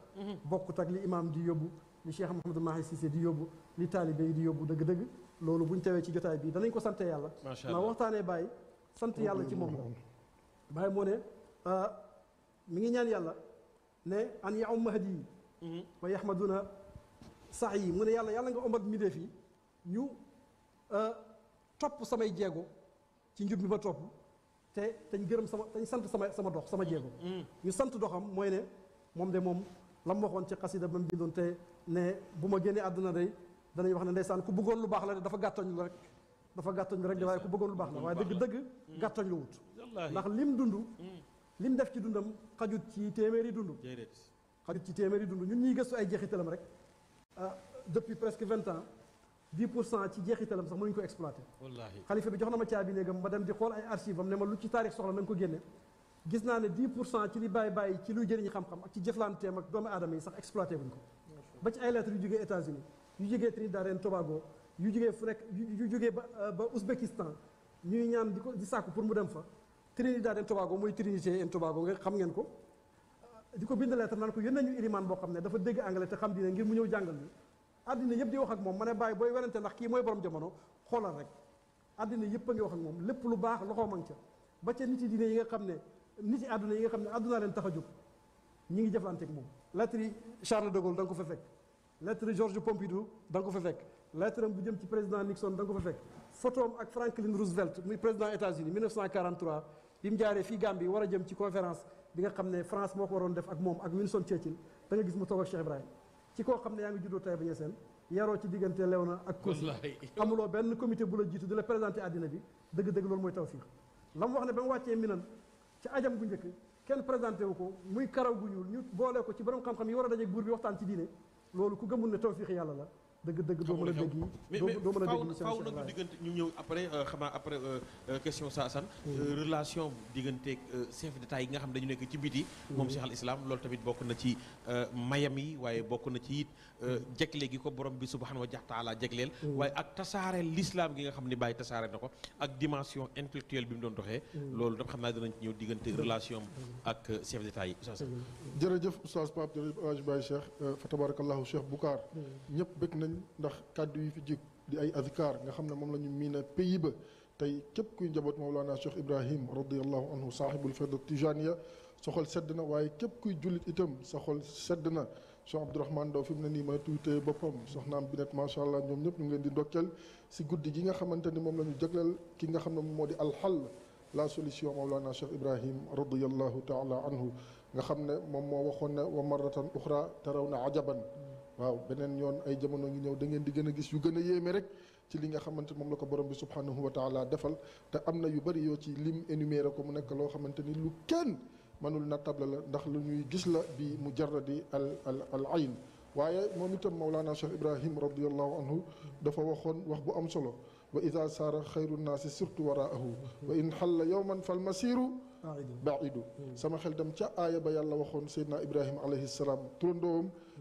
bokku tak li imam di yóbbu ni Cheikh mohammed Mahi Cissé di yóbbu ni taalibe yi di yobbu deug deug loolu buñ tewé ci jotay bi dañ ko sante yàlla ndax waxtane bay sante yàlla ci mom bay mo moo ne mi ngi ñaan yàlla ne an ya um mahdi mhm. yi ma duna sax yi mu ne yàlla yàlla nga omat mi def yi ñu euh, topp samay jeego ci njub mi ma topp te tañ gërëm sama tañ sant sama sama dox sama jéego mhm. ñu sant doxam mooy ne moom de moom la mu waxoon ci xasida ba mu bindoon te ne bu ma génnee àdduna day danañ wax ne ndeysaan ku bëggoon lu baax la dafa gàttañ lu rek dafa gàttañ lu rek de waaye ku bëggoon lu baax la waaye dëgg dëgg gàttañ lu wut ndax lim dund mhm. lim def ci dundam xajut ci téeméeri dund xajut ci téeméeri dund ñun ñuy gëstu ay jeexitalam rek depuis presque vingt ans dix pour cent ci jeexitalam sax mënuñu ko exploité wallaahi xalifa bi jox na ma caabi néegam ma dem di xool ay archive am ne ma lu ci taarix soxla na nga ko génne gis naa ne dix pour cent ci li bàyyi bàyyi ci luy jëriñ xam-xam ak ci jëflanteem ak doomu aadama yi sax exploité wuñ ko ba ci ay lettres yu jógee États-Unis yu jógee Trinidad and Tobago yu jógee fu nekk yu jógee ba ba Ouzbékistan ñuy ñaan di ko di sàkku pour mu dem fa Trinidad and Tobago mooy Trinité and Tobago nga xam ngeen ko di ko bind lettre naan ko yónnee ñu ilimaan boo xam ne dafa dégg anglais te xam dina ngir mu ñëw jàngal ñu àddina yëpp di wax ak moom ma ne bàyyi booy werante ndax kii mooy borom jamono xoolal rek àddina yëpp a ngi wax ak moom lépp lu baax loxoo mang ca ba ca nit yi diine yi nga xam ne nit yi àdduna yi nga xam ne àdduna leen tax a jóg ñi ngi jëflante moom lettre yi Charles de Gaulle fekk lettre George Pompidou da nga ko fa fekk lettre am bim mu fi fii Gambie war jëm ci conférence bi nga xamné France moko waron def ak mom ak Winston Churchill da nga gis mu toog Cheikh Ibrahim ci ko xamné ya nga ngi juddoo Taïba Niassène yaroo ci digënté lewna ak ko amulo ben comité bu la jitu di la présenté àddina bi deug deug lool moy tawfiq lam wax ne bam wacce Minan ci ajam bu ñëk kenn présenté wuko muy karaw gu ñuul ñu bolé ko ci borom xam-xam yi wara dajé dajeeg buur bi waxtaan ci diine loolu ku gëmul ne tawfiq yàlla la dëgg dëgg doo mën a dégg mais nag ñu diggante ñu ñëw après euh, euh, euh, sa Assane relation digganteeg chef d'état yi nga xam dañu nekk ci biti moom Cheikh al Islam loolu tamit bokk na ci mayam yi waaye bokk na ci it jegle gi ko borom bi subhanahu wa taala jegleel waaye ak tasaare l'islam gi nga xam ne bàyyi tasaare na ko ak dimension intellectuelle bi mu doon doxee loolu tam xam naa dinañ ci ñëw diggante relation ak chef d'état yi Oustaz jërëjëf Oustaz Pape jërëjëf Alaaji Baye Cheikh fa tabarakallahu Cheikh Boucar ñëpp bëgg nañ leen ndax kàddu yi fi jik di ay azkar nga xam ne moom la ñu miin a pays ba tey képp kuy njaboot Mawlana Cheikh Ibrahim radiallahu anhu saahibul firda tijaniya sa xol sedd na waaye képp kuy jullit itam sa xol sedd na Cheikh Abdourahmane Ndaw fi mu ne nii mën a tuutee boppam soxnaam bi nekk macha allah ñoom ñëpp ñu ngi leen di ndokkeel si guddi gi nga xamante ni moom la ñu jagleel ki nga xam ne moo di alxal la solution Mawlana Cheikh Ibrahim radiallahu taala anhu nga xam ne moom moo waxoon ne wa marratan uxra taraw na ajaban waaw beneen yoon ay jamono ngi ñëw da ngeen di gën a gis yu gën a yéeme rek ci li nga xamante moom la borom bi subhanahu wa defal te am na yu bari yoo ci lim énuméré ko mu nekk loo xamante ni lu kenn mënul na table la ndax lu ñuy gis la bi mujarradi al al al ayn waaye moom itam Mawlana Cheikh Ibrahim radiallahu anhu dafa waxoon wax bu am solo wa ida saara xayru naasi surtout waraahu wa in xalla yowman fal masiru baidu hmm. sama xel dem ca aaya ba yàlla waxoon se Ibrahima alayhi salaam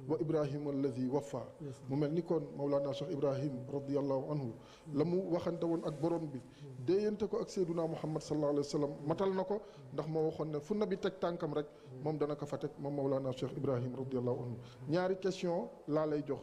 wa ibrahima allazi wafa mu mel ni kon mawlaana cheikh ibrahim radiallahu anhu la mu waxante woon ak borom bi déeyante ko ak seyduna muhammad sallallahu alayhi wa sallam matal na ko ndax moo waxoon ne fu nabi teg tànkam rek moom dana ko fa teg moom mawlaana cheikh ibrahim radiallahu anhu ñaari question laa lay jox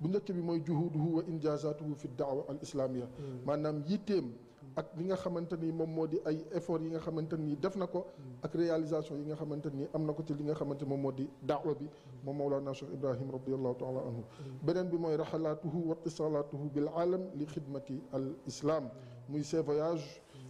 bu njëkk bi mooy juhuduhu wa injazatuhu fi daawa al islamia maanaam yitteem ak li nga xamante ni moom moo di ay effort yi nga xamante ni def na ko ak réalisation yi nga xamante ni am na ko ci li nga xamante moom moo di daawa bi moom mawlaana cheikh ibrahim radiallahu taala anhu beneen bi mooy raxalaatuhu wa tisalaatuhu bil alam li xidmati al islam muy ses voyages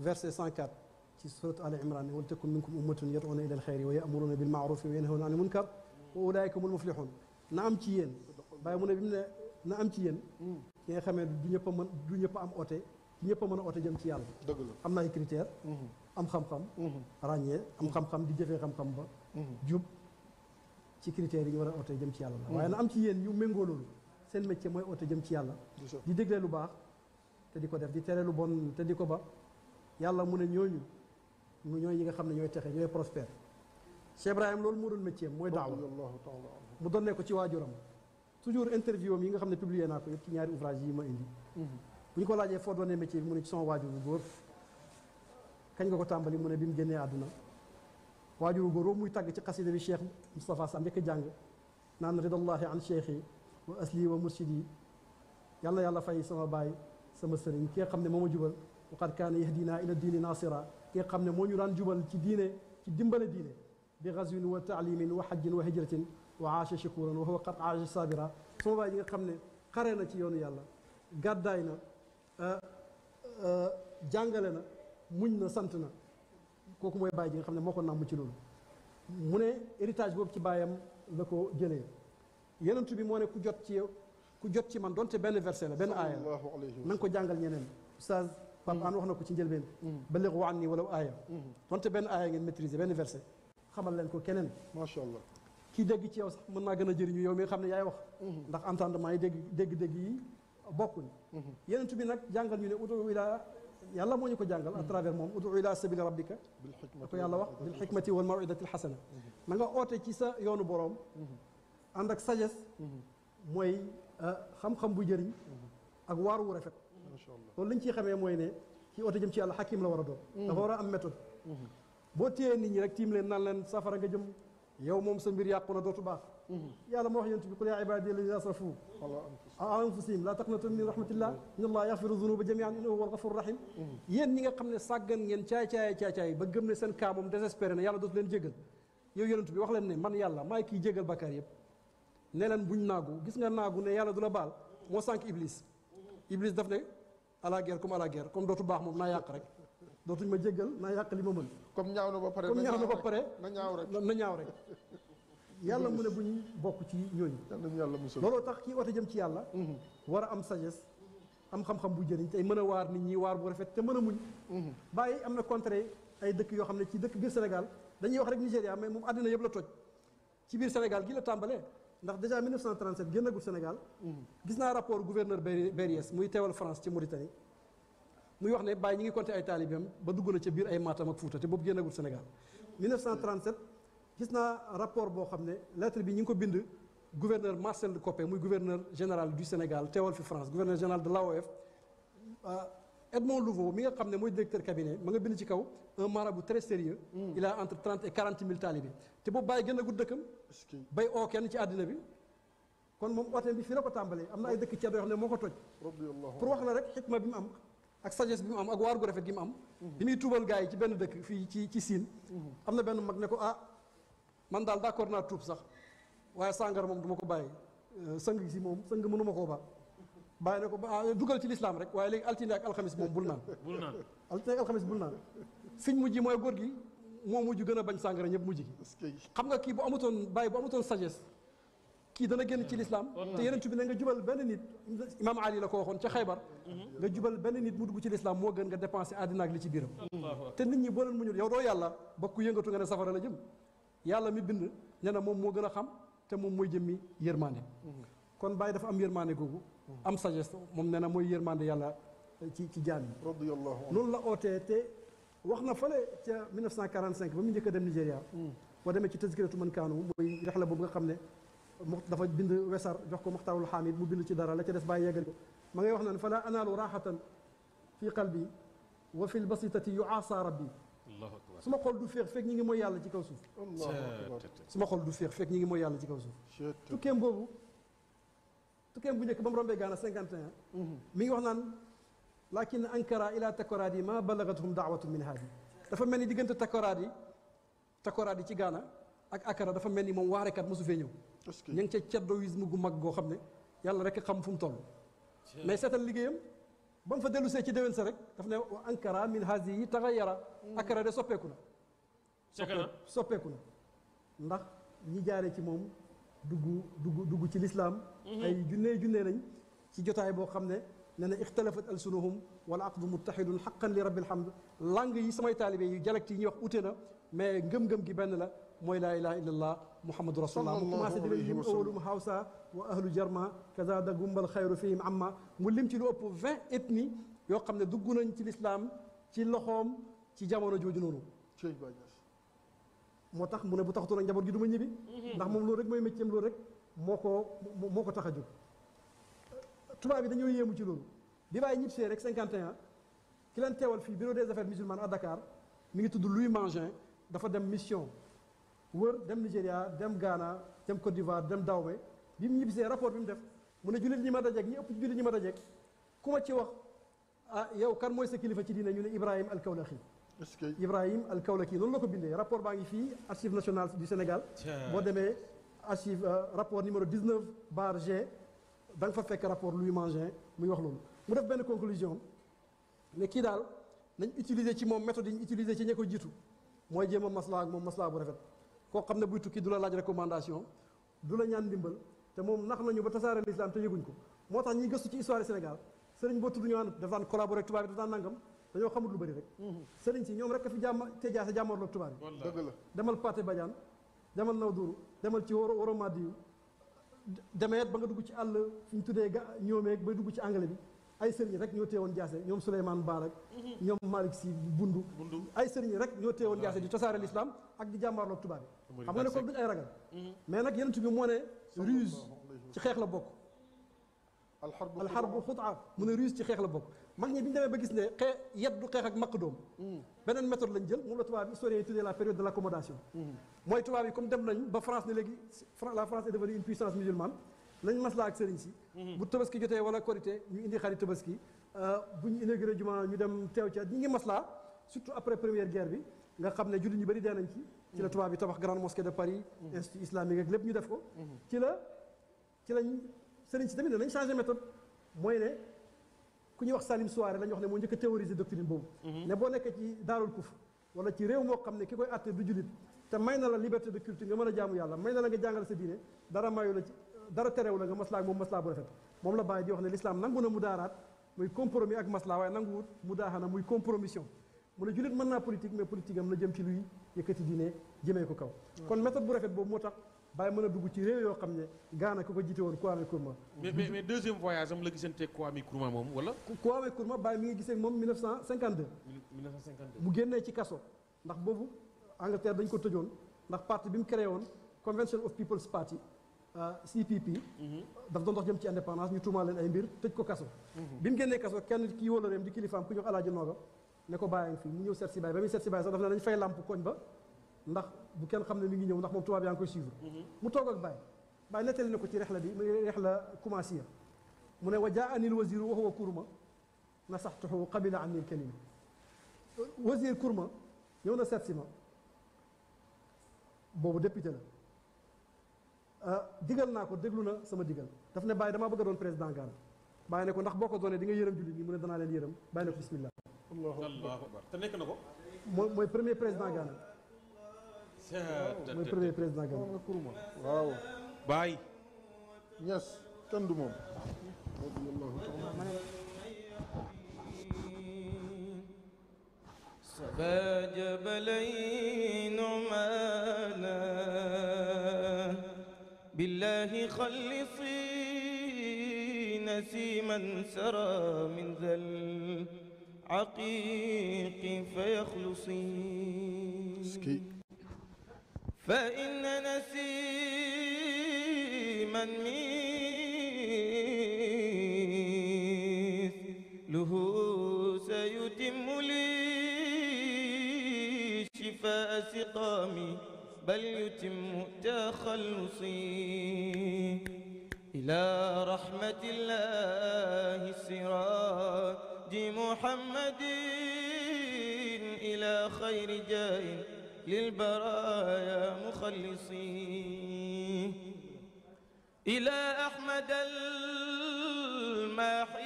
verset 104 في سورة آل عمران ولتكن منكم أمة يدعون إلى الخير wa بالمعروف وينهون عن wa وأولئك هم المفلحون na am ci yéen bàyyi mu ne bi mu ne na am ci yéen ki nga xamé du ñëpp a du ñëpp am oote ci ñëpp mëna mën jëm ci yàlla deug la am na ay critères am xam-xam ràññee am xam-xam di jëfé xam xam-xam ba jup ci critères yi ñu war a jëm ci yàlla waye waaye na am ci yéen yu mengo lolu seen métier moy oote jëm ci yàlla di déglé lu baax te diko def di tere lu bon te diko ba yàlla mu ne ñooñu ñooñu ñi nga xam ne ñooy texe ñooy prospère Cheikh Ibrahim loolu moo doon métier mooy daaw mu donnee ko ci waajuram toujours interview am yi nga xam ne publié naa ko yëpp ci ñaari ouvrage yi ma indi bu ñu ko laajee foo doonee métier bi mu ne ci son waajur bu góor kañ nga ko tàmbali mu ne bi mu génnee àdduna waajur bu góor boobu muy tàgg ci xasida bi Cheikh Moustapha Sam njëkk jàng naan ridallahi an cheikhi wa asli wa murshidi yàlla yàlla fay sama baay sama sëriñ ki nga xam ne moo ma jubal وقد كان يهدينا الى الدين ناصرا كي قمنا مو نوران جبل كي دينه كي دمبل دينه بغزو وتعليم وحج وهجرة وعاش شكورا وهو قد عاش صابرا ثم بعد قمنا قرينا كي يوني يلا قداينا أه أه جانغالنا مننا سنتنا كوكو موي باي خمنا موكو نامو تي لول موني اريتاج بوب تي بايام لاكو جيلي يلنتو بي موني كو جوت تي كو جوت تي مان دونتي بن فيرسي لا بن ايا الله عليه وسلم نانكو جانغال نينن استاذ القران أنا كو سي نجيل بن بلغوا عني ولو ايه تونت بن ايه نين ماتريزي بن فيرسي خمال لنكو كينن ما شاء الله كي دغ تي يوسف منا غنا جيرنيو يومي خامن ياي واخ داخ انتاندماي دغ دغ دغ يي بوكو يننتو بي نك جانغال ني اودو الى يالا مو نيكو جانغال اترافير موم اودو الى سبيل ربك بالحكمه كو يالا واخ بالحكمه والموعظه الحسنه ماغا اوتي تي سا يونو بوروم عندك ساجس موي خم خم بو جيرني اك وارو رافت loolu li ñu ciy xamee mooy ne kii oote jëm ci yàlla xakim la war a doon dafa war a am méthode boo téyee nit ñi rek tiim leen naan leen safara nga jëm yow moom sa mbir yàqu na dootu baax yàlla moo wax yonent bi qul yaa ibaadi alladina asrafu ala anfusihim laa taqnatu min rahmatillah inna allaha yaxfiru dunuba jamian innahu huwa alghafur rahim yéen ñi nga xam ne sàggan ngeen caay-caay caay-caay ba gëm ne seen kaa moom désespéré na yàlla dootu leen jégal yow yonent bi wax leen ne man yàlla maay kii jégal bakkaar yëpp ne leen buñ naagu gis nga naagu ne yàlla du la baal moo sànq iblis iblis daf ne à la guerre comme à la guerre comme dootu baax moom naa yàq rek dootuñ ma jéggal naa yàq li ma mën. comme ñaaw na ba pare comme ñaaw na ba pare na ñaaw rek yàlla mu ne bu ñu bokk ci ñooñu. yàlla looloo tax kii woote jëm ci yàlla. Mhm. war a am sagesse. am xam-xam bu jëriñ tey mën a waar nit ñi waar bu rafet te mën a muñ. Mhm. bàyyi am na contrées ay dëkk yoo xam ne ci dëkk biir Sénégal dañuy wax rek Nigéria mais moom àddina yëpp la toj ci biir Sénégal gi la tàmbalee ndax déjà 1937 génnagul Sénégal. gis naa rapport gouverneur Berries muy teewal France ci Mauritanie. muy wax ne Baye ñi ngi compté ay taalibeem ba dugg na ci biir ay Matam ak Fouta te boobu génnagul Sénégal. 1937 gis naa rapport boo xam ne lettre bi ñi ngi ko bind gouverneur Marcel Copé muy gouverneur général du Sénégal teewal fi France gouverneur général de l'AOF. Euh, Edmond Louveau mi nga xam ne mooy directeur cabinet ma nga bind ci kaw un marabout très sérieux il a entre 30 et 40 mille talibés te boobu bàyyi gën a gudd dëkkam bay oo kenn ci àddina bi kon moom oote bi fii la ko tàmbalee am na ay dëkk ceddo yoo xam ne moo ko toj pour wax la rek xikma bi mu am ak sagesse bi mu am ak waar gu rafet gi mu am bi muy tuubal gars yi ci benn dëkk fii ci ci Siin am na benn mag ne ko ah man daal d'accord naa tuub sax waaye sàngara moom du ma ko bàyyi sang si moom sang mënuma koo ba bàyyi na ko ba ah, dugal ci lislaam rek waaye léegi altine ak alxamis moom bul naan altine ak alxamis bul naan fiñ mujj mooy góor gi moo mujj gën a bañ sàngara ñëpp mujj gi xam nga kii bu amutoon bàyyi bu amutoon sagesse kii dana génn ci lislaam te yeneen bi ne nga jubal benn nit imaam Ali la ko waxoon ca xaybar mhm. nga jubal benn nit mu dugg ci lislaam moo gën nga dépensé àddina li ci biiram te nit ñi boo leen muñul yow doo yàlla ba ku yëngatu nga ne safara la jëm yàlla bind nee na moom moo gën a xam te moom mooy jëmmi yërmaande mhm. kon bàyyi dafa am yërmaande googu am sagesse moom nee na mooy yërmande yàlla ci ci jaam yi. radiyallahu anhu noonu la ootee te wax na fële ca 1945 ba mu njëkk a dem Nigéria. boo demee ci tazkiratu man kaanu mooy rexla boobu nga xam ne mu dafa bind wesar jox ko Muxtaarul Xaamid mu bind ci dara la ca des bàyyi yeggal ko ma ngay wax naan fala anaalu raaxatan fi qalbi wa fi lbasitati yuaasa rabbi suma xol du féex fekk ñi ngi mooy yàlla ci kaw suuf suma xol du féex fekk ñi ngi mooy yàlla ci kaw suuf tukkeem boobu تكلم بنيك بمرم بيجانا سن كم سنة مين يقول لنا لكن أنكر إلى تكرادي ما بلغتهم دعوة من هذه دفع مني دي جنت تكرادي تكرادي تي جانا أك أكرا دفع مني من وارك أب مسفينيو نين تي تبدو يزمو جم مغو خبنا يلا رك خم فم تول ما يسات اللي جيم بام فدلو سي تي دوين سرك دفع أنكر من هذه تغيرا أكرا دي سوبيكونا سوبيكونا ndax ñi jaare ci moom dugg dugg dugg ci lislaam ay junnee junnee nañ ci jotaay boo xam ne ne na ixtalafat alsunuhum wala aqdu muttaxidun xaqan li rabbil hamd lang yi samay taalibe yu dialecte yi ñuy wax ute na mais ngëm-ngëm gi benn la mooy laa ilaha illallah muhammadu rasulullah mu commencé di leen lim awalum hawsa wa ahlu jarma kaza da gumbal xayru fihim amma mu lim ci lu ëpp vingt ethnie yoo xam ne dugg nañ ci lislaam ci loxoom ci jamono jooju noonu moo tax mu ne bu taxutoon ak njaboot gi du ma ñibbi. Mhm. ndax moom loolu rek mooy métier am loolu rek moo ko moo ko tax a jóg. tubaab yi dañoo yéemu ci loolu bi bàyyi ñibbisee rek 51 ki leen teewal fii bi des affaires musulmanes à Dakar mi ngi tudd Louis Mangin dafa dem mission wër dem Nigéria dem Ghana dem Côte d'Ivoire dem Dahomey bi mu ñibbisee rapport bi mu def mu ne jullit ñi ma dajeeg ñi ëpp jullit ñi ma dajeeg ku ma ci wax ah yow kan mooy sa kilifa ci diine ñu ne Ibrahim al-Kawlaxi. est-ce que Ibrahim al Kaolaki noonu la ko bindee rapport baa ngi fii archive nationale du Sénégal. boo demee archive euh, rapport numéro 19 bar G da nga fa fekk rapport Louis Mangin muy wax loolu. mu def benn conclusion ne kii daal nañ utiliser ci moom méthode yi ñu utiliser ci ña ko jiitu mooy jéem a maslaa ak moom maslaa bu rafet. koo xam ne buy tukki du la laaj recommandation du la ñaan ndimbal te moom nax nañu ba tasaare l'islam te yëguñ ko moo tax ñi gëstu ci histoire Sénégal Serigne boo tudd ñu daf daan collaborer tubaab bi daf daan nangam. dañoo xamul lu bari rek sëriñ si ñoom rek a fi jàmm te jaa sa jàmmoorloog tubaab yi dëgg demal Paté Badiane demal naw duuru demal ci woro woro Madi yu demeet ba nga dugg ci àll fi ñu tuddee ga ñoomeeg bay dugg ci anglais bi ay sëriñ rek ñoo teewoon jaase ñoom Souleymane Ba rek ñoom Malick Sy bundu ay sëriñ rek ñoo teewoon jaase di tasaare l'islam ak di jàmbaarloog tubaab bi xam nga ne kon duñ ay ragal mhm. mais nag yenent bi moo ne ruse ci xeex la bokk alxarbu xutaa mu ne ruse ci xeex la bokk mag ñi bi ñu demee ba gis ne xee yet du xeex ak maqdoom beneen méthode lañ jël moom la tubaab yi historiens yi tuddee la période de l' accommodation mooy tubaab yi comme dem nañ ba France ne léegi la France est devenue une puissance musulmane lañ maslaa ak sëriñ si bu tabaski jotee wala korité ñu indi xarit tabaski bu ñu inauguré juma ñu dem teew ca ñi ngi maslaa surtout après première guerre bi nga xam ne jullit ñu bëri dee nañ ci ci la tubaab yi tabax grande mosquée de Paris institut islamique ak lépp ñu def ko ci la ci lañ sëriñ si tamit ne nañ changé méthode mooy ne كوني وخ سالم سواري لا نيوخ ني مو نيك تيوريزي دوكترين بوب لا بو نيك تي دار الكوف ولا تي ريو مو خامني كيكوي اتي دو جوليت تا لا ليبرتي دو كولتور غمانا جامو يالا ماينا لا جانغال سا دينه دارا مايو لا تي دارا تريو لا مو مسلا بو رفت موم لا باي الاسلام نانغونا مدارات موي كومبرومي اك مسلا واي نانغوت مداهنا موي كومبروميسيون mu ne julit mën naa politique mais politique am la jëm ci luy yëkkati diine jëmee ko kaw baye mën a dugg ci réew yoo xam ne gaana ku ko jiite woon Kwame Nkrumah mais mais deuxième voyage am la gisante Kwame Nkrumah moom wala Kwame Nkrumah bàyyi mi ngi gisee moom 1952 1952 bu génnee ci kaso ndax boobu Angleterre dañ ko tëjoon ndax parti bi mu créé woon Convention of People's Party euh, CPP mhm. daf doon dox jëm ci indépendance ñu tuumaa leen ay mbir tëj ko kaso mhm. bi mu génnee kaso kenn kii wóolareem di kilifaam ku ñu wax Alaaji Nooga ne ko bàyyi fi mu ñëw seet si bàyyi ba muy seet si bàyyi sax daf na nañ fay làmp koñ ba ndax bu kenn xam ne mi ngi ñëw ndax moom tubaab yaa ngi koy suivre mu toog ak Baye Baye nettali na ko ci reex bi reex la commencé ya mu ne wa jaa anil wasiru wa huwa kurma nasaxtuhu qabila anil kalima wasir kurma ñëw na seet si ma boobu député la digal naa ko déglu na sama digal daf ne Baye dama bëgg a doon président Ghana Baye ne ko ndax boo ko doonee di nga yërëm jullit ñi mu ne danaa leen yërëm Baye ne ko bismillah allahu akbar te nekk na ko mooy mooy premier président Ghana Мой первый приезд на جبلين عمانا بالله خلصي نسيما سرى من ذا العقيق فيخلصي فإن نسيما مثله سيتم لي شفاء سقامي بل يتم تخلصي إلى رحمة الله سراج محمد إلى خير جائن للبرايا مخلصين إلى أحمد الماحي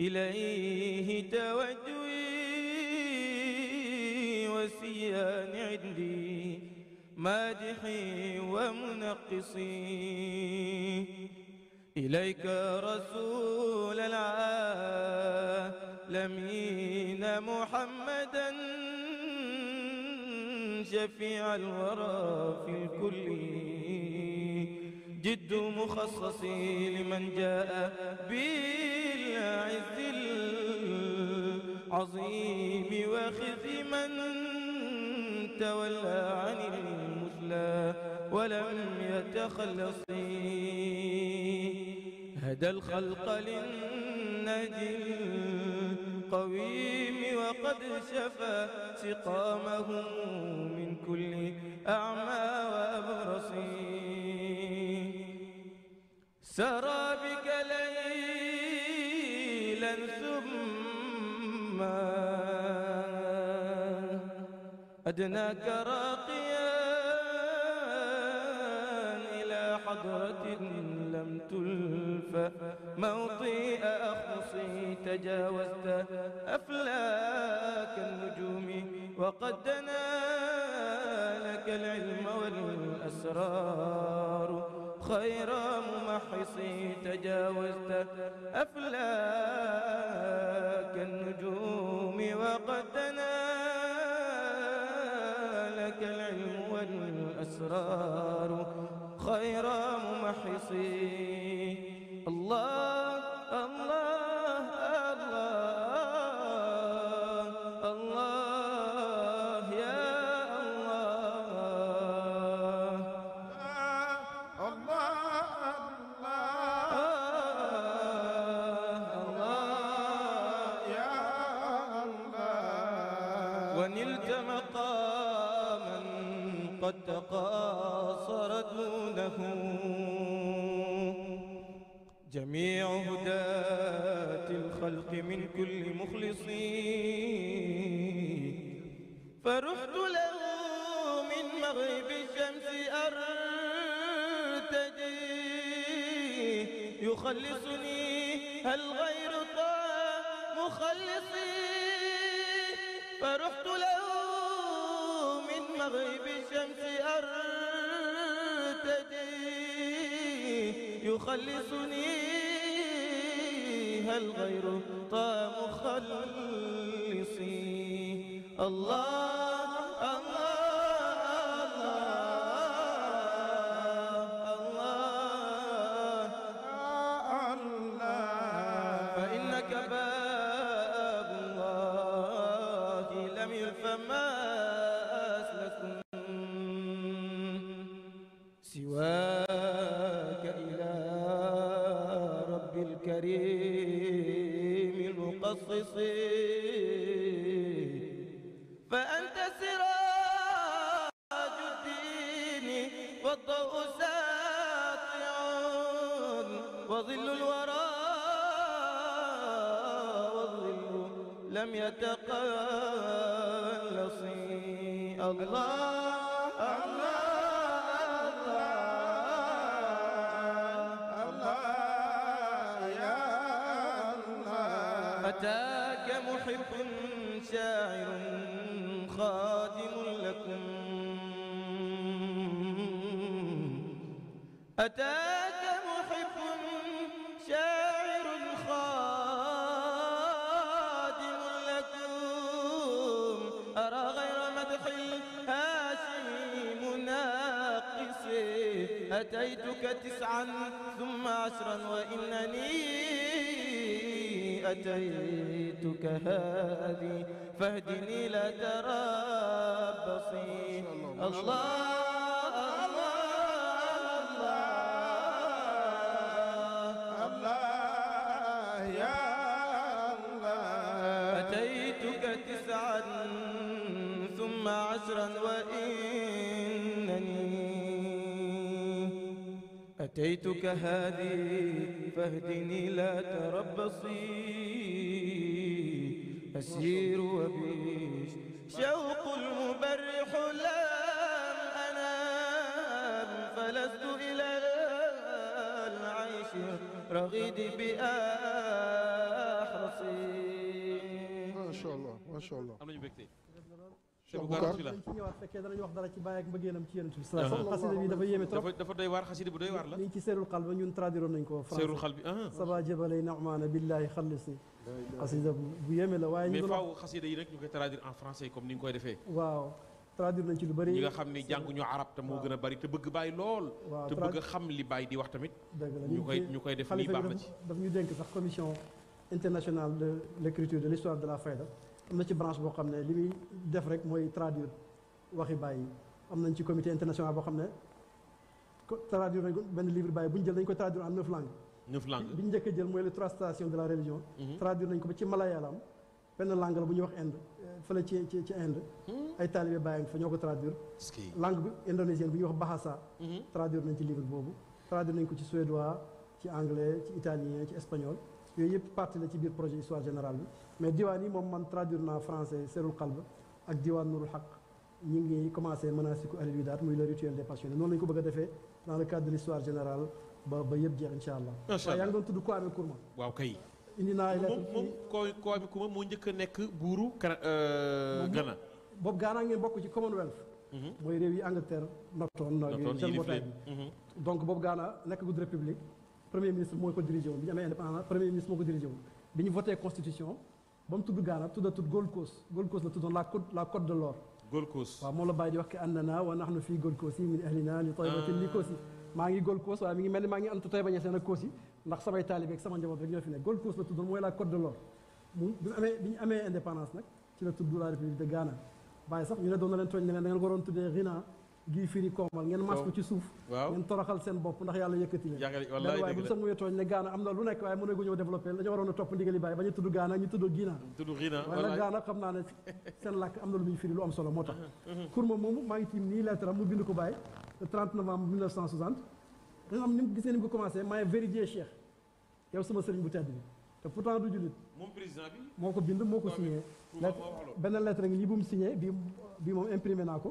إليه توجهي وسيان عندي مادحي ومنقصي إليك رسول العالم لمين محمدا شفيع الورى في الكل جد مخصص لمن جاء بالعز العظيم وخذ من تولى عن المثلى ولم يتخلص هدى الخلق للنجم القويم وقد شفى سقامه من كل أعمى وأبرص سرى بك ليلا ثم أدناك راقيا إلى حضرة لم تلف موطئ أخصي تجاوزت أفلاك النجوم وقد دنا لك العلم والأسرار خير ممحصي تجاوزت أفلاك النجوم وقد دنا لك العلم والأسرار خير فرحت له من مغيب الشمس أرتدي يخلصني هل غير مخلصي فرحت له من مغيب الشمس أرتدي يخلصني هل غير مخلصي الله لم يتقلصي الله أنني أتيتك هذه فاهدني ترى بصير الله أتيتك هذه فاهدني لا تربصي أسير وبيش شوق المبرح لا أنام فلست إلى العيش رغيد بأحرصي ما شاء الله ما شاء الله Cheikh Boucar ci la ci ñëwaat fekkee danañu wax dara ci bàyyi ak mbëggeelam ci yonent bi sallallahu alayhi xasida bi dafa yéeme trop dafa doy waar xasida bu doy waar la mi ngi ci seerul xal ba ñun traduiroon nañ ko français seerul xal bi saba jabalay naamaana billahi xalisi xasida bu yéeme la waaye mais faaw xasida yi rek ñu koy traduire en français comme ni nga koy defee waaw traduire nañ ci lu bëri ñi nga xam ne jànguñu arab te moo gën a bëri te bëgg bàyyi lool te bëgg xam li bàyyi di wax tamit ñu koy ñu koy def nii baax na ci daf ñu dénk sax commission internationale de l'écriture de l'histoire de la fayda am ci branche boo xam ne li muy def rek mooy traduire waxi bàyyi am nañ ci comité international boo xam ne traduire nañ ko benn livre bàyyi bu ñu jël dañ ko traduire en neuf langues. neuf langues bi ñu njëkk a jël mooy les trois stations de la religion. Mm-hmm. traduire nañ ko ba ci malayalam benn langue la bu ñuy wax Inde euh, fële ci ci ci Inde. Mm-hmm. ay talibé bàyyi fa ñoo ko traduire. langue bi indonésienne bu ñuy wax Bahasa. Mm-hmm. traduire nañ ci livre boobu. traduire nañ ko ci suédois ci anglais ci italien ci espagnol yooyu yëpp partie la ci biir projet histoire générale bi. mais diwaan yi moom man traduire naa français Serul Qalb ak diwaan Nurul Haq ñi ngi commencé manasiku al widaat muy le rituel des passionnés noonu lañu ko bëgg defee dans le cadre de l'histoire générale ba ba yëpp jeex incha allah. waaye yaa ngi doon tudd Kwame Nkrumah. waaw kay. indi naa ay lettres moom moom Kwame Nkrumah moo njëkk a nekk buuru. Euh, Ghana. boobu Ghana ngeen bokk ci Commonwealth. Mhm. mooy réew yi Angleterre nottoon. nottoon seen mbootaay bi donc boobu bam mu tudd tudda tuddatul Gold Coast Gold Coast la tuddoon la côte la côte de l'or Gold Coast wa mo la bàyyi di wax ke annana wa nahnu fi Gold Coast min ahlina li taybatin li Kosi ma ngi Gold Coast wa mi ngi melni ma ngi antu Taïba sen ak Kosi ndax samay talib ak sama njaboot rek ñoo fi ne Gold Coast la tuddoon moy la côte de l'or mu bi ñu amee bi ñu indépendance nak ci la tudd la république de Ghana bàyyi sax ñu ne doon na len tooñ ne leen da nga waron tudde tuddee Rina gii firi koomal ngeen mas ci suuf ngeen toroxal seen bopp ndax yàlla yëkkati leen waaye bu sa muyee tooñ ne gaana am na lu nekk waaye mën nañu ñëw développé dañoo waroon a topp ndigali bàyyi ba ñu tudd gaana ñu tudd giina waaye nag gaana xam naa ne seen làkk am na lu muy firi lu am solo moo tax kurma moomu maa ngi tiim nii lettre mu bind ko bàyyi le novembre 1960 danga xam ni mu gisee ni mu ko sëriñ bu tedd bi te pourtant du ko bind moo ko signé benn lettre ngi nii bu mu signé naa ko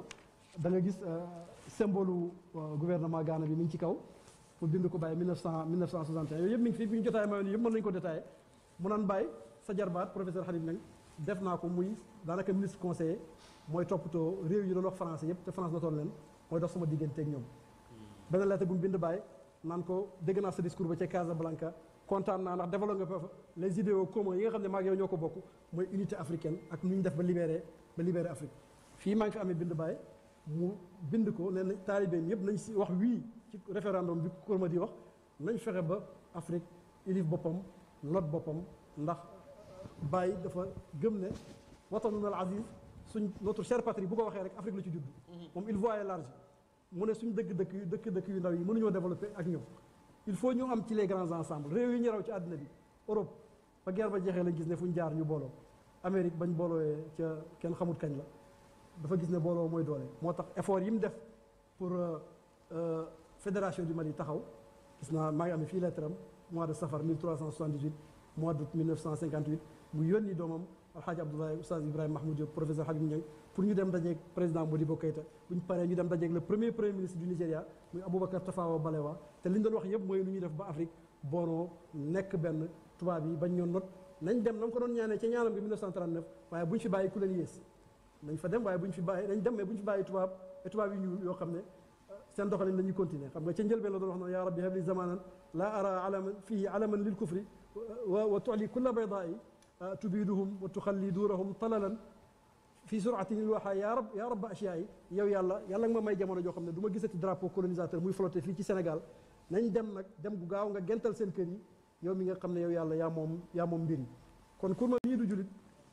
da nga gis euh, symbole euh, gouvernement Ghana bi mi ngi ci kaw mu bind ko Baye 1900 1961 yooyu yëpp mi ngi fi bi ñu jotaay mayoon yëpp mën nañu ko détaillé mu naan Baye sa jarbaat professeur Khalid def naa ko muy daanaka ministre conseiller mooy toppatoo réew yi doon wax français yëpp te France na toon leen mooy dox sama digganteeg ñoom. Hmm. benn lettre bu mu bind Baye naan ko dégg naa sa discours ba ca Casablanca kontaan naa ndax développé nga fa les idéaux communs yi nga xam ne maa ngi ko bokk mooy unité africaine ak ñu def ba libéré ba libéré fii maa ngi ko amee bind Baye. mu bind ko nee na taalibeem yëpp nañ si wax wii ci référendum bi Kurma di wax nañ fexe ba Afrique ilif boppam not boppam ndax Baye dafa gëm ne watanuna al aziz suñ notre chère patrie bu ko waxee rek Afrique la ci judd. moom il voyait large mu ne suñ dëkk dëkk yu dëkk dëkk yu ndaw yi mënuñoo développé ak ñoom. il faut ñu am ci les grands ensembles réew yi ñu raw ci àddina bi Europe ba guerre ba jeexee lañ gis ne fu ñu jaar ñu booloo Amérique bañ boolooyee ca kenn xamut kañ la. dafa gis ne booloo mooy doole moo tax effort yi mu def pour fédération du Mali taxaw gis naa maa ngi amee fii lettre am mois de safar 1378 mois d'août 1958 mu yónni doomam alxaaji Abdoulaye Oustaz Ibrahima Mahmoud Diop professeur Habib Niang pour ñu dem dajeeg président Modibo Keïta bu ñu paree ñu dem dajeeg le premier premier ministre du Nigéria muy Aboubacar Tafawa Balewa te liñ doon wax yëpp mooy lu ñuy def ba Afrique booloo nekk benn tubaab yi bañ ñoon not nañ dem na ko doon ñaanee ci ñaanam bi 1939 waaye buñ fi bàyyi ku leen yées nañ fa dem waaye buñ fi bàyyi dañ dem mais buñ fi bàyyi tubaab et tubaab yi ñu yoo xam ne seen doxalin dañuy continuer xam nga ca njëlbeen la doon wax na yaa rabbi habli zamanan la ara alaman fihi alaman lil kufri wa wa tuli kulla baydaai tubiduhum wa tuxalli duurahum talalan fi surati il waxaa yaa rab yaa rab ashiyaa yi yow yàlla yàlla nga ma may jamono joo xam ne du ma gisati drapeau colonisateur muy flotter fii ci Sénégal nañ dem nag dem gu gaaw nga gental seen kër yi yow mi nga xam ne yow yàlla yaa moom yaa moom mbir yi kon ma ñii du julit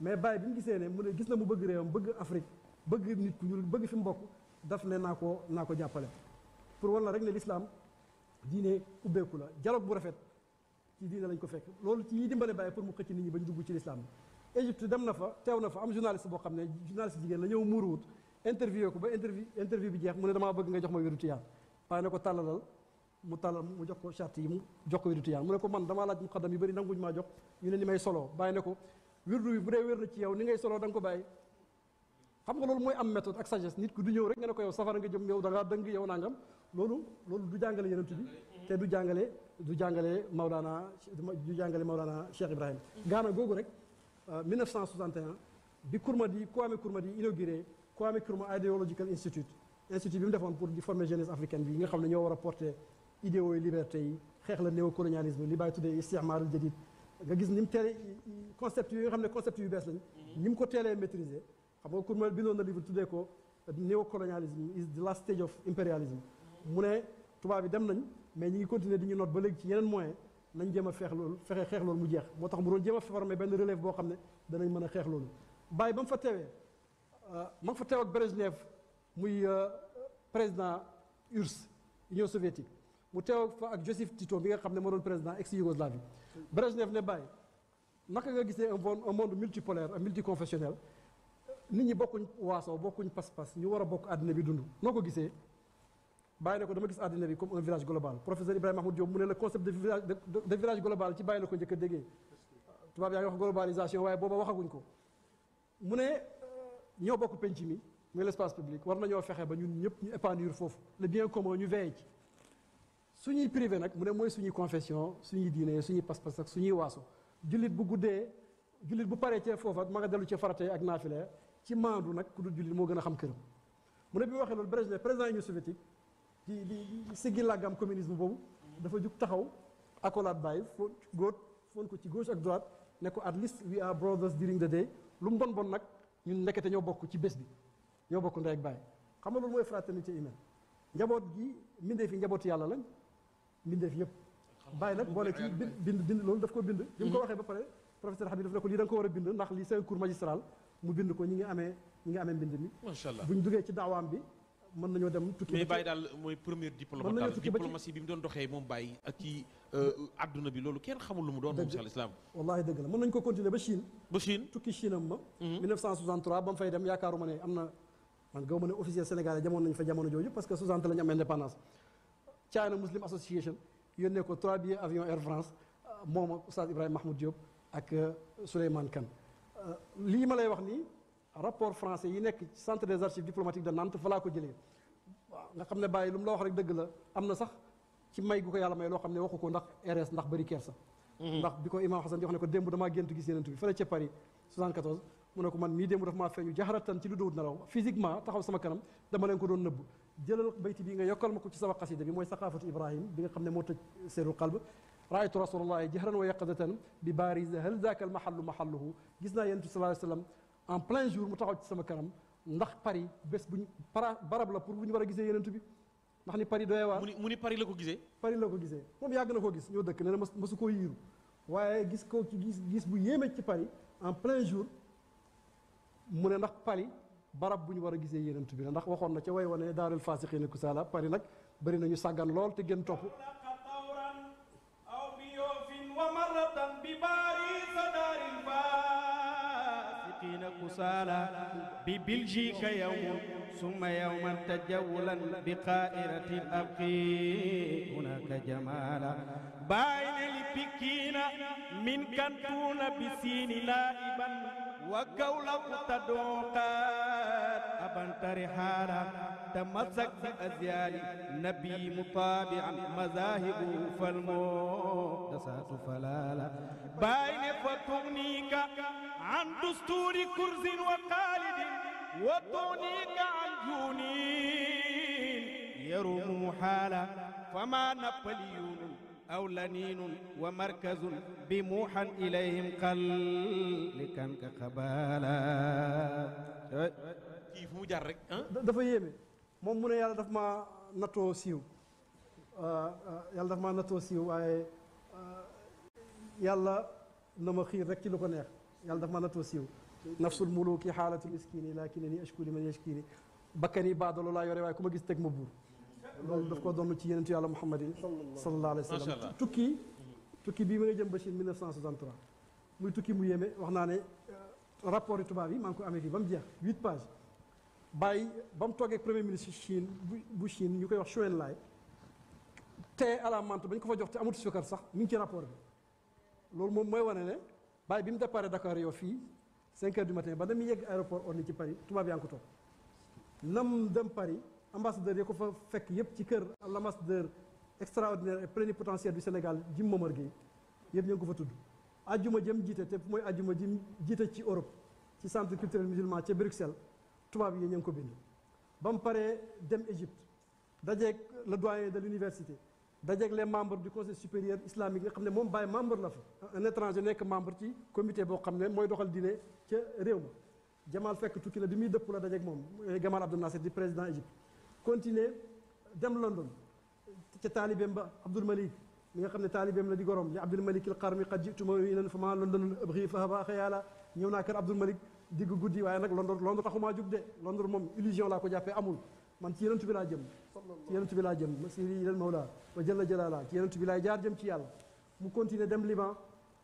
mais bàyyi bi mu gisee ne mu ne gis na mu bëgg réewam bëgg Afrique bëgg nit ku ñuul bëgg fi mu bokk daf ne naa ko naa ko jàppale pour war la rek ne lislaam diine ubbeeku la dialogue bu rafet ci diine lañ ko fekk loolu ci yi dimbale bàyyi pour mu xëcc nit ñi bañ dugg ci lislaam bi Égypte dem na fa teew na fa am journaliste boo xam ne journaliste jigéen la ñëw muuruwut interviewé ko ba interview interview bi jeex mu ne damaa bëgg nga jox ma wéru tiyaan waaye ne ko tàllalal mu tàllal mu mu jox ko wéru tiyaan mu ne ko man damaa laaj yu bëri nanguñ maa jox ñu may solo bàyyi ne ko wirdu bi bu dee wér na ci yow ni ngay soloo da nga ko bàyyi xam nga loolu mooy am méthode ak sagesse nit ku du ñëw rek nga ne ko yow safara nga jëm yow da ngaa dëng yow nangam loolu loolu du jàngale yonent bi te du jàngale du jàngale Maulana du jàngale Maulana Cheikh Ibrahima. gaana googu rek 1961 euh, bi Kurmadi Kwame Kurmadi inauguré Kwame Nkrumah Ideological Institute institut bi mu defoon pour di former jeunesse africaine bi nga xam ne ñoo war a porter idéaux yi liberté yi xeex la néocolonialisme li bàyyi tuddee nga gis nim télé concept yi nga xam ne concept yu bees lañ ni ko télé maîtriser xam nga Kurmel bindoon na livre tuddee ko néocolonialisme is the last stage of impérialisme mu ne tubaab yi dem nañ mais ñi ngi continuer di ñu not ba léegi ci yeneen moyen nañ jéem a feex loolu fexe xeex loolu mu jeex moo tax mu doon jéem a former benn relève boo xam ne danañ mën a xeex loolu bàyyi ba mu fa teewee ma nga fa teew ak Brezhnev muy euh, président URSS Union soviétique mu teew fa ak Joseph Tito bi nga xam ne moo doon président ex Yougoslavie Brejnev ne bàyyi naka nga gisee un un monde multipolaire multiconfessionnel nit ñi bokkuñ waaso bokkuñ pas-pas ñu war a bokk àddina bi dund noo ko gisee bàyyi ne ko dama gis àddina bi comme un village global professeur Ibrahima Mahmoud Diop mu ne le concept de village de village global ci bàyyi la ko njëkk déggee tubaab yaa ngi wax globalisation waaye booba waxaguñ ko mu ne ñoo bokk penc mi muy l' espace public war nañoo fexe ba ñun ñëpp ñu épanouir foofu le bien ñu veillé ci. suñu privé nak mune moy suñu confession suñu diine suñu pas-pas ak suñuy waasu jullit bu goudé jullit bu paree ca foofa ma nga delu ci farate ak naafile ci mandu nak ku dul mo gëna xam kërëm mune bi waxé lol Brejnev président Union soviétique di di siggi làggam communisme bobu dafa jug taxaw accolade bàyyi fo goot fon ko ci gauche ak droite né ko at least we are brothers during the day lu bon bon nak ñun ndekete ñoo bokku ci bës bi ñoo bokku nday ak bàyyi xam nga loolu mooy fraternité humaine njabot gi mindee fi njabot yalla lañ mbindeef yëpp bàyyi nag boole ci bind bind loolu daf ko bind bi mu ko waxee ba pare professeur Habib daf ne ko lii da nga ko war a bind ndax lii c'est un cours magistral mu bind ko ñi ngi amee ñi ngi amee mbind mi macha allah buñ duggee ci daawaam bi mën nañoo dem tukki mais Baye daal mooy premier diplomate daal diplomatie bi mu doon doxee moom Baye ak ci adduna bi loolu kenn xamul lu mu doon moom si alislaam wallaahi dëgg la mën nañu ko continuer ba Chine ba Chine tukki Chine am ma 1963 ba mu fay dem yaakaaruma ne am na man gaw ma ne officier sénégalais jamono nañ fa jamono jooju parce que 60 la ñu am indépendance China Muslim Association yone ko trois billets avion Air France mom oustad ibrahim Mahmoud Diop ak Souleymane kan li ma lay wax ni rapport français yi nek ci centre des archives diplomatiques de Nantes fala ko jele waaw nga xamne baye lum la wax rek deug la amna sax ci may gu ko yàlla may lo xamne waxuko ndax RS ndax bari kersa. ndax biko Imam Hassan di wax ne ko dembu dama gentu gis yenen tu fële ci Paris 74 mu ko man mi dembu dafa ma feñu jahratan ci lu na nelaw physiquement taxaw sama kanam dama len ko don neub ديال البيت بي يوكل مكو سي سبق قصيده بي ثقافه ابراهيم بي خمنا موت سير القلب رايت رسول الله جهرا ويقظه ببارز هل ذاك المحل محله جسنا ينت صلى الله عليه وسلم ان بلان جور مو تاخو سما كرم ندخ باري بس بو براب لا بور بو نورا غيسه ينت بي ندخ ني باري دوي وار موني موني باري لاكو غيسه باري لاكو غيسه موم ياغ نكو غيس نيو دك نانا مسوكو ييرو وايي غيس كو كي غيس غيس بو ييمه تي باري ان بلان جور موني ندخ باري barab bu wara a gisee yonent bi ndax waxon na ci way wane darul daarul faasiqiina kusaala Paris nag bëri nañu sagan lol te gën topp وكولك تدوقات أبنت رحالا تمسك بأزيار نبي مطابعا مذاهبه فالمقدسات فلالا باين فتغنيك عن دستور كرز وقالد وتغنيك عن جونين يروم حالا فما نبليون أو لنين ومركز بموحا إليهم قل كان كخبالا كيف مجرد رك دفا يمي موم مون يالا داف ما ناتو سيو ا يالا داف ما ناتو سيو واي يالا نما خير رك لوكو نيه يالا داف ما ناتو سيو نفس الملوك حاله المسكين لكنني اشكو لمن يشكيني بكني بعض لا يوري واي كوما غيس تك مبور loolu daf ko doon ci yenentu yàlla muhammad yi sallallahu alayhi wa sallam tukki tukki bii ma nga jëm ba ci 1963 muy tukki mu yéeme wax naa ne euh, rapport yi tubaab yi maa ngi ko amee fii ba mu jeex huit pages bàyyi ba mu toogee premier ministre Chine bu bu Chine ñu koy wax Chouen te tee alamante ba ñu ko fa jox te amut sukkar sax mi ngi ci rapport bi loolu moom mooy wane ne bàyyi bi mu départ Dakar yow fii cinq heures du matin ba na mu yegg aéroport Orly ci Paris tubaab yaa ngi ko toog dem Paris ambassadeur ya ko fa fekk yëpp ci kër l' ambassadeur extraordinaire et plénipotentiaire du Sénégal Jim Momar Gueye yëpp ñoo ngi ko fa tudd. ajjuma jëm jiite te mooy ajjuma jëm jiite ci Europe ci centre culturel musulman ca Bruxelles tubaab yi ñoo ngi ko bind. ba mu paree dem Égypte dajeeg le doyen de l'université dajeeg les membres du conseil supérieur islamique nga xam ne moom bàyyi membre la fa. un étranger nekk membre ci comité boo xam ne mooy doxal diine ca réew ma Jamal fekk tukki la bi muy dëpp la dajeeg moom Gamal Abdel Nasser di président Égypte. continuer dem London ci talibem ba Abdul Malik mi nga xamne talibem la di gorom li Abdul Malik al qarmi qad ji'tu mawilan fa ma London abghi fa ba khayala ñëw naa kër Abdul Malik dig guddi waye nak London London taxumaa jug de London mom illusion la ko jappé amul man ci yenentu bi laa jëm ci yenentu bi laa jëm masiri ilal mawla wa jalla jalala ci yenentu bi laay jaar jëm ci yàlla mu continuer dem Liban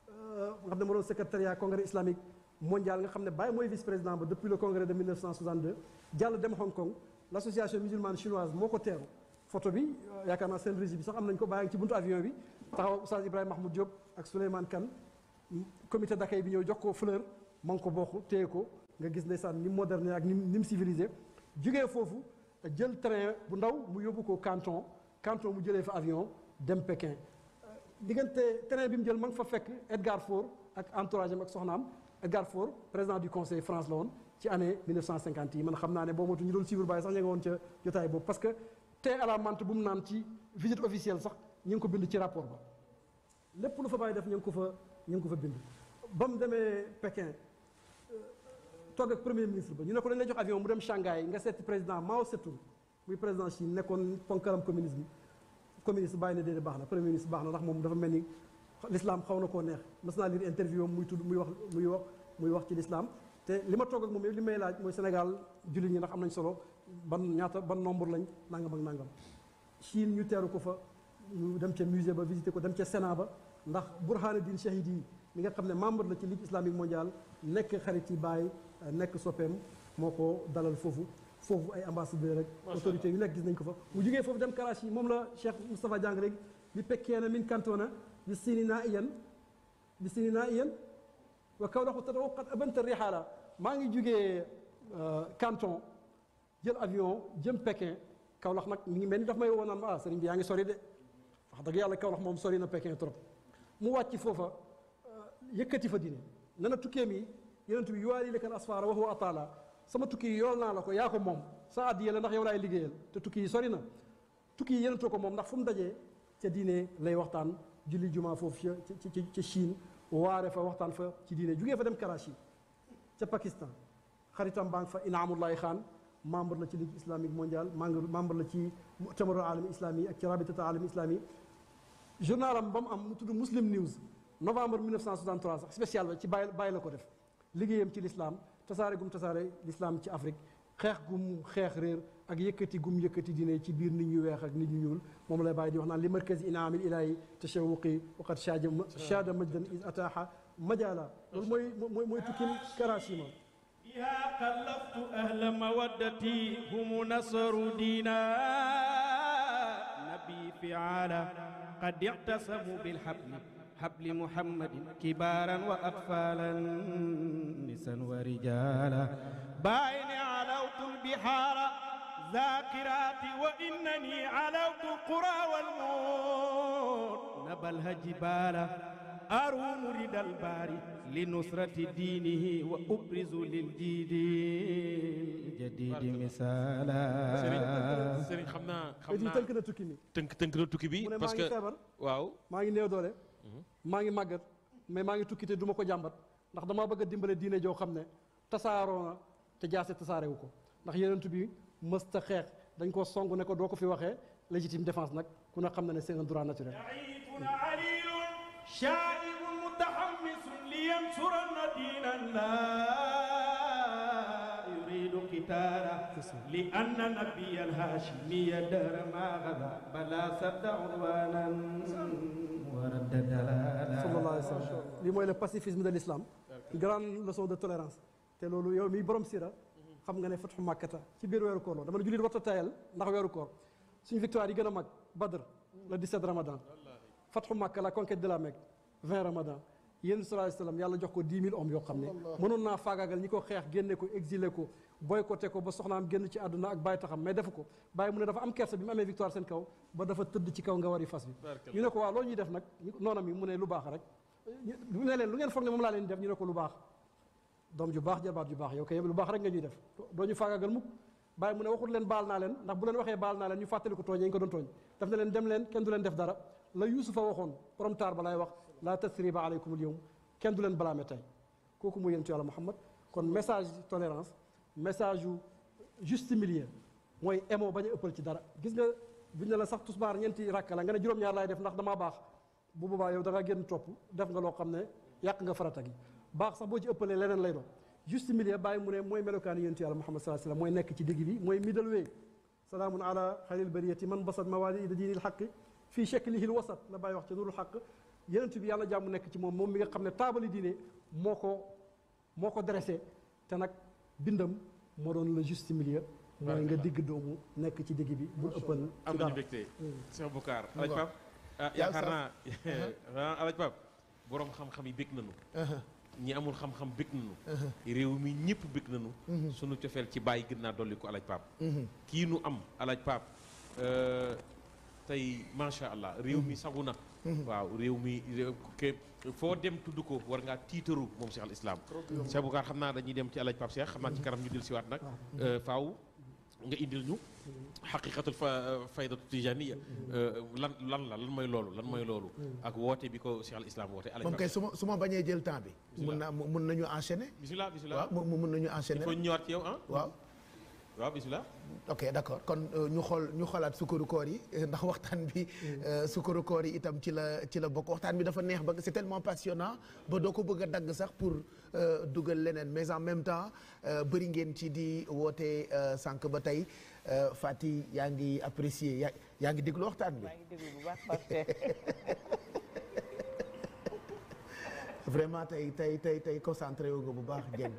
euh nga xamne mo do secrétariat congrès islamique mondial nga xamne Baye moy vice président ba depuis le congrès de 1962 jàll dem Hong Kong L'association association musulmane chinoise moko terre photo bi euh, yakarna naa seen régie bi sax am nañ ko bàyyi ci buntu avion bi taxaw oustad ibrahim Mahmoud Diop ak Souleymane Kane comité d'accueil bi ñëw jox ko fleur ma ngi ko bokk téye ko nga gis ndeysaan ni moderne ak ni civilisé jugee fofu jël train bu ndaw mu yóbbu ko Canton Canton mu jëlé fa avion dem Pékin euh, diggante train bi mu jël mang fa fekk Edgar Faure ak entourage ak soxnam Edgar Faure président du conseil France lone ci année 1950 yi man xam naa ne boo motu ñu doon suivre Baye sax ñu nga woon ca jotaay boobu parce que thé à la menthe bu mu naan ci visite officielle sax ñu ngi ko bind ci rapport ba lépp lu fa Baye def ñu ngi ko fa ñu ngi ko fa bind. ba mu demee Pékin euh, toog ak premier ministre ba ñu ne ko dañ lay jox avion mu dem Shanghai nga seeti président Mao Zedong muy président Chine nekkoon ponkalam communiste communiste bàyyi na déedéet baax na premier ministre baax na ndax moom dafa mel ni l'islam xaw na koo neex mas naa lire interview muy tudd muy wax muy wax muy wax ci l'islam te li ma toog ak moom yëpp li may laaj mooy Sénégal jullit ñi ndax am nañ solo ban ñaata ban nombre lañ nangam ak nangam Chine ñu teeru ko fa ñu dem ca musée ba visité ko dem ca Sénat ba ndax Burhanuddin Chahidi yi mi nga xam ne membre la ci ligue islamique mondiale nekk xarit yi bàyyi nekk soppeem moo ko dalal foofu foofu ay ambassadeur rek autorité yu nekk gis nañ ko fa mu jugee foofu dem Karachi moom la Cheikh Moustapha Diang rek bi pekkee na min kantoona bi sini naa iyan bi sini naa iyan wa kaw daxu tatawaqat abanta rihaala maa ngi jugee euh, Canton jël avion jëm Pékin Kaolack nag mi ngi mel ni daf may woo naan ah bi yaa ngi sori de wax dëgg yàlla Kaolack moom sori na Pékin trop mu wàcc foofa euh, yëkkati fa dine ne tukkee mi yenentu bi yuwaali lekkal asfaara wa huwa ataala sama tukki yi yool naa la ko yaa ko moom sa addiye la ndax yow laay liggéeyal te tukki yi sori na tukki yi yenentoo ko moom ndax fu mu dajee ca diine lay waxtaan julli juma foofu ca ca ca Chine waare fa waxtaan fa ci diine jugee fa dem Karachi ca Pakistan xaritam baa ngi fa Inaamullahi Khan membre la ci ligue islamique mondiale membre la ci mu'tamarul alami islami ak ci rabitatul alami islami journal am ba mu am mu tudd Muslim News novembre 1963 sax spécial ba ci bàyyi bàyyi la ko def liggéeyam ci l'islam tasaare gum tasaare l'islam ci Afrique xeex gum xeex réer ak yëkkati gum yëkkati dine ci biir nit ñu weex ak nit ñu ñuul moom lay bàyyi di wax naan li markaz inaamil ilaahi tashawuqi waqad shaada majdan is ataaxa مجالا موي موي موي mooy كراسيما يا قلفت أهل مودتي هم نصر دينا نبي فعالا قد اعتصموا بالحبل حبل محمد كبارا وأطفالا نسا ورجالا باين علوت البحار ذاكرات وإنني علوت القرى والموت نبل جبالا أرو مريد الباري لنصرة دينه وأبرز للجديد جديد مثالا سيرين خمنا خمنا ادي تنك دو توكي تنك تنك دو توكي بي باسكو واو ماغي نيو دولي ماغي ماغات مي ماغي توكي تي دوماكو جامبات ناخ داما بغا ديمبالي دين جو خمنا تسارونا تي جاسي تساريو كو ناخ يننت بي مستخيخ دنجكو سونغ نكو دوكو في واخه ليجيتيم ديفانس ناك كونا خمنا سي ان دورا ناتوريل يعيفنا علي شاك لأن النبي الهاشمي دار ما غدا بلا سد عنوانا ورد دلالا صلى الله عليه وسلم لما هو الباسيفيزم ديال الاسلام غران لوسون دو توليرانس تلولو يومي بروم سيرا xam nga ne fatx makka ta ci biir weeru koor dama julit wata tayal ndax weeru koor suñu victoire yi gën a mag badr le 17 20 ramadan yéen salaay salaam yàlla jox ko 10 000 hommes yoo xam ne mënoon naa faagaagal ñi ko xeex génne ko exilé ko boycotté ko ba soxnaam génn ci àdduna ak bàyyi taxam mais defu ko bàyyi mu ne dafa am kersa bi mu amee victoire seen kaw ba dafa tëdd ci kaw nga wari fas bi ñu ne ko waaw loolu ñuy def nag noonam yi mu ne lu baax rek mu ne leen lu ngeen foog ne moom laa leen def ñu ne ko lu baax doom ju baax jabaat ju baax yow kay lu baax rek nga ñuy def doo ñu faagaagal mukk bàyyi mu ne waxul leen baal naa leen ndax bu leen waxee baal naa leen ñu fàttali ko tooñ ñu ko doon tooñ daf na leen dem leen kenn du leen def dara la Yuusufa waxoon borom taar ba lay wax لا تثريب عليكم اليوم كان دولن بلا متاي كوكو مو ينتو على محمد كون ميساج توليرانس ميساج جوست ميليان موي امو باني اوبل تي دارا غيس نغا بن لا صاح توسبار نينتي راكا لا نغا جوروم نيار لاي ديف ناخ داما باخ بو بوبا يو داغا ген توب ديف نغا لو خامني ياك نغا فراتا غي باخ صاح بو جي اوبل لينن لاي دو جوست ميليان باي موني موي ملوكان ينتو على محمد صلى الله عليه وسلم موي نيك تي ديغي بي موي ميدل وي سلام على خليل البريه من بسط مواليد دين الحق في شكله الوسط لا باي وقت نور الحق yonent bi yàlla jàmm nekk ci moom moom mi nga xam ne taabali diine moo ko moo ko dressé te nag bindam moo doon le juste milieu mooy nga digg doomu nekk ci digg bi bu ëppal am nañu mbégte hmm. Cheikh Boucar ah, yaakaar naa uh-huh. Alaj Pap yi bég nañu uh-huh. ñi amul xam bég nañu uh-huh. mi ñëpp bég nañu sunu cofeel ci bàyyi gën naa dolli ko Alaj kii nu am Alaj Pap euh, tey macha allah réew mi sagu na waaw réew mi képp foo dem tudd ko war ngaa tiitaru moom Cheikh al Islam. Cheikh Boucar xam naa dañuy dem ci alaaj Pape Cheikh xam naa ci kanam ñu del siwaat nag euh, faaw nga indil ñu xaqiqatul faydatu tijaniya euh, lan lan la lan mooy loolu lan mooy loolu hmm. ak woote bi ko Cheikh al Islam woote moom kay su ma su ma bañee jël temps bi mun naa mun nañu enchaîner bismillah bismillah waaw mun nañu enchaîner il faut ñëwaat ci waaw waaw bisimilah. ok d' accord kon euh, ñu xool ñu xoolaat sukkaru koor yi ndax waxtaan bi. Mm-hmm. Euh, sukkaru koor yi itam ci la ci la bokk waxtaan bi dafa neex ba nga est tellement passionnant ba doo ko bëgg a dagg sax pour euh, dugal leneen mais en même temps bëri ngeen ci di woote sànq ba tey Fati yaa ngi apprécier yaa yaa ngi déglu waxtaan bi. maa ngi déglu vraiment tey tey tey tey concentré bu baax Dieng.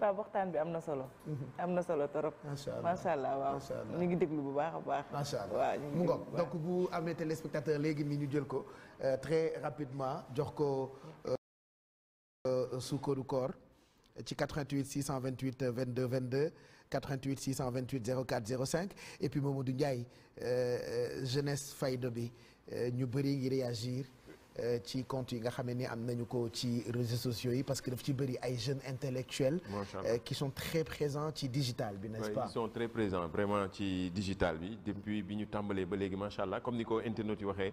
waaw waxtaan bi am na solo. Mhm. am na solo trop. macha allah waaw ñu ngi déglu bu baax a baax. macha allah mu ngoog donc bu amee téléspectateur léegi nii ñu jël ko euh, très rapidement jox ko euh, euh, sukkaru koor ci 88 628 22 22 88 628 04 05 et puis Mamadou Ndiaye jeunesse fayda bi ñu bëri ngi réagir. Euh, ci compte yi nga xamé ni am nañu ko ci réseaux sociaux yi parce que daf ci bëri ay jeunes intellectuels euh, qui sont très présents ci digital bi n'est-ce pas ils sont très présents vraiment ci digital bi depuis biñu tambalé ba légui machallah comme niko internet yi waxé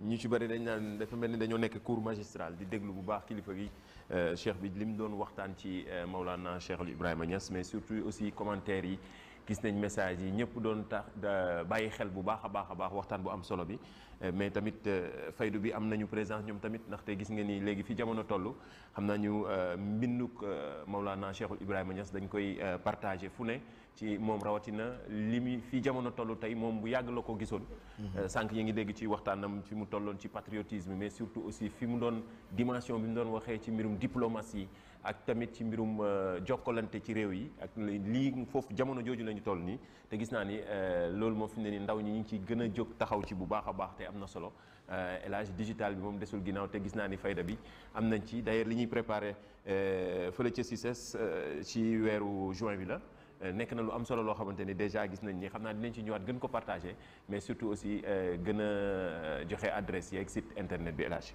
ñu ci bëri dañ naan dafa melni dañu nek nekk cours magistral di déglu bu baax kilifa gi euh, cheikh bi lim doon waxtaan ci Maulana Cheikh Ibrahima Niass mais surtout aussi commentaires yi gis nañ message yi ñepp doon tax bàyyi xel bu baaxa baaxa baax a baax waxtaan bu am solo bi Euh, mais tamit euh, faydu bi am nañu présence ñoom tamit ndaxte gis nga ni léegi fi jamono toll xam naa ñu euh, mbinduk Maulana Cheikhul Ibrahima Niass dañ koy partagé fu ne ci moom rawatina li mu fi jamono toll tey moom bu yàgg la ko gisoon. Mhm. sànq yi ngi dégg ci waxtaanam fi mu tolloon ci patriotisme mais surtout aussi fi mu doon dimension bi mu doon waxee ci mbirum diplomatie. ak tamit ci mbirum euh, jokkalante ci réew yi ak lii foofu jamono jooju lañu toll nii te gis naa ni euh, loolu moo fi ne ni ndaw ñi ñu ngi ciy gën a jóg taxaw ci bu baax a baax te am na solo élage euh, digital bi moom desul ginnaaw te gis naa ni fayda bi am nañ ci d'ailleurs li ñuy préparé fële ca CICES ci weeru juin bi la nekk na lu am solo loo xamante ni déjà gis nañ ni xam naa dinañ ci ñëwaat gën ko partagé mais surtout aussi gën a joxe adresse yeeg site internet bi élage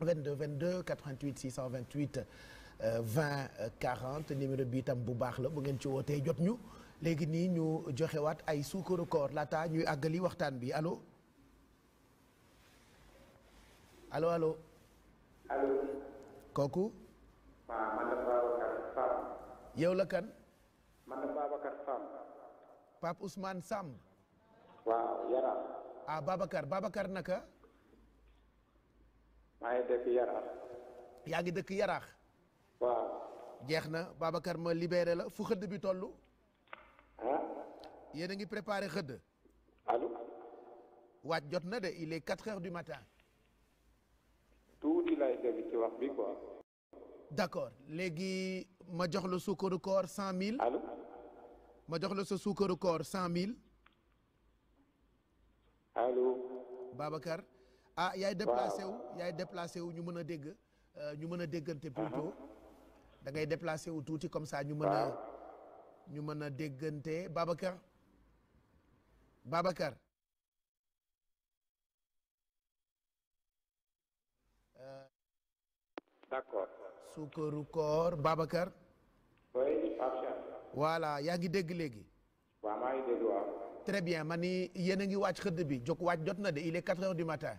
22 22 88 628 20 40 numéro bi itam bu baax la bu ngeen ci wootee jot ñu léegi nii ñu joxewaat ay suukaru koor laata ñuy àggali waxtaan bi allo allo allo. kooku. waaw man la Babacar Sam. yow la kan. man la Babacar Sam. Pape Ousmane Sam. waaw Yara. ah Babacar Babacar naka. dëkk ma libéré la fu xëdd bi hein? a préparé xëdd. de il est quatre heures du matin. tuuti Les dégg ci wax bi quoi. d'accord léegi ma jox la suukaru corps cent mille. allo. ma jox la sa cent mille. ah yaay déplacé yaay déplacé wu ñu mën a dégg euh, ñu mën a déggante uh-huh. plutôt da ngay wu tuuti comme ça ñu mën a ñu mën a déggante Babacar Babacar euh. d'accord suukaru Babacar voilà yaa ngi dégg léegi waaw maa ngi dégg très bien ma ni yéen a ngi wàcc xëdd bi jóg wàcc jot na de il est quatre heures du matin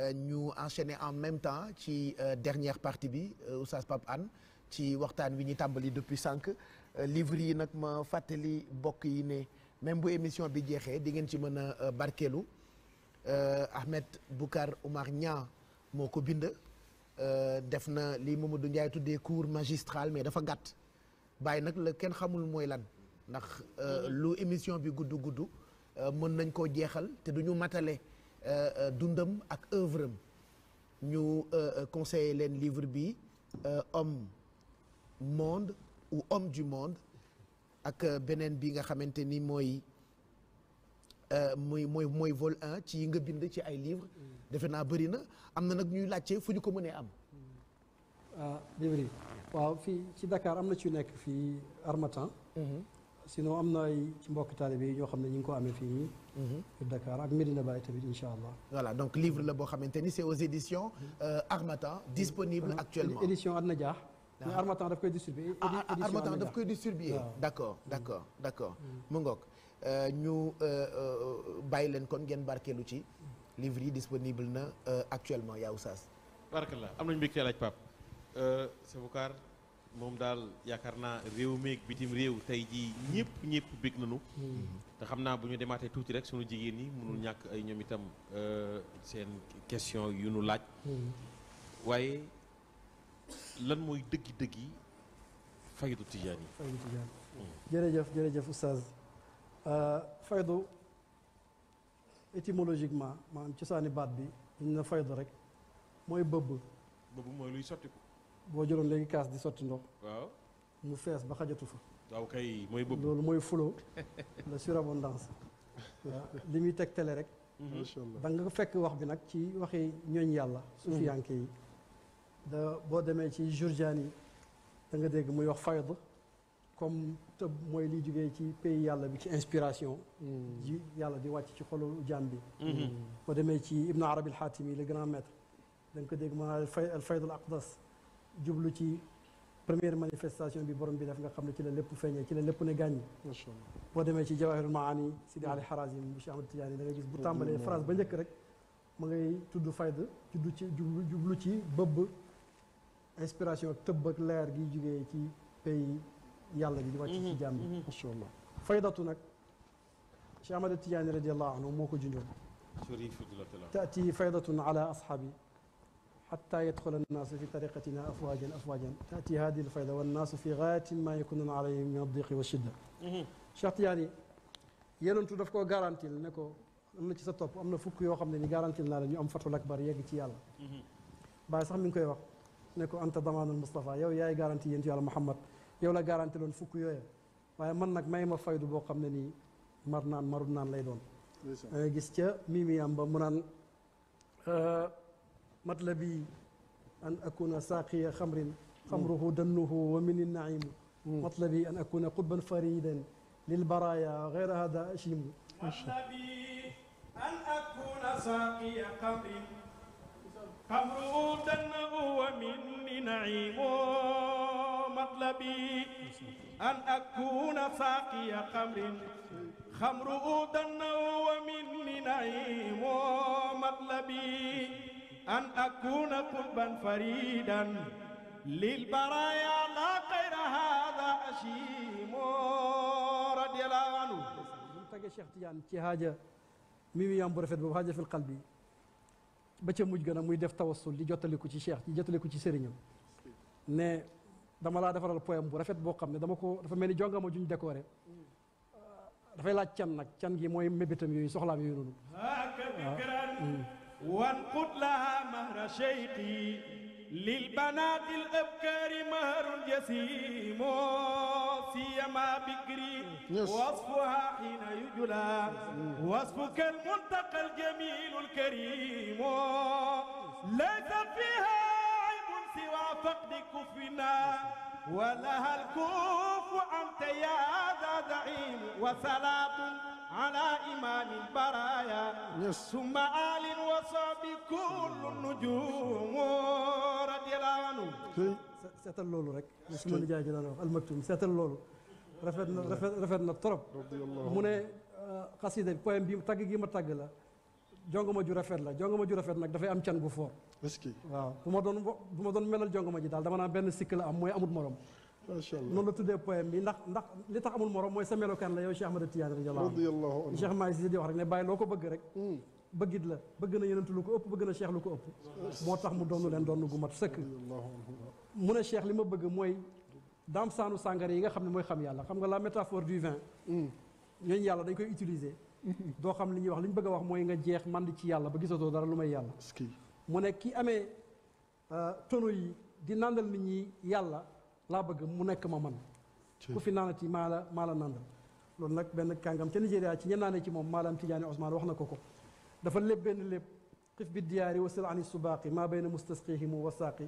Euh, ñu enchaîner en même temps ci euh, dernière partie bi euh, Oustaz Pape Anne ci waxtan wi ñi tambali depuis cinq livre yi nag ma fateli bokk yi ne même bu émission bi jéxé di ngén ci mën barkélu euh, Ahmed Boucar Oumar nia moko ko bind def na li Mamadou Ndiaye tuddee cours magistral mais dafa gatt bay nak le ken xamul moy lan ndax mm-hmm. lu émission bi gudd gudd mën nañ ko jéxal te duñu matalé Euh, euh, dundam ak œuvre am ñu euh, conseiller leen livre bi homme monde ou homme du monde ak beneen bi nga xamante ni mooy mooy mooy mooy vol 1 ci yi nga bind ci ay livre mm. defe naa bëri na am na nag ñuy laajte fu ñu ko mënee am. Mm. ah waaw fii ci Dakar am na ci nekk fii Harmattan. Mm-hmm. sinon am na ay ci mbokki taalibe yi ñoo xam ne ñu ngi ko amee fii mhm. Dakar ak Medina Baye tamit inshallah voilà donc livre la bo xamante c'est aux éditions euh, Harmattan disponible actuellement édition Adna Dia. Ah. mais daf koy distribuer. ah Harmattan daf koy distribuer. Mm. d'accord d'accord d'accord mm. mu euh ñu euh, euh, bàyyi leen kon ngeen lu ci. livre yi disponible na euh, actuellement yaa Oustaz. barkallah am nañu mbégte laaj Pape. Euh, Sébikar. moom daal yaakaar naa réew meeg bitim réew tey jii ñëpp ñëpp bég nañu. te xam naa bu ñu demaatee tuuti rek sunu jigéen ñi mënul ñàkk ay ñoom itam euh, seen question yu nu laaj. waaye lan mooy dëggi-dëggi faydu tijaan yi. faydu tijaan jërëjëf jërëjëf oustaz euh, faydu étymologiquement maanaam cosaani baat bi ñu ne faydu rek mooy bëbb. bëbb mooy luy sottiku. boo jëloon léegi kaas di sotti ndox. mu fees ba xajatu fa. waaw mooy bëgg loolu mooy fulo la surabondance li muy teg tegtale rek. Mhm. macha allah da nga fekk wax bi nag ci waxi ñooñ yàlla. Mhm. sufiyanke yi da boo demee ci Jurjaan yi da nga dégg muy wax fayd comme tëb mooy liy jugee ci pays yàlla bi ci inspiration. Mhm. ji yàlla di wàcc ci xolu jaam bi. boo demee ci Ibn Arabi al-Xaatimi le grand maître da nga ko dégg mu naan al fayd al aqdas jublu ci première manifestation bi borom bi def nga xamne ci la lépp feñe ci la lépp ne gàññ bo demé ci jawahirul maani sidi ali harazim bi Cheikh ahmed Tidiane da ngay gis bu tambalé phrase ba ñëk rek ma ngay tuddu fayda tuddu ci jublu ci bëbb inspiration teub ak leer gi jugé ci pays yàlla gi di wàcc ci jàmm macha faydatu nak Cheikh ahmed Tidiane radiallahu anhu moko ko junjoon taati faydatun ala ashaabi حتى يدخل الناس في طريقتنا افواجا افواجا تاتي هذه الفائده والناس في غايه ما يكونون عليه من الضيق والشده شرط يعني يلون تو دافكو غارانتي نكو امنا سي توب امنا فوك يو خامني غارانتي لنا ني ام فتو الاكبر ياغي تي يالا با صاح مين كوي واخ نكو انت ضمان المصطفى يو ياي غارانتي انت يالا محمد يو لا غارانتي لون فوك يو واي من نك مايما فايدو بو خامني ني مرنان مرنان لاي دون نعم. ا آه، غيس تي ميمي امبا مونان آه، مطلبي أن أكون ساقي خمر خمره دنه ومن النعيم مطلبي أن أكون قبا فريدا للبرايا غير هذا أشم مطلبي أن أكون ساقي خمر خمره دنه ومن نعيم مطلبي أن أكون ساقي خمر خمره دنه ومن نعيم مطلبي أن أكون قلبا فريدا للبرايا لا غير هذا أشيم رضي الله عنه لم تجي شيخ تيان تي حاجة ميمي يام برفت بحاجة في القلب بچه موج گنا موي دف توسل دي جوتال كو سي شيخ دي جوتال كو سي سيرينم ني داما لا دفرال بويم بو رفت بو خامني داما كو دافا ملي جونغام جون ديكوري دافاي لاج تيان نك تيان غي موي ميبيتام يوي سوخلام يوي نونو هكا بكران آه. وانقض لها مهر شيقي للبنات الأبكار مهر جسيم سيما بكري وصفها حين يجلى وصفك المنتقى الجميل الكريم ليس فيها عيب سوى فقد كفنا ولها الكوف أنت يا ذا زعيم وصلاة على إمام البرايا ثم آل وصحب كل النجوم رضي الله عنه seetal loolu rek suma nijaay ji daan wax almaktum seetal loolu rafet na rafet rafet na trop mu ne xasida bi poème bi tagg gi ma tagg la jongoma ju rafet la jongoma ju rafet nag dafay am can gu foor waaw bu ma doon bu ma doon melal jongoma ji daal dama naa benn sikk la am mooy amut morom macha allah noonu la tuddee poème bi ndax ndax li tax amul morom mooy sa melokaan la yow hmm. la bëgg na yenentu lu ko ëpp bëgg na moo tax mu doonu leen doonu gu mat sëkk mu li ma bëgg mooy daam saanu sàngara yi nga xam ne mooy xam yàlla xam nga la métaphore du vin hmm. yàlla dañ koy utiliser doo xam li ñuy wax li bëgg a wax mooy nga jeex màndi ci yàlla ba gisatoo dara lu may yàlla mu ne ki amee euh, tono yi di nandal nit ñi yàlla laa bëgg mu nekk ma man ku fi naanati maa la maa la nandal loolu nag benn kàngam ca Nigéria ci ñen naane ci moom maalaam Tijaani Osmaan wax na ko ko dafa lépp benn lépp xif bi diyaari wasil ani subaaqi maa bayna mustasqihimu wa saaqi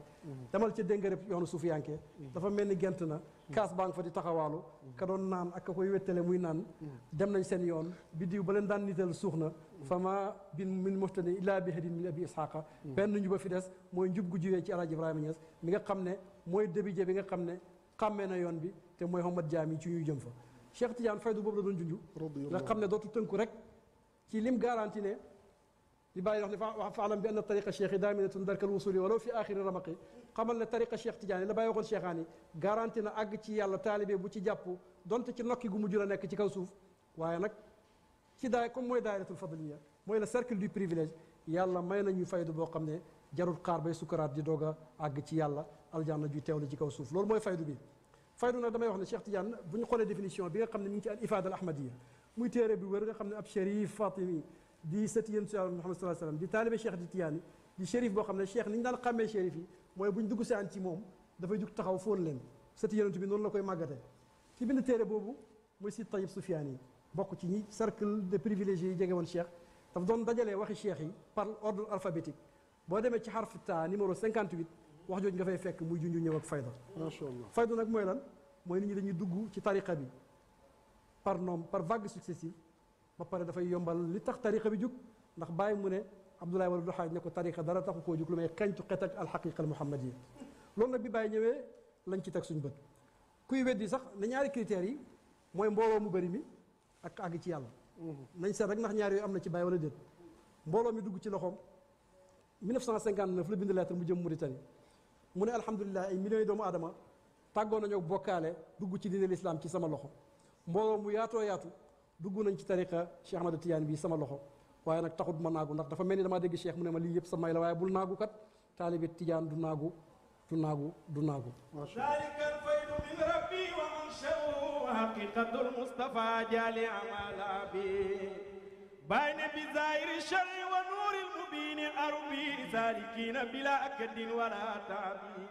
demal ca déngarëb yoonu suufiyanke dafa mel ni gent na kaas baa nga fa di taxawaalu ka doon naan ak ka koy wettale muy naan dem nañ seen yoon biddiw ba leen daan nital suux na fama bin min muftani illaa bi hadin min abi ishaqa benn njub ba fi des mooy njub gu jiwee ci alaaji Ibrahima Niass mi nga xam ne moy debi je bi nga xamne xamé na yoon bi te moy xamat jami ci ñuy jëm fa Cheikh Tidiane faydu bobu la doon junju nga xamne dootu tënku rek ci lim garantie ne li bay wax ne fa fa'lam bi anna tariqa cheikh yi daaminatun darkal wusuli walaw fi akhir ramaqi qamal la tariqa cheikh Tidiane la bay waxon cheikhani garantie na ag ci yàlla talibé bu ci jàpp donte ci nokki gu mu la nek ci kaw suuf waye nak ci daay comme moy dairatul fadliya moy le cercle du privilège yàlla may nañu faydu bo xamne jarul xaar bay sukaraat di doga ag ci yàlla aljanna ju teew la ci kaw suuf loolu mooy faydu bi faydu nag damay wax ne Cheikh Tidiane bu ñu xoolee définition bi nga xam ne mi ngi ci al ifaada al ahmadiya muy téere bi wër nga xam ne ab chérif fatimi di sëti yéen sal Muhammad sallallahu alayhi wasallam di taalibe Cheikh di Tidiane di chérif boo xam ne cheikh ni ñu daan xàmmee chérif yi mooy bu ñu dugg saan ci moom dafay jug taxaw fóon leen sëti yonent bi noonu la koy màggate ci bind téere boobu muy si Tayyib Soufiane yi bokk ci ñi cercle de privilégiés yi jege woon cheikh daf doon dajalee waxi cheikh yi par ordre alphabétique boo demee ci xarf ta numéro 58 wax jooju nga fay fekk muy junj ñëw ak fayda. macha allah fayda nag mooy lan mooy nit ñi dañuy dugg ci tariqa bi par nom par vague successive ba pare dafay yombal li tax tariqa bi jug ndax bàyyi mu ne Abdoulaye wala du xaaj ne ko tariqa dara taxu koo jug lu may xeñtu xet ak alxaqiqa almuhammad yi loolu nag bi bàyyi ñëwee lañ ci teg suñ bët kuy weddi sax ne ñaari critères yi mooy mbooloo mu bëri mi ak àgg ci yàlla. nañ seet rek ndax ñaar yooyu am na ci bàyyi wala déet mbooloo mi dugg ci loxoom 1959 la bind lettre mu jëm Mauritanie. mu ne alhamdulilah ay millions yi doomu aadama tàggoo nañu ak bokkaale dugg ci diine lislaam ci sama loxo mbooloo mu yaatoo yaatu dugg nañ ci tariqa Cheikh Ahmad Tidiane bi sama loxo waaye nag taxut ma naagu ndax dafa mel ni damaa dégg Cheikh mu ne ma lii yëpp sama may la waaye bul naagu kat taalibi Tidiane du naagu du naagu du naagu. ذلك الفيض من بين بزائر الشر ونور من أربي سالكين بلا أكد ولا تعبي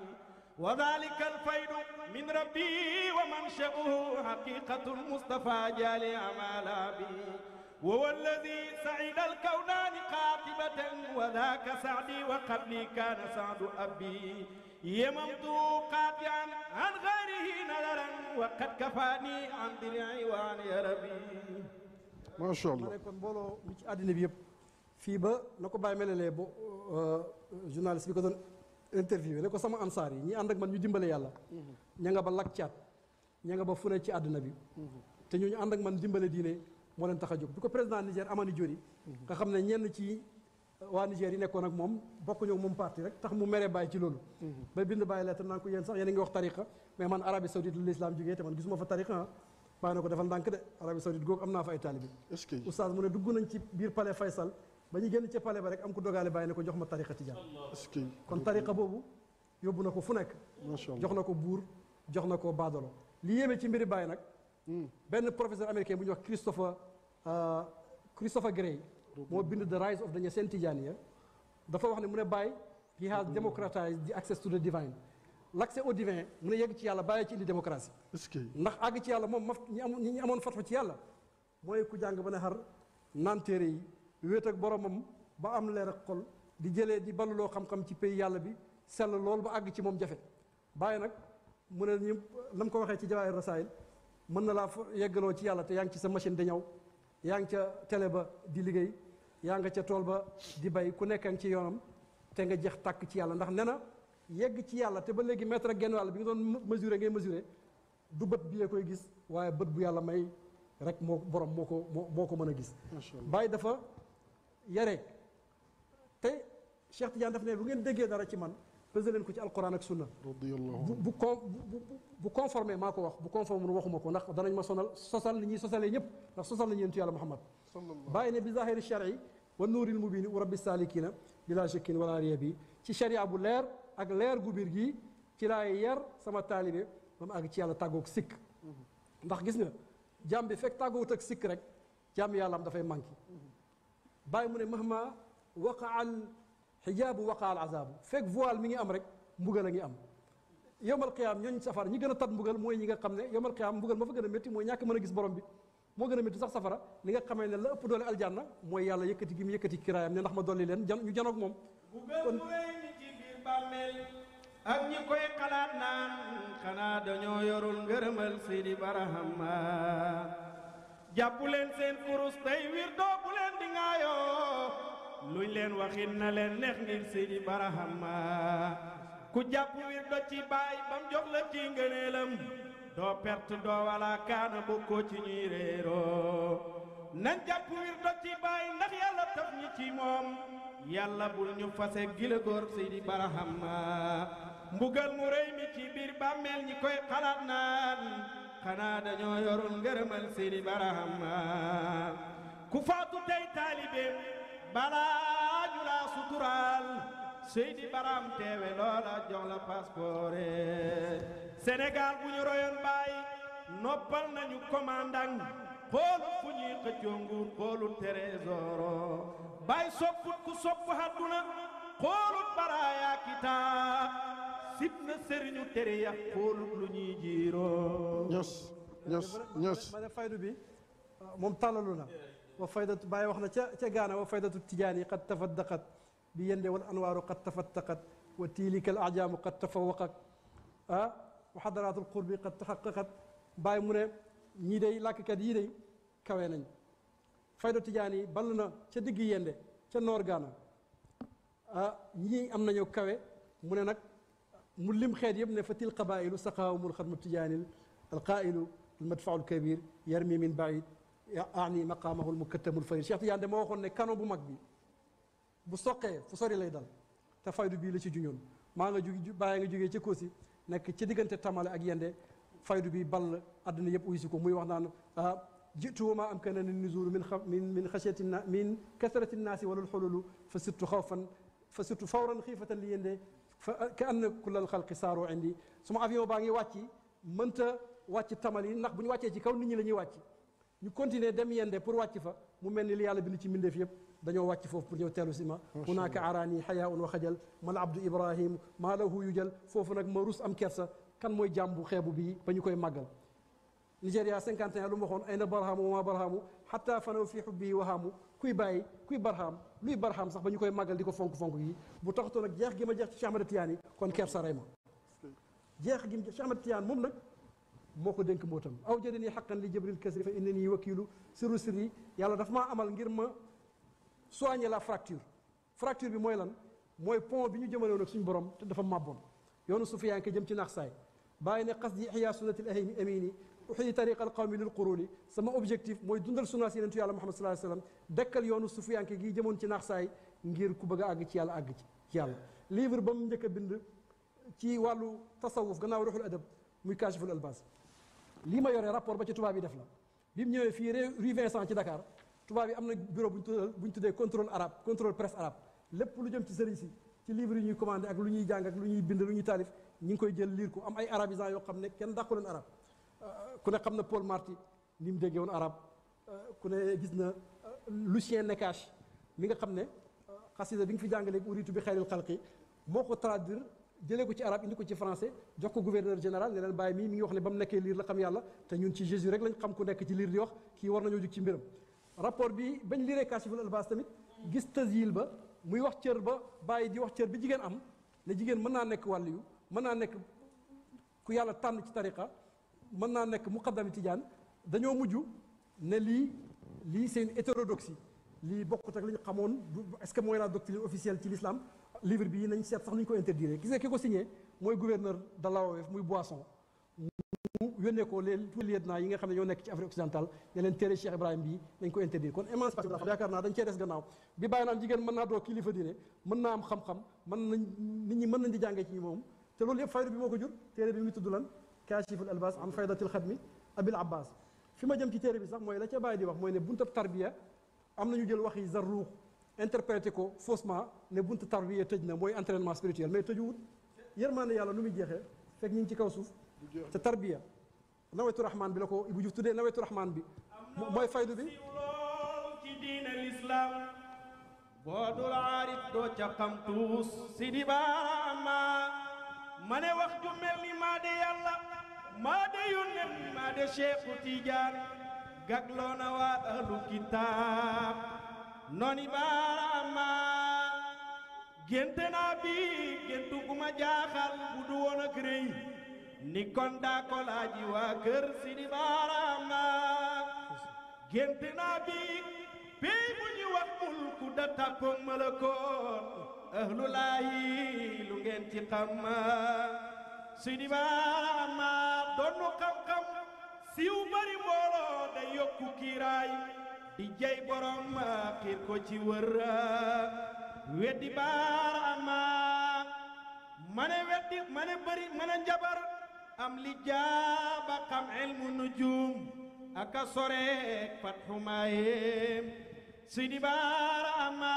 وذلك الفيد من ربي ومنشأه حقيقة المصطفى جال أمالا بي وهو الذي سعد الكونان قاطبة وذاك سعدي وقبلي كان سعد أبي يممت قاطعا عن غيره نظرا وقد كفاني عن درعي وعن يا ربي ما شاء الله fii ba na ko bàyyi melalee ba euh, journaliste bi ko doon interviewé ne ko sama ansaar yi ñi ànd ak man ñu dimbale yàlla mm-hmm. ña nga ba lak caat ña nga ba fu ne ci àdduna bi mm-hmm. te ñu ànd ak man dimbale diine moo leen tax a jóg bi ko président Niger Amani Diori mm-hmm. nga xam ne ñenn ci waa Niger yi nekkoon ak moom bokk ñoo moom parti rek tax mu mere bàyyi ci loolu ba bind bàyyi lettre naan ko yéen sax yéen a ngi wax tariqa mais man Arabie Saoudite la l'islam jógee te na ah. ko defal ndànk de Arabie ba ñu génn ca palais ba rek am ku dogaale bàyyi ne ko jox ma tariqa tijaan kon tariqa boobu yóbbu na ko fu nekk jox na ko buur jox na ko baadolo li yéeme ci mbiri bàyyi nag benn professeur américain bu ñuy wax Christopher Christopher Gray moo bind the rise of dañu seen tijaaniya dafa wax ne mu ne bàyyi he has democratized the access to the divine l' accès au divin mu ne yegg ci yàlla bàyyi ci indi démocratie ndax àgg ci yàlla moom maf ñi amoon fatwa ci yàlla mooy ku jàng ba ne xar naan téere yi wéet ak boromam ba am leer ak xol di jëlee di baluloo xam-xam ci pays yàlla bi sell lool ba àgg ci moom jafe bàyyi nag mu ne ñu lam ko waxee ci jawaayir rasaayil mën na laa fa yeggaloo ci yàlla te yaa ci sa machine di yaa ngi ca télé ba di liggéey yaa nga ca tool ba di bay ku nekk ci yoonam te nga jeex tàkk ci yàlla ndax nee na yegg ci yàlla te ba léegi mètre ak genn wàll bi nga doon mesuré ngay mesuré du bët bi yee koy gis waaye bët bu yàlla may rek moo borom moo ko moo ko mën a gis. yare te Cheikh Tidiane daf ne bu ngeen déggee dara ci man pesé leen ko ci alquran ak sunna bu bu con bu conformé maa ko wax bu conformé nu waxuma ko ndax danañ ma sonal sosal ni ñuy sosalee ñëpp ndax sosal nañu yentu yàlla Muhammad bàyyi ne bi zahiri shari wa nuuril mubini wa rabbi salikina bila shakkin wala riya bi ci sharia bu leer ak leer gu biir gii ci laay yar sama taalibe ba mu ci yàlla tàggoog sikk mhm. ndax gis nga jàmm bi fekk tàggoowut ak sikk rek jàmm yàlla am dafay manqué mhm. باي موني مهما وقع الحجاب وقع العذاب فيك فوال ميغي ام رك مبوغال غي ام يوم القيامه ني سفر ني غنا تات مبوغال موي نيغا خامني يوم القيامه مبوغال ما فا غنا متي موي نياك مانا غيس بروم بي مو غنا متي صاح سفر ليغا خامي لا اوب دول الجنه موي يالا ييكتي غيم ييكتي كرايام ني ما دولي لين ني جانوك موم مبوغال موي ني تي بير بامل ak ñi koy xalaat naan jàpp leen seen kurus tey wir doo bu leen di ŋaayoo luñ waxin na leen neex ngir Sidi Barahama ku jàpp wir do ci baay jox la ci ngëneelam doo perte doo wala kaana bokkoo ci ñuy réeroo nañ jàpp wir do ci baay yàlla taf ñi ci moom yàlla bul ñu fase gila góor Sidi Barahama mbugal mu rëy mi ci biir bàmmeel ñi koy xalaat naan xanaa dañoo yorul ngërëmal Seydi Barahama ku faatu tey taalibeem balaa ñu laa suturaal Seydi Baram teewe loola jox la passeport Sénégal bu ñu noppal nañu commandant xoolu fu ñuy xëccoo nguur xoolu trésoro baay sopput ku sopp hadduna xoolut baraayaa kitaab sib na tere ya xóolub lu ñi jiro ños ños ños ma ne faydu bi mom talalu na wa faydatu baye wax na ca ca gana wa faydatu tijaan yi qad tafaddaqat bi yende wal anwaaru qad tafattaqat wa tiilika al ajaamu qad tafawwaqat ha wa xadaraatul qurbi qad tahaqqaqat baye mu ne ñi day lak kat yi day kawe nañ fayda tijaan yi ball na ca digg yende ca nor gana ah ñii am nañu kawe mu ne nak mu lim xeet yëpp ne fa til qabaailu saqaawumul xat mubtijaanil alqaailu almadfau alkabir yarmi min baid ani maqaamahu almukattamul farid Cheikh Tidiane dama waxoon ne canon bu mag bi bu soqee fu sori lay dal te faydu bii la ci juñoon maa nga jóge bàyyi nga jógee ci Kossy nekk ci diggante Tamale ak Yende faydu bi ball àdduna yëpp uysi ko muy wax naan jitu wa maa amkana ni nuzuru min min min xasiyati min kasrati nnaasi wala lxululu fa surtout xawfan fa surtout fawran xiifatan li yende كان كل الخلق صاروا عندي سما افيو باغي واتي منتا واتي تامالي ناخ بني واتي جي كاو نيني لا ني واتي ني كونتيني ديم ياندي بور واتي فا مو ملني لي يالا بيني تي ميندي فيب دانيو واتي فوف بور نيو تيلو سيما هناك اراني حياء وخجل ما العبد ابراهيم ما له يجل فوف ناك مروس ام كيرسا كان موي جامبو خيبو بي با نيكوي ماغال نيجيريا 51 لوم وخون اين برهامو وما برهامو حتى فنوا في حبي وهامو kuy bàyyi kuy barxaam luy barxaam sax ba ñu koy màggal di ko fonk-fonk yi bu taxatoon nag jeex gi ma jeex ci Cheikh Ahmada Tidiane yi kon ker sa rey ma jeex gi Cheikh Ahmada Tidiane moom nag moo ko dénk moo tam aw jëri nii xaqan li jibril kasri fa inna nii wakiilu siru siri yàlla dafa maa amal ngir ma soigner la fracture fracture bi mooy lan mooy pont bi ñu jëmale woon ak suñu borom te dafa màbboon yoonu sufiyaanke jëm ci nax saay bàyyi ne xas di ihya sunnatil ahimi amini uxyi tariqa alqawmi lil quruni sama objectif mooy dundal sunnaas yenentu yàlla muhammad sallallahu alayhi wasallam dekkal yoonu sufiyanke gi jëmoon ci naax saay ngir ku bëgg a ci yàlla àgg ci yàlla livre ba mu bind ci wàllu tasawuf gannaaw ruxul adab muy kaashiful albas lii ma yore rapport ba ci tubaab yi def la bi mu ñëwee rue Vincent ci Dakar tubaab yi am bureau buñ tuddal buñ tuddee contrôle arabe contrôle presse arabe lépp lu jëm ci sëriñ si ci livre yi ñuy commandé ak lu ñuy jàng ak lu ñuy bind lu ñuy taalif ñi koy jël liir ko am ay arabisants yoo xam kenn dàqu arabe آه، كنا قمنا بول مارتي نيم دغيون عرب آه، كنا غيسنا آه، لوسيان نكاش ميغا خمنا قصيده بين في جانغلي اوريتو بخير الخلق موكو ترادير ديليكو سي عرب انديكو سي فرانسي جوكو غوفرنور جنرال نلان باي مي ميغي وخني بام نكي لير لا خم يالا تا نون سي جيسو رك لا خم كو نك سي لير دي وخ كي ورنا نيو جوك سي ميرم رابور بي بن ليري كاشف الالباس تاميت غيس تزيل با موي وخ تير با باي دي وخ تير بي جيجن ام لا جيجن مانا نك واليو مانا نك كو يالا تان سي طريقه mën naa nekk muqaddami tidiane dañoo mujj ne lii lii hétérodoxie lii bokkut ak li est-ce que la doctrine officielle ci l'islam livre bii sax ni ko interdire gis nga ki ko signé gouverneur de muy Boisson mu ko tous les yi nga ñoo ci Afrique occidentale leen Cheikh Ibrahim bii nañ ko interdire kon émancipation yaakaar naa dañ cee des gannaaw bi bàyyi naan jigéen mën naa كاشف الالباس عن فائده الخدمه ابي العباس فيما جمت تيري بصح موي لا تي باي دي واخ موي بونت التربيه امنا نيو ديال واخي زروخ انتربريتي كو فوسما ني بونت التربيه تجنا موي انترينمون سبيريتوال مي تجوت يرمان يالا نومي جيخه فك نين تي كاو سوف تربيه نويت الرحمن بلاكو ابو جوف تودي نويت الرحمن بي موي فايدو بي دين الاسلام بودو العارف توس سيدي باما ماني واخ جو ملي ما maa de yónneen maa de Seexu Tijaan gagloo waa ahlu kitaab nooni baaraama génte naa bi géntu gu ma jaaxal bu du woon ak kon daa ko waa kër si di baaraama génte naa bi pey bu ñu wax mulku da tàppoog malakoon ahlulaahi lu ngeen ci xam suy dibaara ma donnu xam-xam siiw bari mbooloo da yokku kiiraay di jay borom ma xiir ko ci wër weddi baara ma mane weddi mane bari mane njabar am li jaaba xam ilmu nujum aka soreek fatxu maayeem suy dibaara ma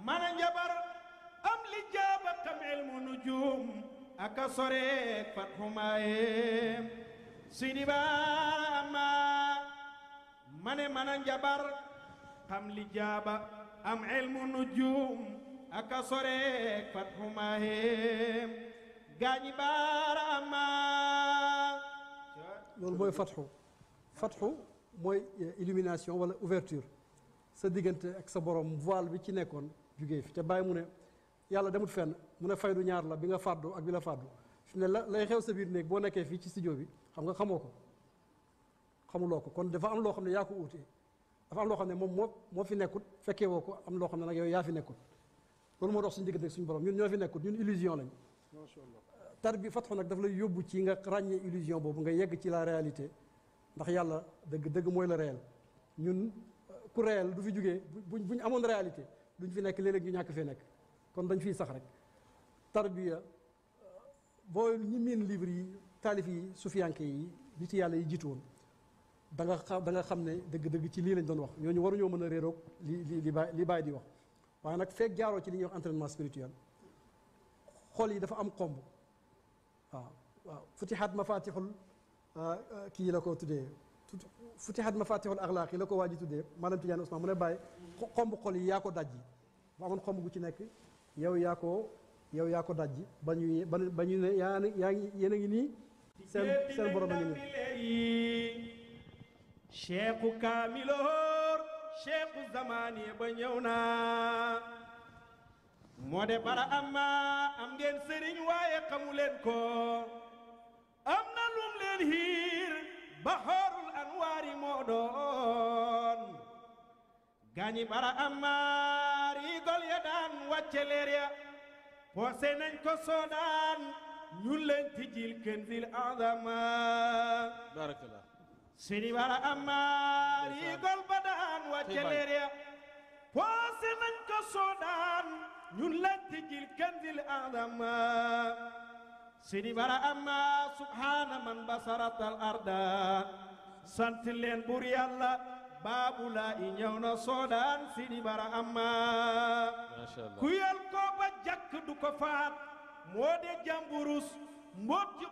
mane njabar am li jaaba xam ilmu nujum aka soreek fat xumaayeem sidi baama mane mana njabar xam li jaaba am ilmu nujum aka soreek fat xumaayeem gaañi baaraama loolu mooy fatxu fatxu mooy illumination wala ouverture sa diggante ak sa borom voile bi ci nekkoon jugee fi ca bàyyi mu ne yàlla demut fenn mu faydu ñaar la bi nga ak bi la ne la lay xew sa biir néeg boo nekkee ci studio bi xam nga xamoo ko kon dafa am ne ko dafa am loo xam ne moom fi nekkut fekkee woo am loo xam ne yow yaa fi nekkut loolu moo dox suñu diggante suñu borom ñun ñoo fi nekkut ñun illusion euh, tar bi fatxu nag daf lay yóbbu ci nga ràññee illusion boobu nga yegg ci la réalité ndax yàlla dëgg dëgg mooy la réel ñun euh, ku réel du fi buñ réalité duñ fi nekk léeg-léeg ñu ñàkk fee kon dañ fiy sax rek tarbiya booy ñi miin livre yi taalif yi sufiyanke yi nit yàlla yi jiitu woon da nga xam da nga xam ne dëgg-dëgg ci lii lañ doon wax ñooñu waruñoo mën a réeroog li li li baay li baay di wax waaye nag fekk jaaroo ci li ñuy wax entraînement spirituel xol yi dafa am komb waaw waaw futihat mafatixul kii la ko tuddee futihat mafatixul axlaaq yi la ko waa ji tuddee maanaam Tidiane Ousmane mu ne bàyyi xomb xol yi yaa ko dajji ba amoon xomb gu ci nekk yow yaa ko yow yaa ko dajji ba ñu ba ñu ne yaa yaa ngi yéen a ngi nii seen seen borom a ngi nii cheikhu kaamiloor cheikhu zamani ba ñëw naa moo de bara amma am ngeen sëriñ waaye xamu leen ko am na lum leen hiir bahoorul anwaari moo doon gaañi bara amma wàcce leer ya poose ko soodaan ñun leen tijjil kënzil azama barakallah sini bara amaar yi gol ba daan ya poose ko soodaan ñun leen tijjil kënzil azama sini bara amaar subhaana basaratal arda sant leen baabu laa i ñëw na soodaan si di bara ammaa ku yal ko ba jàkk du ko faat moo de jàmburus mbóot ci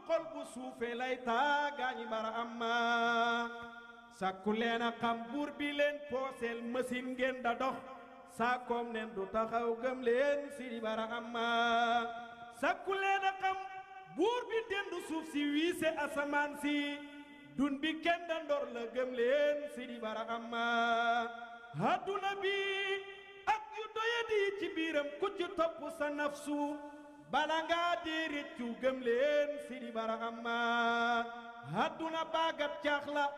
suufe lay taa gaañi bara ammaa sàkku leen a buur bi leen pooseel machine ngeen da dox saakoom nen du taxaw gëm leen si di bara ammaa sàkku leen a buur bi dendu suuf si wiise asamaan si dun bi dan dandoor la len len Sidi Bara Amma hadu nabi ak yu doyadi ci biram ku ci top sa nafsu bala di ritu gem len Sidi Bara Amma àdduna baagat caax la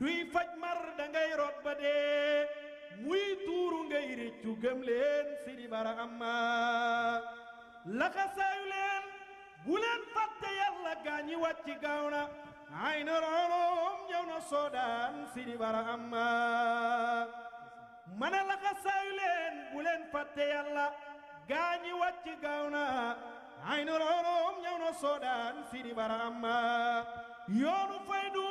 duy faj mar ngay rot ba de muy tuuru ngay ritu gem len Sidi Bara Amma laxasaayu leen bu leen fatte yalla gañi wacci gawna ay na rooloom ñëw na soodaan si bara amma mane la xasaayu leen bu leen fàtte gaañi wàcc gaaw ay na rooloom na soodaan si di bara amma yoonu faydu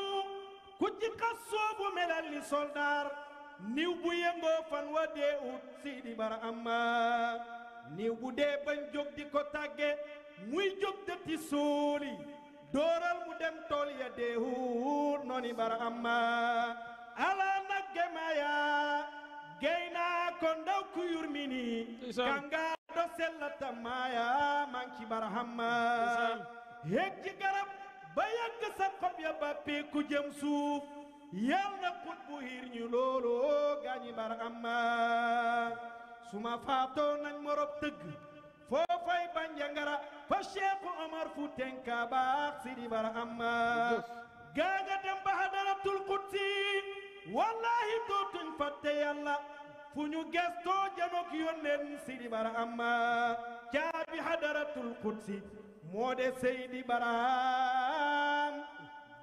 ku ci xas soobu melal soldaar niw bu yëngoo wa dee ut bara amma niw bu dee di ko tàgge muy jóg dëtti suuli dóoral mu dem tool ya deehut nooni bara amma ala nagge maya gayna ko ndaw ku yurmini kanga do sellata maya manki bara hamma hegji garab ba yàgg sa ya bàppee ku jëm na xut bu hiir ñu looloo gaañi bara amma suma faatoo nañ morob tëgg foofay banjangara fa Cheikh Omar fu tenka baax Sidi bara amma gaaga dem ba hadaratul qudsi wallahi dootuñ fatte yàlla fu ñu gestoo janok yónneen Sidi bara amma caabi hadaratul qudsi moo de Seydi Baraam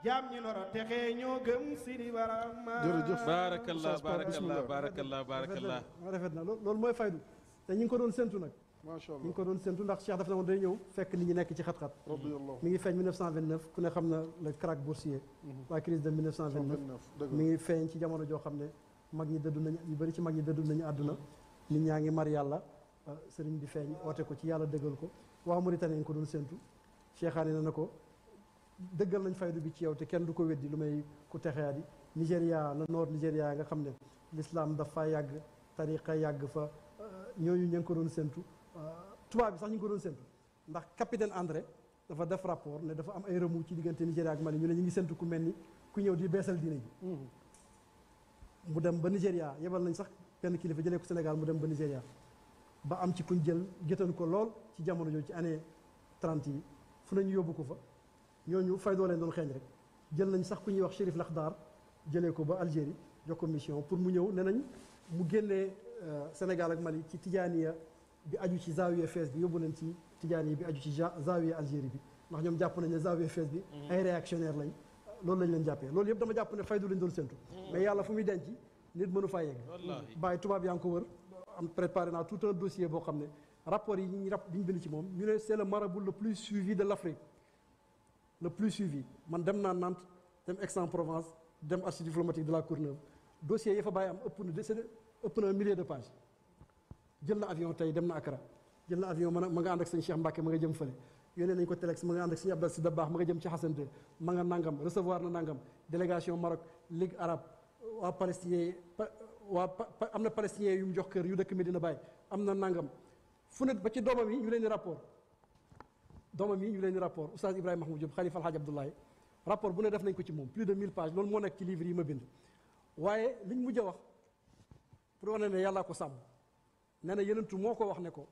jaam ñi nora texee ñoo gëm Sidi Baraam. jërëjëf baarakallah baarakallah baarakallah baarakallah. rafet na loolu mooy faydu te ñu ngi ko doon sentu nag. macha allah ñu ngi ko doon séntu ndax Cheikh dafa ne woon day ñëw fekk nit ñi nekk ci xat-xat mi ngi feeñ 1929 ku ne xam na le krach boursier la crise de 1929 mi ngi feeñ ci jamono joo xam ne mag ñi dëddu nañu ñu bëri ci mag ñi dëddu nañu àdduna nit ñaa ngi mar yàlla sëriñ bi feeñ oote ko ci yàlla dëggal ko waa Mauritanie ñu ko doon séntu Cheikhaani na na ko dëggal nañ faydu bi ci yow te kenn du ko weddi lu may ku texeyaat yi Nigéria la nord Nigéria nga xam ne l'islam dafa yàgg tariqa yàgg fa ñooñu ñu ngi ko doon séntu Euh, tubaab bi sax ñu ngi ko doon séntu ndax capitaine André dafa def rapport ne dafa am ay remous ci diggante Nigéria ak Mali ñu ne ñu ngi séntu ku mel ni ku ñëw di beesal diine ji. Mm-hmm. mu dem ba Nigéria yebal nañ sax benn kilifa jëlee ko Sénégal mu dem ba Nigéria ba am ci kuñ jël gëtoon ko lool ci jamono jooju ci année trente yi fu ñu yóbbu ko fa ñooñu faydoo leen doon xeeñ rek jël nañ sax ku ñuy wax Chérif Laxdar jëlee ko ba Algérie jox ko mission pour mu ñëw ne nañ mu génnee euh, Sénégal ak Mali ci tijaaniya bi aju ci zaawiya Fès bi yóbbu nañ ci tijaan bi aju ci zaawiya Algérie bi ndax ñom japp nañ ne zaawiya Fès bi mm-hmm. ay réactionnaire lañ loolu lañ leen jàppee loolu yëpp dama jàpp ne faydu lañ doon sentu mm-hmm. mais yàlla fu muy denc nit mënu faa yegg bàyyi tubaab yaa ngi ko wër am préparé naa tout un dossier boo xam ne rapport yi ñu rap bi ñu bind ci moom ñu ne c'est le marabout le plus suivi de l'Afrique le plus suivi man dem naa Nantes dem Aix-en-Provence dem archives diplomatique de la Courneuve dossier yi fa bàyyi am ëpp na ëpp na un millier de pages jël na avion tey dem na Accra jël na avion ma nga ànd ak sëñ Cheikh Mbacke ma nga jëm fële yónnee nañ ko telex ma nga ànd ak sëñ Abdou Sida Baax ma nga jëm ci Hassan II ma nga nangam recevoir na nangam délégation Maroc Ligue arabe waa palestinien waa am na palestinien yu mu jox kër yu dëkk Medina Baye am na nangam fu ne ba ci doomam yi ñu leen di rapport doomam yi ñu leen di rapport oustaz Ibrahima Mahmoud Diop Khalifa Alhaji Abdoulaye rapport bu ne def nañ ko ci moom plus de 1000 pages loolu moo nekk ci livre yi ma bind waaye liñ mujj a wax pour wane yàllaa ko sàmm nee na yenentu moo ko wax ne ko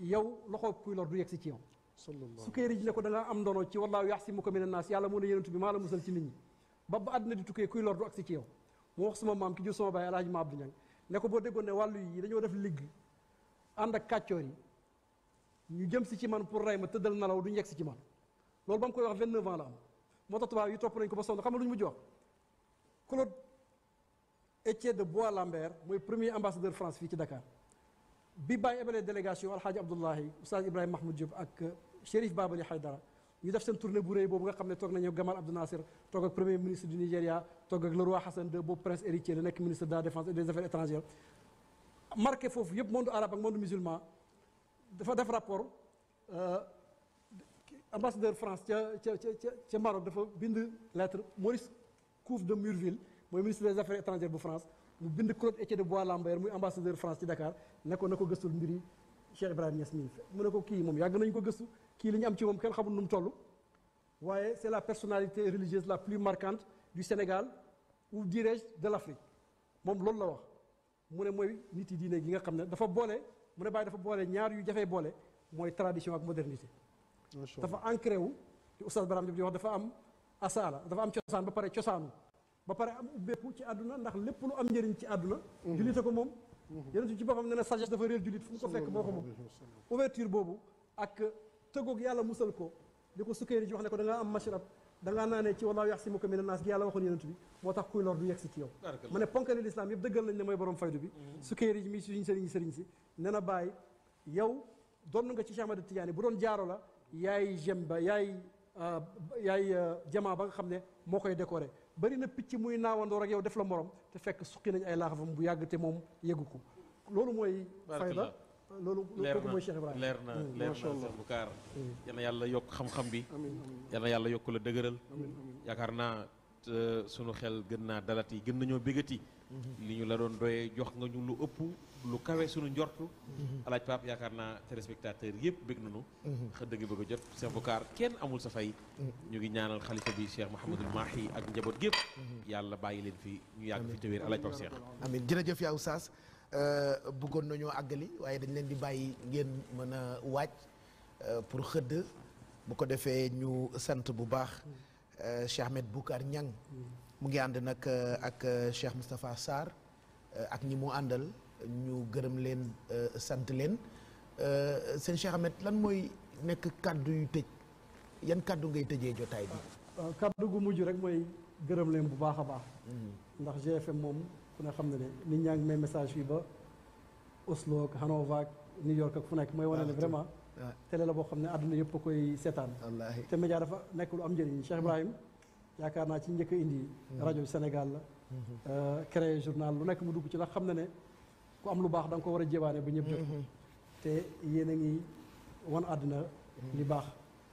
yow loxo kuy lor du yegg ci yow su kéeri ji ne ko da nga am ndono ci wallaahu yaxsimuka min annaas yàlla mu ne yenentu bi maa la musal ci nit ñi ba ba àddina di tukkee kuy lor du ak si ci yow moo wax sama maam ki jur sama baay alaaji ma ñang ne ko boo déggoon ne wàllu yi dañoo def ligg ànd ak kàccoor yi ñu jëm si ci man pour rey ma tëddal nalaw duñu yegg ci man loolu ba mu koy wax 29 ans la am moo tax tubaab yi topp nañ ko ba sonn xam nga lu ñu mujj wax Claude Étienne de Bois Lambert mon premier ambassadeur France Vite ci Dakar bi bàyyi ebalee délégation alxaaji Abdullahi, Oussad Ibrahim Mahmoud Diop et euh, Sherif Babali Haydara ñu def tourné tournée bu rëy boobu nga xam ne Gamal Abdel Nasser le premier ministre du Nigeria, le roi Hassan II le prince héritier le ministre de la défense et des affaires étrangères marqué le monde arabe le monde musulman dafa def rapport euh, ambassadeur France ca ca il a Maroc dafa bind lettre Maurice Couve de Murville mooy ministre des affaires étrangères bu France mu bind Claude Étienne de Bois Lambert muy ambassadeur France ci Dakar Nako nako, na mbiri Cheikh Ibrahim Niass mii mu ne ko kii moom yàgg ko gëstu ki li ñu am ci mom kenn xamul nu mu waaye c'est la personnalité religieuse la plus marquante du Sénégal ou dirais de l'Afrique mom lool la wax mu ne mooy nit yi gi nga xam ne dafa bolé mu ne bàyyi dafa bolé ñaar yu jafee bolé moy tradition ak modernité dafa ancré wu di oustaz Baram Diop wax dafa am Asala. dafa am cosaan ba paré. cosaanu ba pare am ubbeeku ci àdduna ndax lépp lu am njëriñ ci àdduna jullit a ko moom yeneen ci boppam ne na sagesse dafa réer jullit fu mu ko fekk moo ko moom ouverture boobu ak tëggoog yàlla musal ko li ko sukkeeri ji wax ne ko da am mashrab da ngaa naanee ci wallaahu yaxsimuka mina naas gi yàlla waxoon yenent bi moo tax kuy lor du yegsi ci yow ma ne ponkali lislaam mm-hmm. na nga ci Cheikh Ahmad Tidiane bu doon jaaro la yaay jem ba yaay euh, yaay euh, jamaa ba nga xam ne moo koy décoré bari na picc muy naawandoor ak yow def la morom te fekk suqi nañ ay laaxafam bu yàgg te moom yeggu ko loolu mooy la loolu kooku mooy Cheikh Ibrahima leer na hmm. leer na Cheikh Boucar hmm. yal na yàlla yokk xam-xam bi yal na yàlla yokk la dëgëral yaakaar naa euh, sunu xel gën naa dalati gën nañoo bégati li ñu la doon doyee jox nga ñu lu ëpp lu kawe suñu njortu mhm. alaaj Pape yaakaar naa téléspectateurs yëpp bëgg nañu mhm. xa dëgg bëgg a jot Cheikh Boucar kenn amul sa fay mhm. ñu ngi ñaanal xalifa bi Cheikh Mouhamadul Mahi ak njaboot gépp yàlla bàyyi leen fi ñu yàgg fi tawéer alaaj Pape Cheikh amin jërëjëf yaa oustaz euh, bëggoon nañoo àggali waaye dañ leen di bàyyi ngeen mën a waaj euh, pour xëdd bu ko defee ñu sant bu baax euh, Cheikh Ahmed Boucar Niang mu ngi ànd nag ak Cheikh Moustapha Sarr ak ñi mu àndal ñu gërëm leen sant leen sëñ Cheikh Ahmed lan mooy nekk kàddu yu tëj yan kàddu ngay tëjee jotaay bi. waaw kàddu gu mujj rek mooy gërëm leen bu baax a baax. ndax GFM moom ku ne xam ne ne nit ñaa ngi may message fii ba Oslo ak Hanover ak New York ak fu nekk mooy wane ne vraiment. télé la boo xam ne àdduna yëpp a koy seetaan. te média dafa nekk lu am njëriñ Cheikh Ibrahim. yaakaar naa ci njëkk indi. rajo bi Sénégal la. Euh, créé journal lu nekk mu dugg ci ndax xam na ne ku am lu baax da ko war a jébaane bu ñëpp jot. Mm-hmm. te yéen a ngi wan àddina mm-hmm. li baax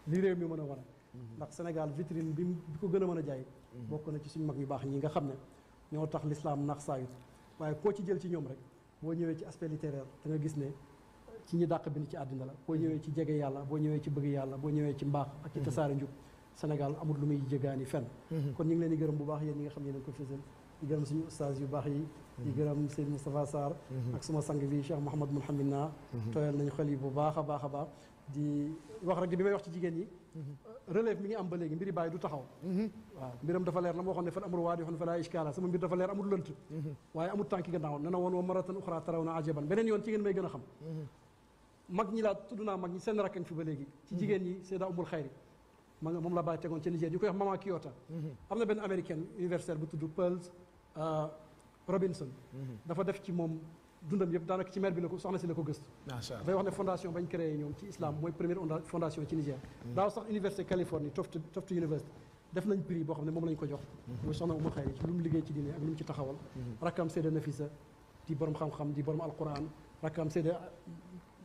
li réew mi mën a wane. Mm-hmm. ndax Sénégal vitrine bi bi ko gën a mën a jaay. bokk na ci suñu mag ñu baax ñi nga xam ne ñoo tax lislaam nax saayut waaye koo ci jël ci ñoom rek boo ñëwee ci aspect littéraire da nga gis ne. ci ñi dàq bind ci àddina la boo ñëwee ci jege yàlla boo ñëwee ci bëgg yàlla boo ñëwee ci mbaax ak ci tasaare Sénégal amul lu muy jëgaani fenn kon ñu ngi leen di gërëm bu baax yéen ñi nga xam ne nañ ko fësal di gërëm suñu ustaas yu baax yi di gërëm seen Moustapha Sarr ak suma sang bi Cheikh Mouhamad Mounhamid naa tooyal nañu xel yi bu baax a baax a baax di wax rek bi may wax ci jigéen ñi relève mi ngi am ba léegi mbiri bàyyi du taxaw waaw mbiram dafa leer la ma waxoon ne fan amul waa di waxoon fa laa iskaala sama mbir dafa leer amul lënt waaye amul tànki gannaaw ne na woon wa maratan uxra taraw na ajaban beneen yoon ci ngeen may gën a xam mag ñi laa tudd naa mag ñi seen rakk fi ba léegi ci jigéen ñi Seyda Umul Xayri ma moom la bàyyi tegoon ci Niger ñu koy wax Mama Kiyota. am na benn américaine universitaire bu tudd Pearls Robinson. dafa def ci moom dundam yëpp daanaka ci maire bi la ko soxna si la ko gëstu. macha allah dafay wax ne fondation bañ créé ñoom ci islam mooy première fondation ci Niger. daaw sax université Californie Toft Toft University. def nañ prix boo xam ne moom lañ ko jox. muy soxna Oumou Khayri ci lu mu liggéey ci diine ak lu mu ci taxawal. rakkam Seyda Nafisa di borom xam-xam di borom alquran rakkam Seyda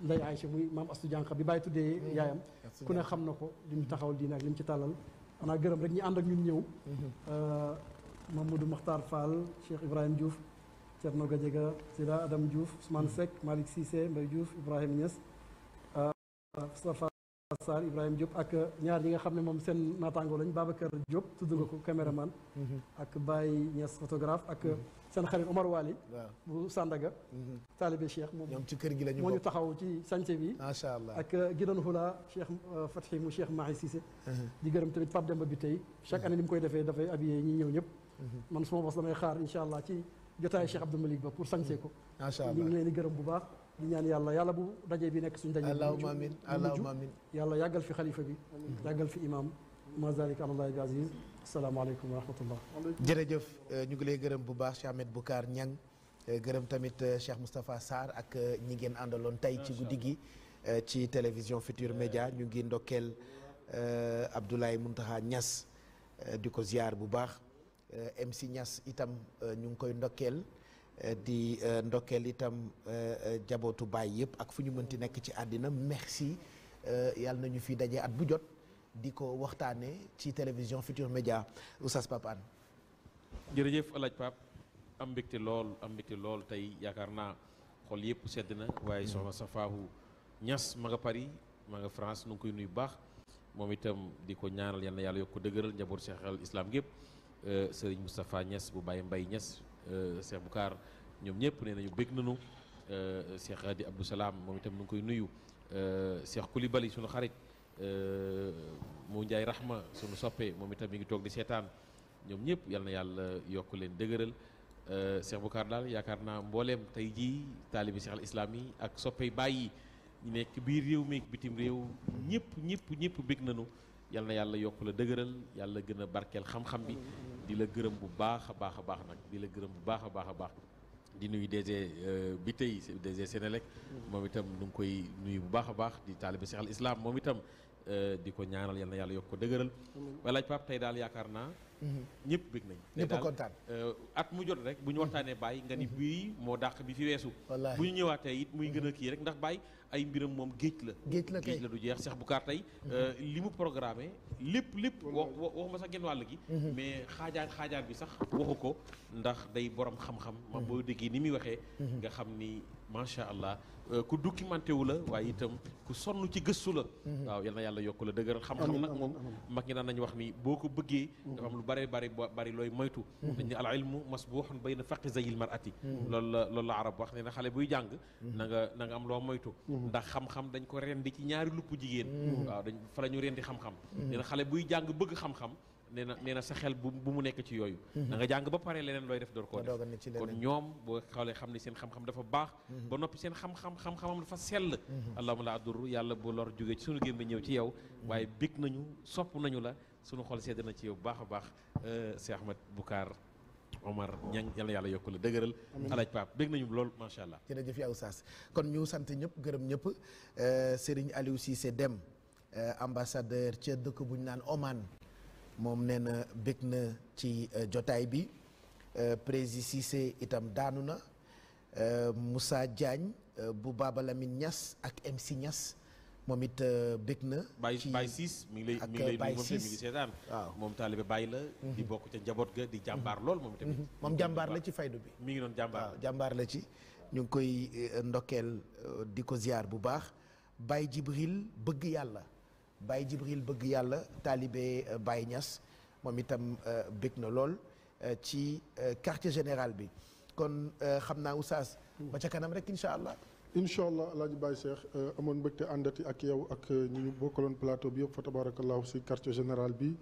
Ndeye Aïcha muy maam Astu Jànq bi bàyyi tuddee yaayam ku ne xam na ko li mu taxawal diine ak li ci tàllal xanaa gërëm rek ñi ànd ak ñun ñëw mhm. euh, Mamadou Makhtar Fall Cheikh Ibrahima Diouf Thierno Gadiaga Sida Adam Diouf Ousmane mhm. Seck Malick Cissé Mbaye Diouf Ibrahima sa euh, Moustapha Sall Ibrahima Diop ak ñaar ñi nga xam ne moom seen naataango lañ Babacar Diop tudd nga ko mhm. caméraman ak Baye Niass photographe ak سان خارج عمر والي وساندقة طالب الشيخ مم يوم تكر جل نجوم مني تخاوتي سانتبي ما شاء الله أك جدنا هلا شيخ فتحي مو شيخ معي سيسي ديجرم تبي تفضل ما بيتي شاك أنا نمكوي دفع دفع أبي يني يونيب من اسمه بس لما يخار إن شاء الله تي جتاع الشيخ عبد الملك بقول سانتيكو ما شاء الله نيجي نيجرم بوبا نيجي الله يلا بو رجعي بينك سندني الله أمين الله أمين يلا يعقل في خليفة بي يعقل في إمام ما ذلك الله العزيز salaamaaleykum wa rahmatullah jërëjëf euh, ñu ngi lay gërëm bu baax Cheikh Ahmed Boucar Niang euh, gërëm tamit euh, Cheikh Moustapha Sarr ak ñi ngeen àndaloon tey ci guddi gi ci télévision Futur Média ñu ngi ndokkeel Abdoulaye Mountakha ñas di ko ziar bu baax MC Niass itam ñu ngi koy ndokkeel di ndokkeel itam jabootu baay yëpp ak fu ñu mënti nekk ci àddina merci yàlla nañu fi daje at bu jot diko waxtane ci télévision Futur Média Oustaz papane Hann jërëjëf alaaj Pape am mbégte lol am mbégte lol, tay yakarna xol yëpp sedna na waaye safahu Safaahu ma nga Paris ma nga France nu ngi koy nuyu baax moom itam ñaanal na yàlla yokk ko dëgëral njaboot Cheikh al Islam euh serigne Mustapha Ñas bu Baye Mbay euh Cheikh boukar ñom ñëpp nee nañu begg nañu euh, Cheikh Hadi Abdou salam moom itam nu ngi koy nuyu euh, Cheikh Koulibaly sunu xarit Euh, mu Ndiaye Rahma sunu soppee moom itam mi ngi toog di seetaan ñoom ñëpp yal na yàlla yokk leen dëgëral euh, Cheikh Boucar daal yaakaar naa mbooleem tey jii taalibi Cheikh al yi ak soppe bàyyi ñu nekk biir réew mi bitim réew ñëpp ñëpp ñëpp bég nañu yal yàlla yokk la yàlla gën a barkeel xam-xam di la gërëm bu baax a baax a baax nag di la gërëm bu baax a baax a baax di nuyu DG euh, bi tey DG Sénélec mm. moom itam nu ngi koy nuyu bu baax a baax di taalibi Cheikh islaam moom itam Euh, di ko ñaanal yal na yàlla yokk ko dëgëral. walaaj Pape tey daal yaakaar naa. Mhm. ñëpp bég nañ ñëpp a kontaan euh, at mu jot rek bu ñu waxtaanee bàyyi nga ni mhm. bii moo dàq bi fi weesu. bu ñu ñëwaatee it muy gën a mhm. kii rek ndax bàyyi ay mbiram moom géej la. géej la géej la du jeex Cheikh Boucar tey. Euh, li mu programmé lépp lépp. wax waxuma sax genn wàll gi. mais xaajaar xaajaar bi sax waxu ko ndax day borom xam-xam. ma boo déggee ni muy waxee. nga xam ni macha allah. Euh, ku documenté wu la waaye itam ku sonn ci gëstu la mhm. waaw yal na yàlla yokk la dëgëral xam-xam nag moom mag ñi daan nañu wax ni boo ko bëggee mhm. dafa am lu bare bari bari looy moytu mhm. dañ ne al ilmu masbuhun bayna faqi zayil marati loolu la loolu la arab wax ne na xale buy jàng nanga nanga na nga am loo moytu ndax xam-xam dañ ko rendi ci ñaari lupp jigéen dañ fa la ñu rendi xam-xam nee na xale buy jàng bëgg xam-xam nee na nee sa xel bu bu mu nekk ci yooyu mhm. da jàng ba pare leneen looy def door koo def kon ñoom boo xoolee xam ne seen xam-xam dafa baax mhm. ba noppi seen xam-xam xam-xamam dafa sell mhm. allahuma la adur yàlla bu lor jógee ci sunu gémmi ñëw ci yow waaye bég nañu sopp nañu la sunu xol sedd na ci yow baax a baax euh, Cheikh Ahmed Boucar Omar ñang yal na yàlla yokk la dëgëral alaaj Pape bég nañu lool macha allah jërëjëf yow saas kon ñu sant ñëpp gërëm ñëpp euh, Serigne Aliou Cissé Deme euh, ambassadeur ca dëkk bu ñu naan Oman moom nee na bég na ci euh, jotaay bi euh, Prési Cissé itam daanu na euh, musaa Diagne bu Baba Lamine ñas ak MC Niass moom it bég na. ci Baye Ciss mi ngi lay mi ngi lay mi ngi seetaan waaw moom taalibe Baye la. di mhm. bokk ca njaboot ga di jàmbaar lool moom tamit. Mhm. moom jàmbaar la ci faydu bi. mi ngi doon jàmbaar waaw jàmbaar la ci. ñu ngi koy ndokkeel di ko ziar bu baax Baye Jibril bëgg yàlla. bay Jibril bëgg yàlla talibé bay Niass moom itam bëgg na lool ci quartier général bi kon xam naa oustaz ba ca kanam rek incha allah. incha allah alaaji Baye Cheikh amoon mbégte àndati ak yow ak ñu bokkaloon plateau bi yëpp fa tabarakallahu si quartier général bi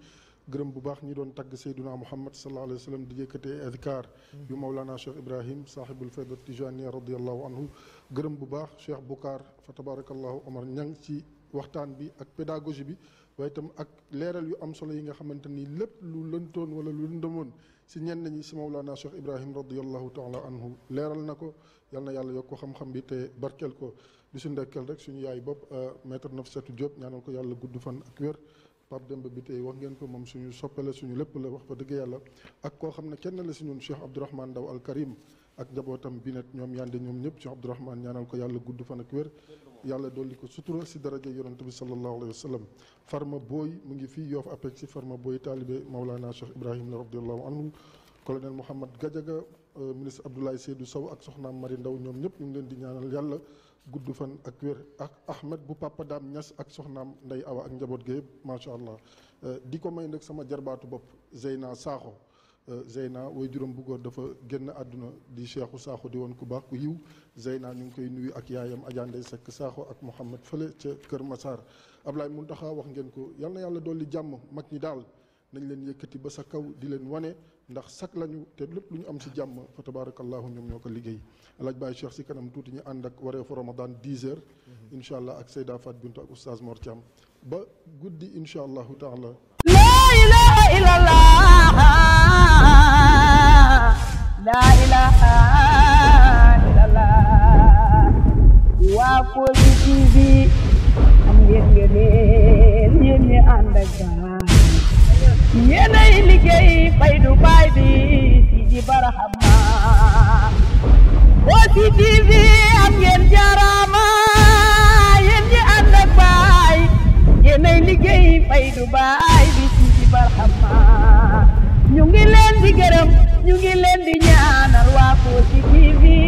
gërëm bu baax ñi doon tagg sayduna muhammad sallallahu alayhi wa sallam di yëkkatee adkaar yu maulana cheikh ibrahim saahibul fadl tijaniya radiallahu anhu gërëm bu baax cheikh boucar fa tabarakallahu omar ñang ci waxtaan bi ak pédagogie bi waaye tam ak leral yu am solo yi nga xamanteni lépp lu leuntoon wala lu lëndëmoon ci ñen ñi ci Mawlana Cheikh Ibrahim radiyallahu taala anhu leral nako ko yàlla yok ko xam-xam bi te barkel ko di su ndekkel rek suñu yaay bop maître Nafissatou job ñaanal ko yàlla gudd fan ak wér pap Demba bi tey wax ngeen ko mom suñu soppele suñu lépp la wax fa deug yàlla ak ko xamne kenn la si ñun Cheikh Abdourahmane Daw Al Karim ak njabootam bi net ñoom yande ñoom ñëpp Cheikh Abdourahmane ñaanal ko yàlla gudd fan ak wér yàlla dolli ko sutura si daraja yonent bi sallallahu alayhi wa sallam Farma Boy mu ngi fii Yoff APEX si Farma Boy taalibe Maulana Cheikh Ibrahim la radiallahu anhu colonel Mouhamad Gadiaga euh, ministre Abdoulaye Seydou Sow ak soxnaam Mari Ndaw ñoom ñëpp ñu ngi leen di ñaanal yàlla gudd fan ak wér ak Ahmed bu Papa Dame ak soxnaam Ndey Awa ak njaboot ga yëpp macha allah euh, di ko may nag sama jarbaatu bopp Zeyna Sakho Euh, Zeyna way juróom bu góor dafa génn àdduna di Cheikhou Sakho di woon ku baax ku yiw Zeyna ñu ngi koy nuyu ak yaayam Adja Ndeye Seck Sakho ak Mouhamed fële ca Kër Massar Ablaye Mountakha wax ngeen ko yal na yàlla dolli jàmm mag ñi daal nañ leen yëkkati ba sa kaw di leen wane ndax sak lañu te lépp lu ñu am si jàmm fa tabarakallahu ñoom ñoo ko liggéey alaaj Baye Cheikh si kanam tuuti ñu ànd ak wareefu Ramadan 10 heures mhm. incha allah ak Seyda Fat Bintou ak Oustaz Mor Thiam ba guddi incha allahu taala la ilaha illallah laa ilaaha illallah waa Kossy TV am ngeen ngeen yéen ñi ànd ak gaal yéenay liggéey faydu baay bi si ji barahama Kossy TV am ngeen jaaraama yéen ñi ànd ak baay yéenay liggéey faydu baay bi si ji barahama ñu ngi leen di gërëm ñu ngi leen di ñaanal waa Kossy TV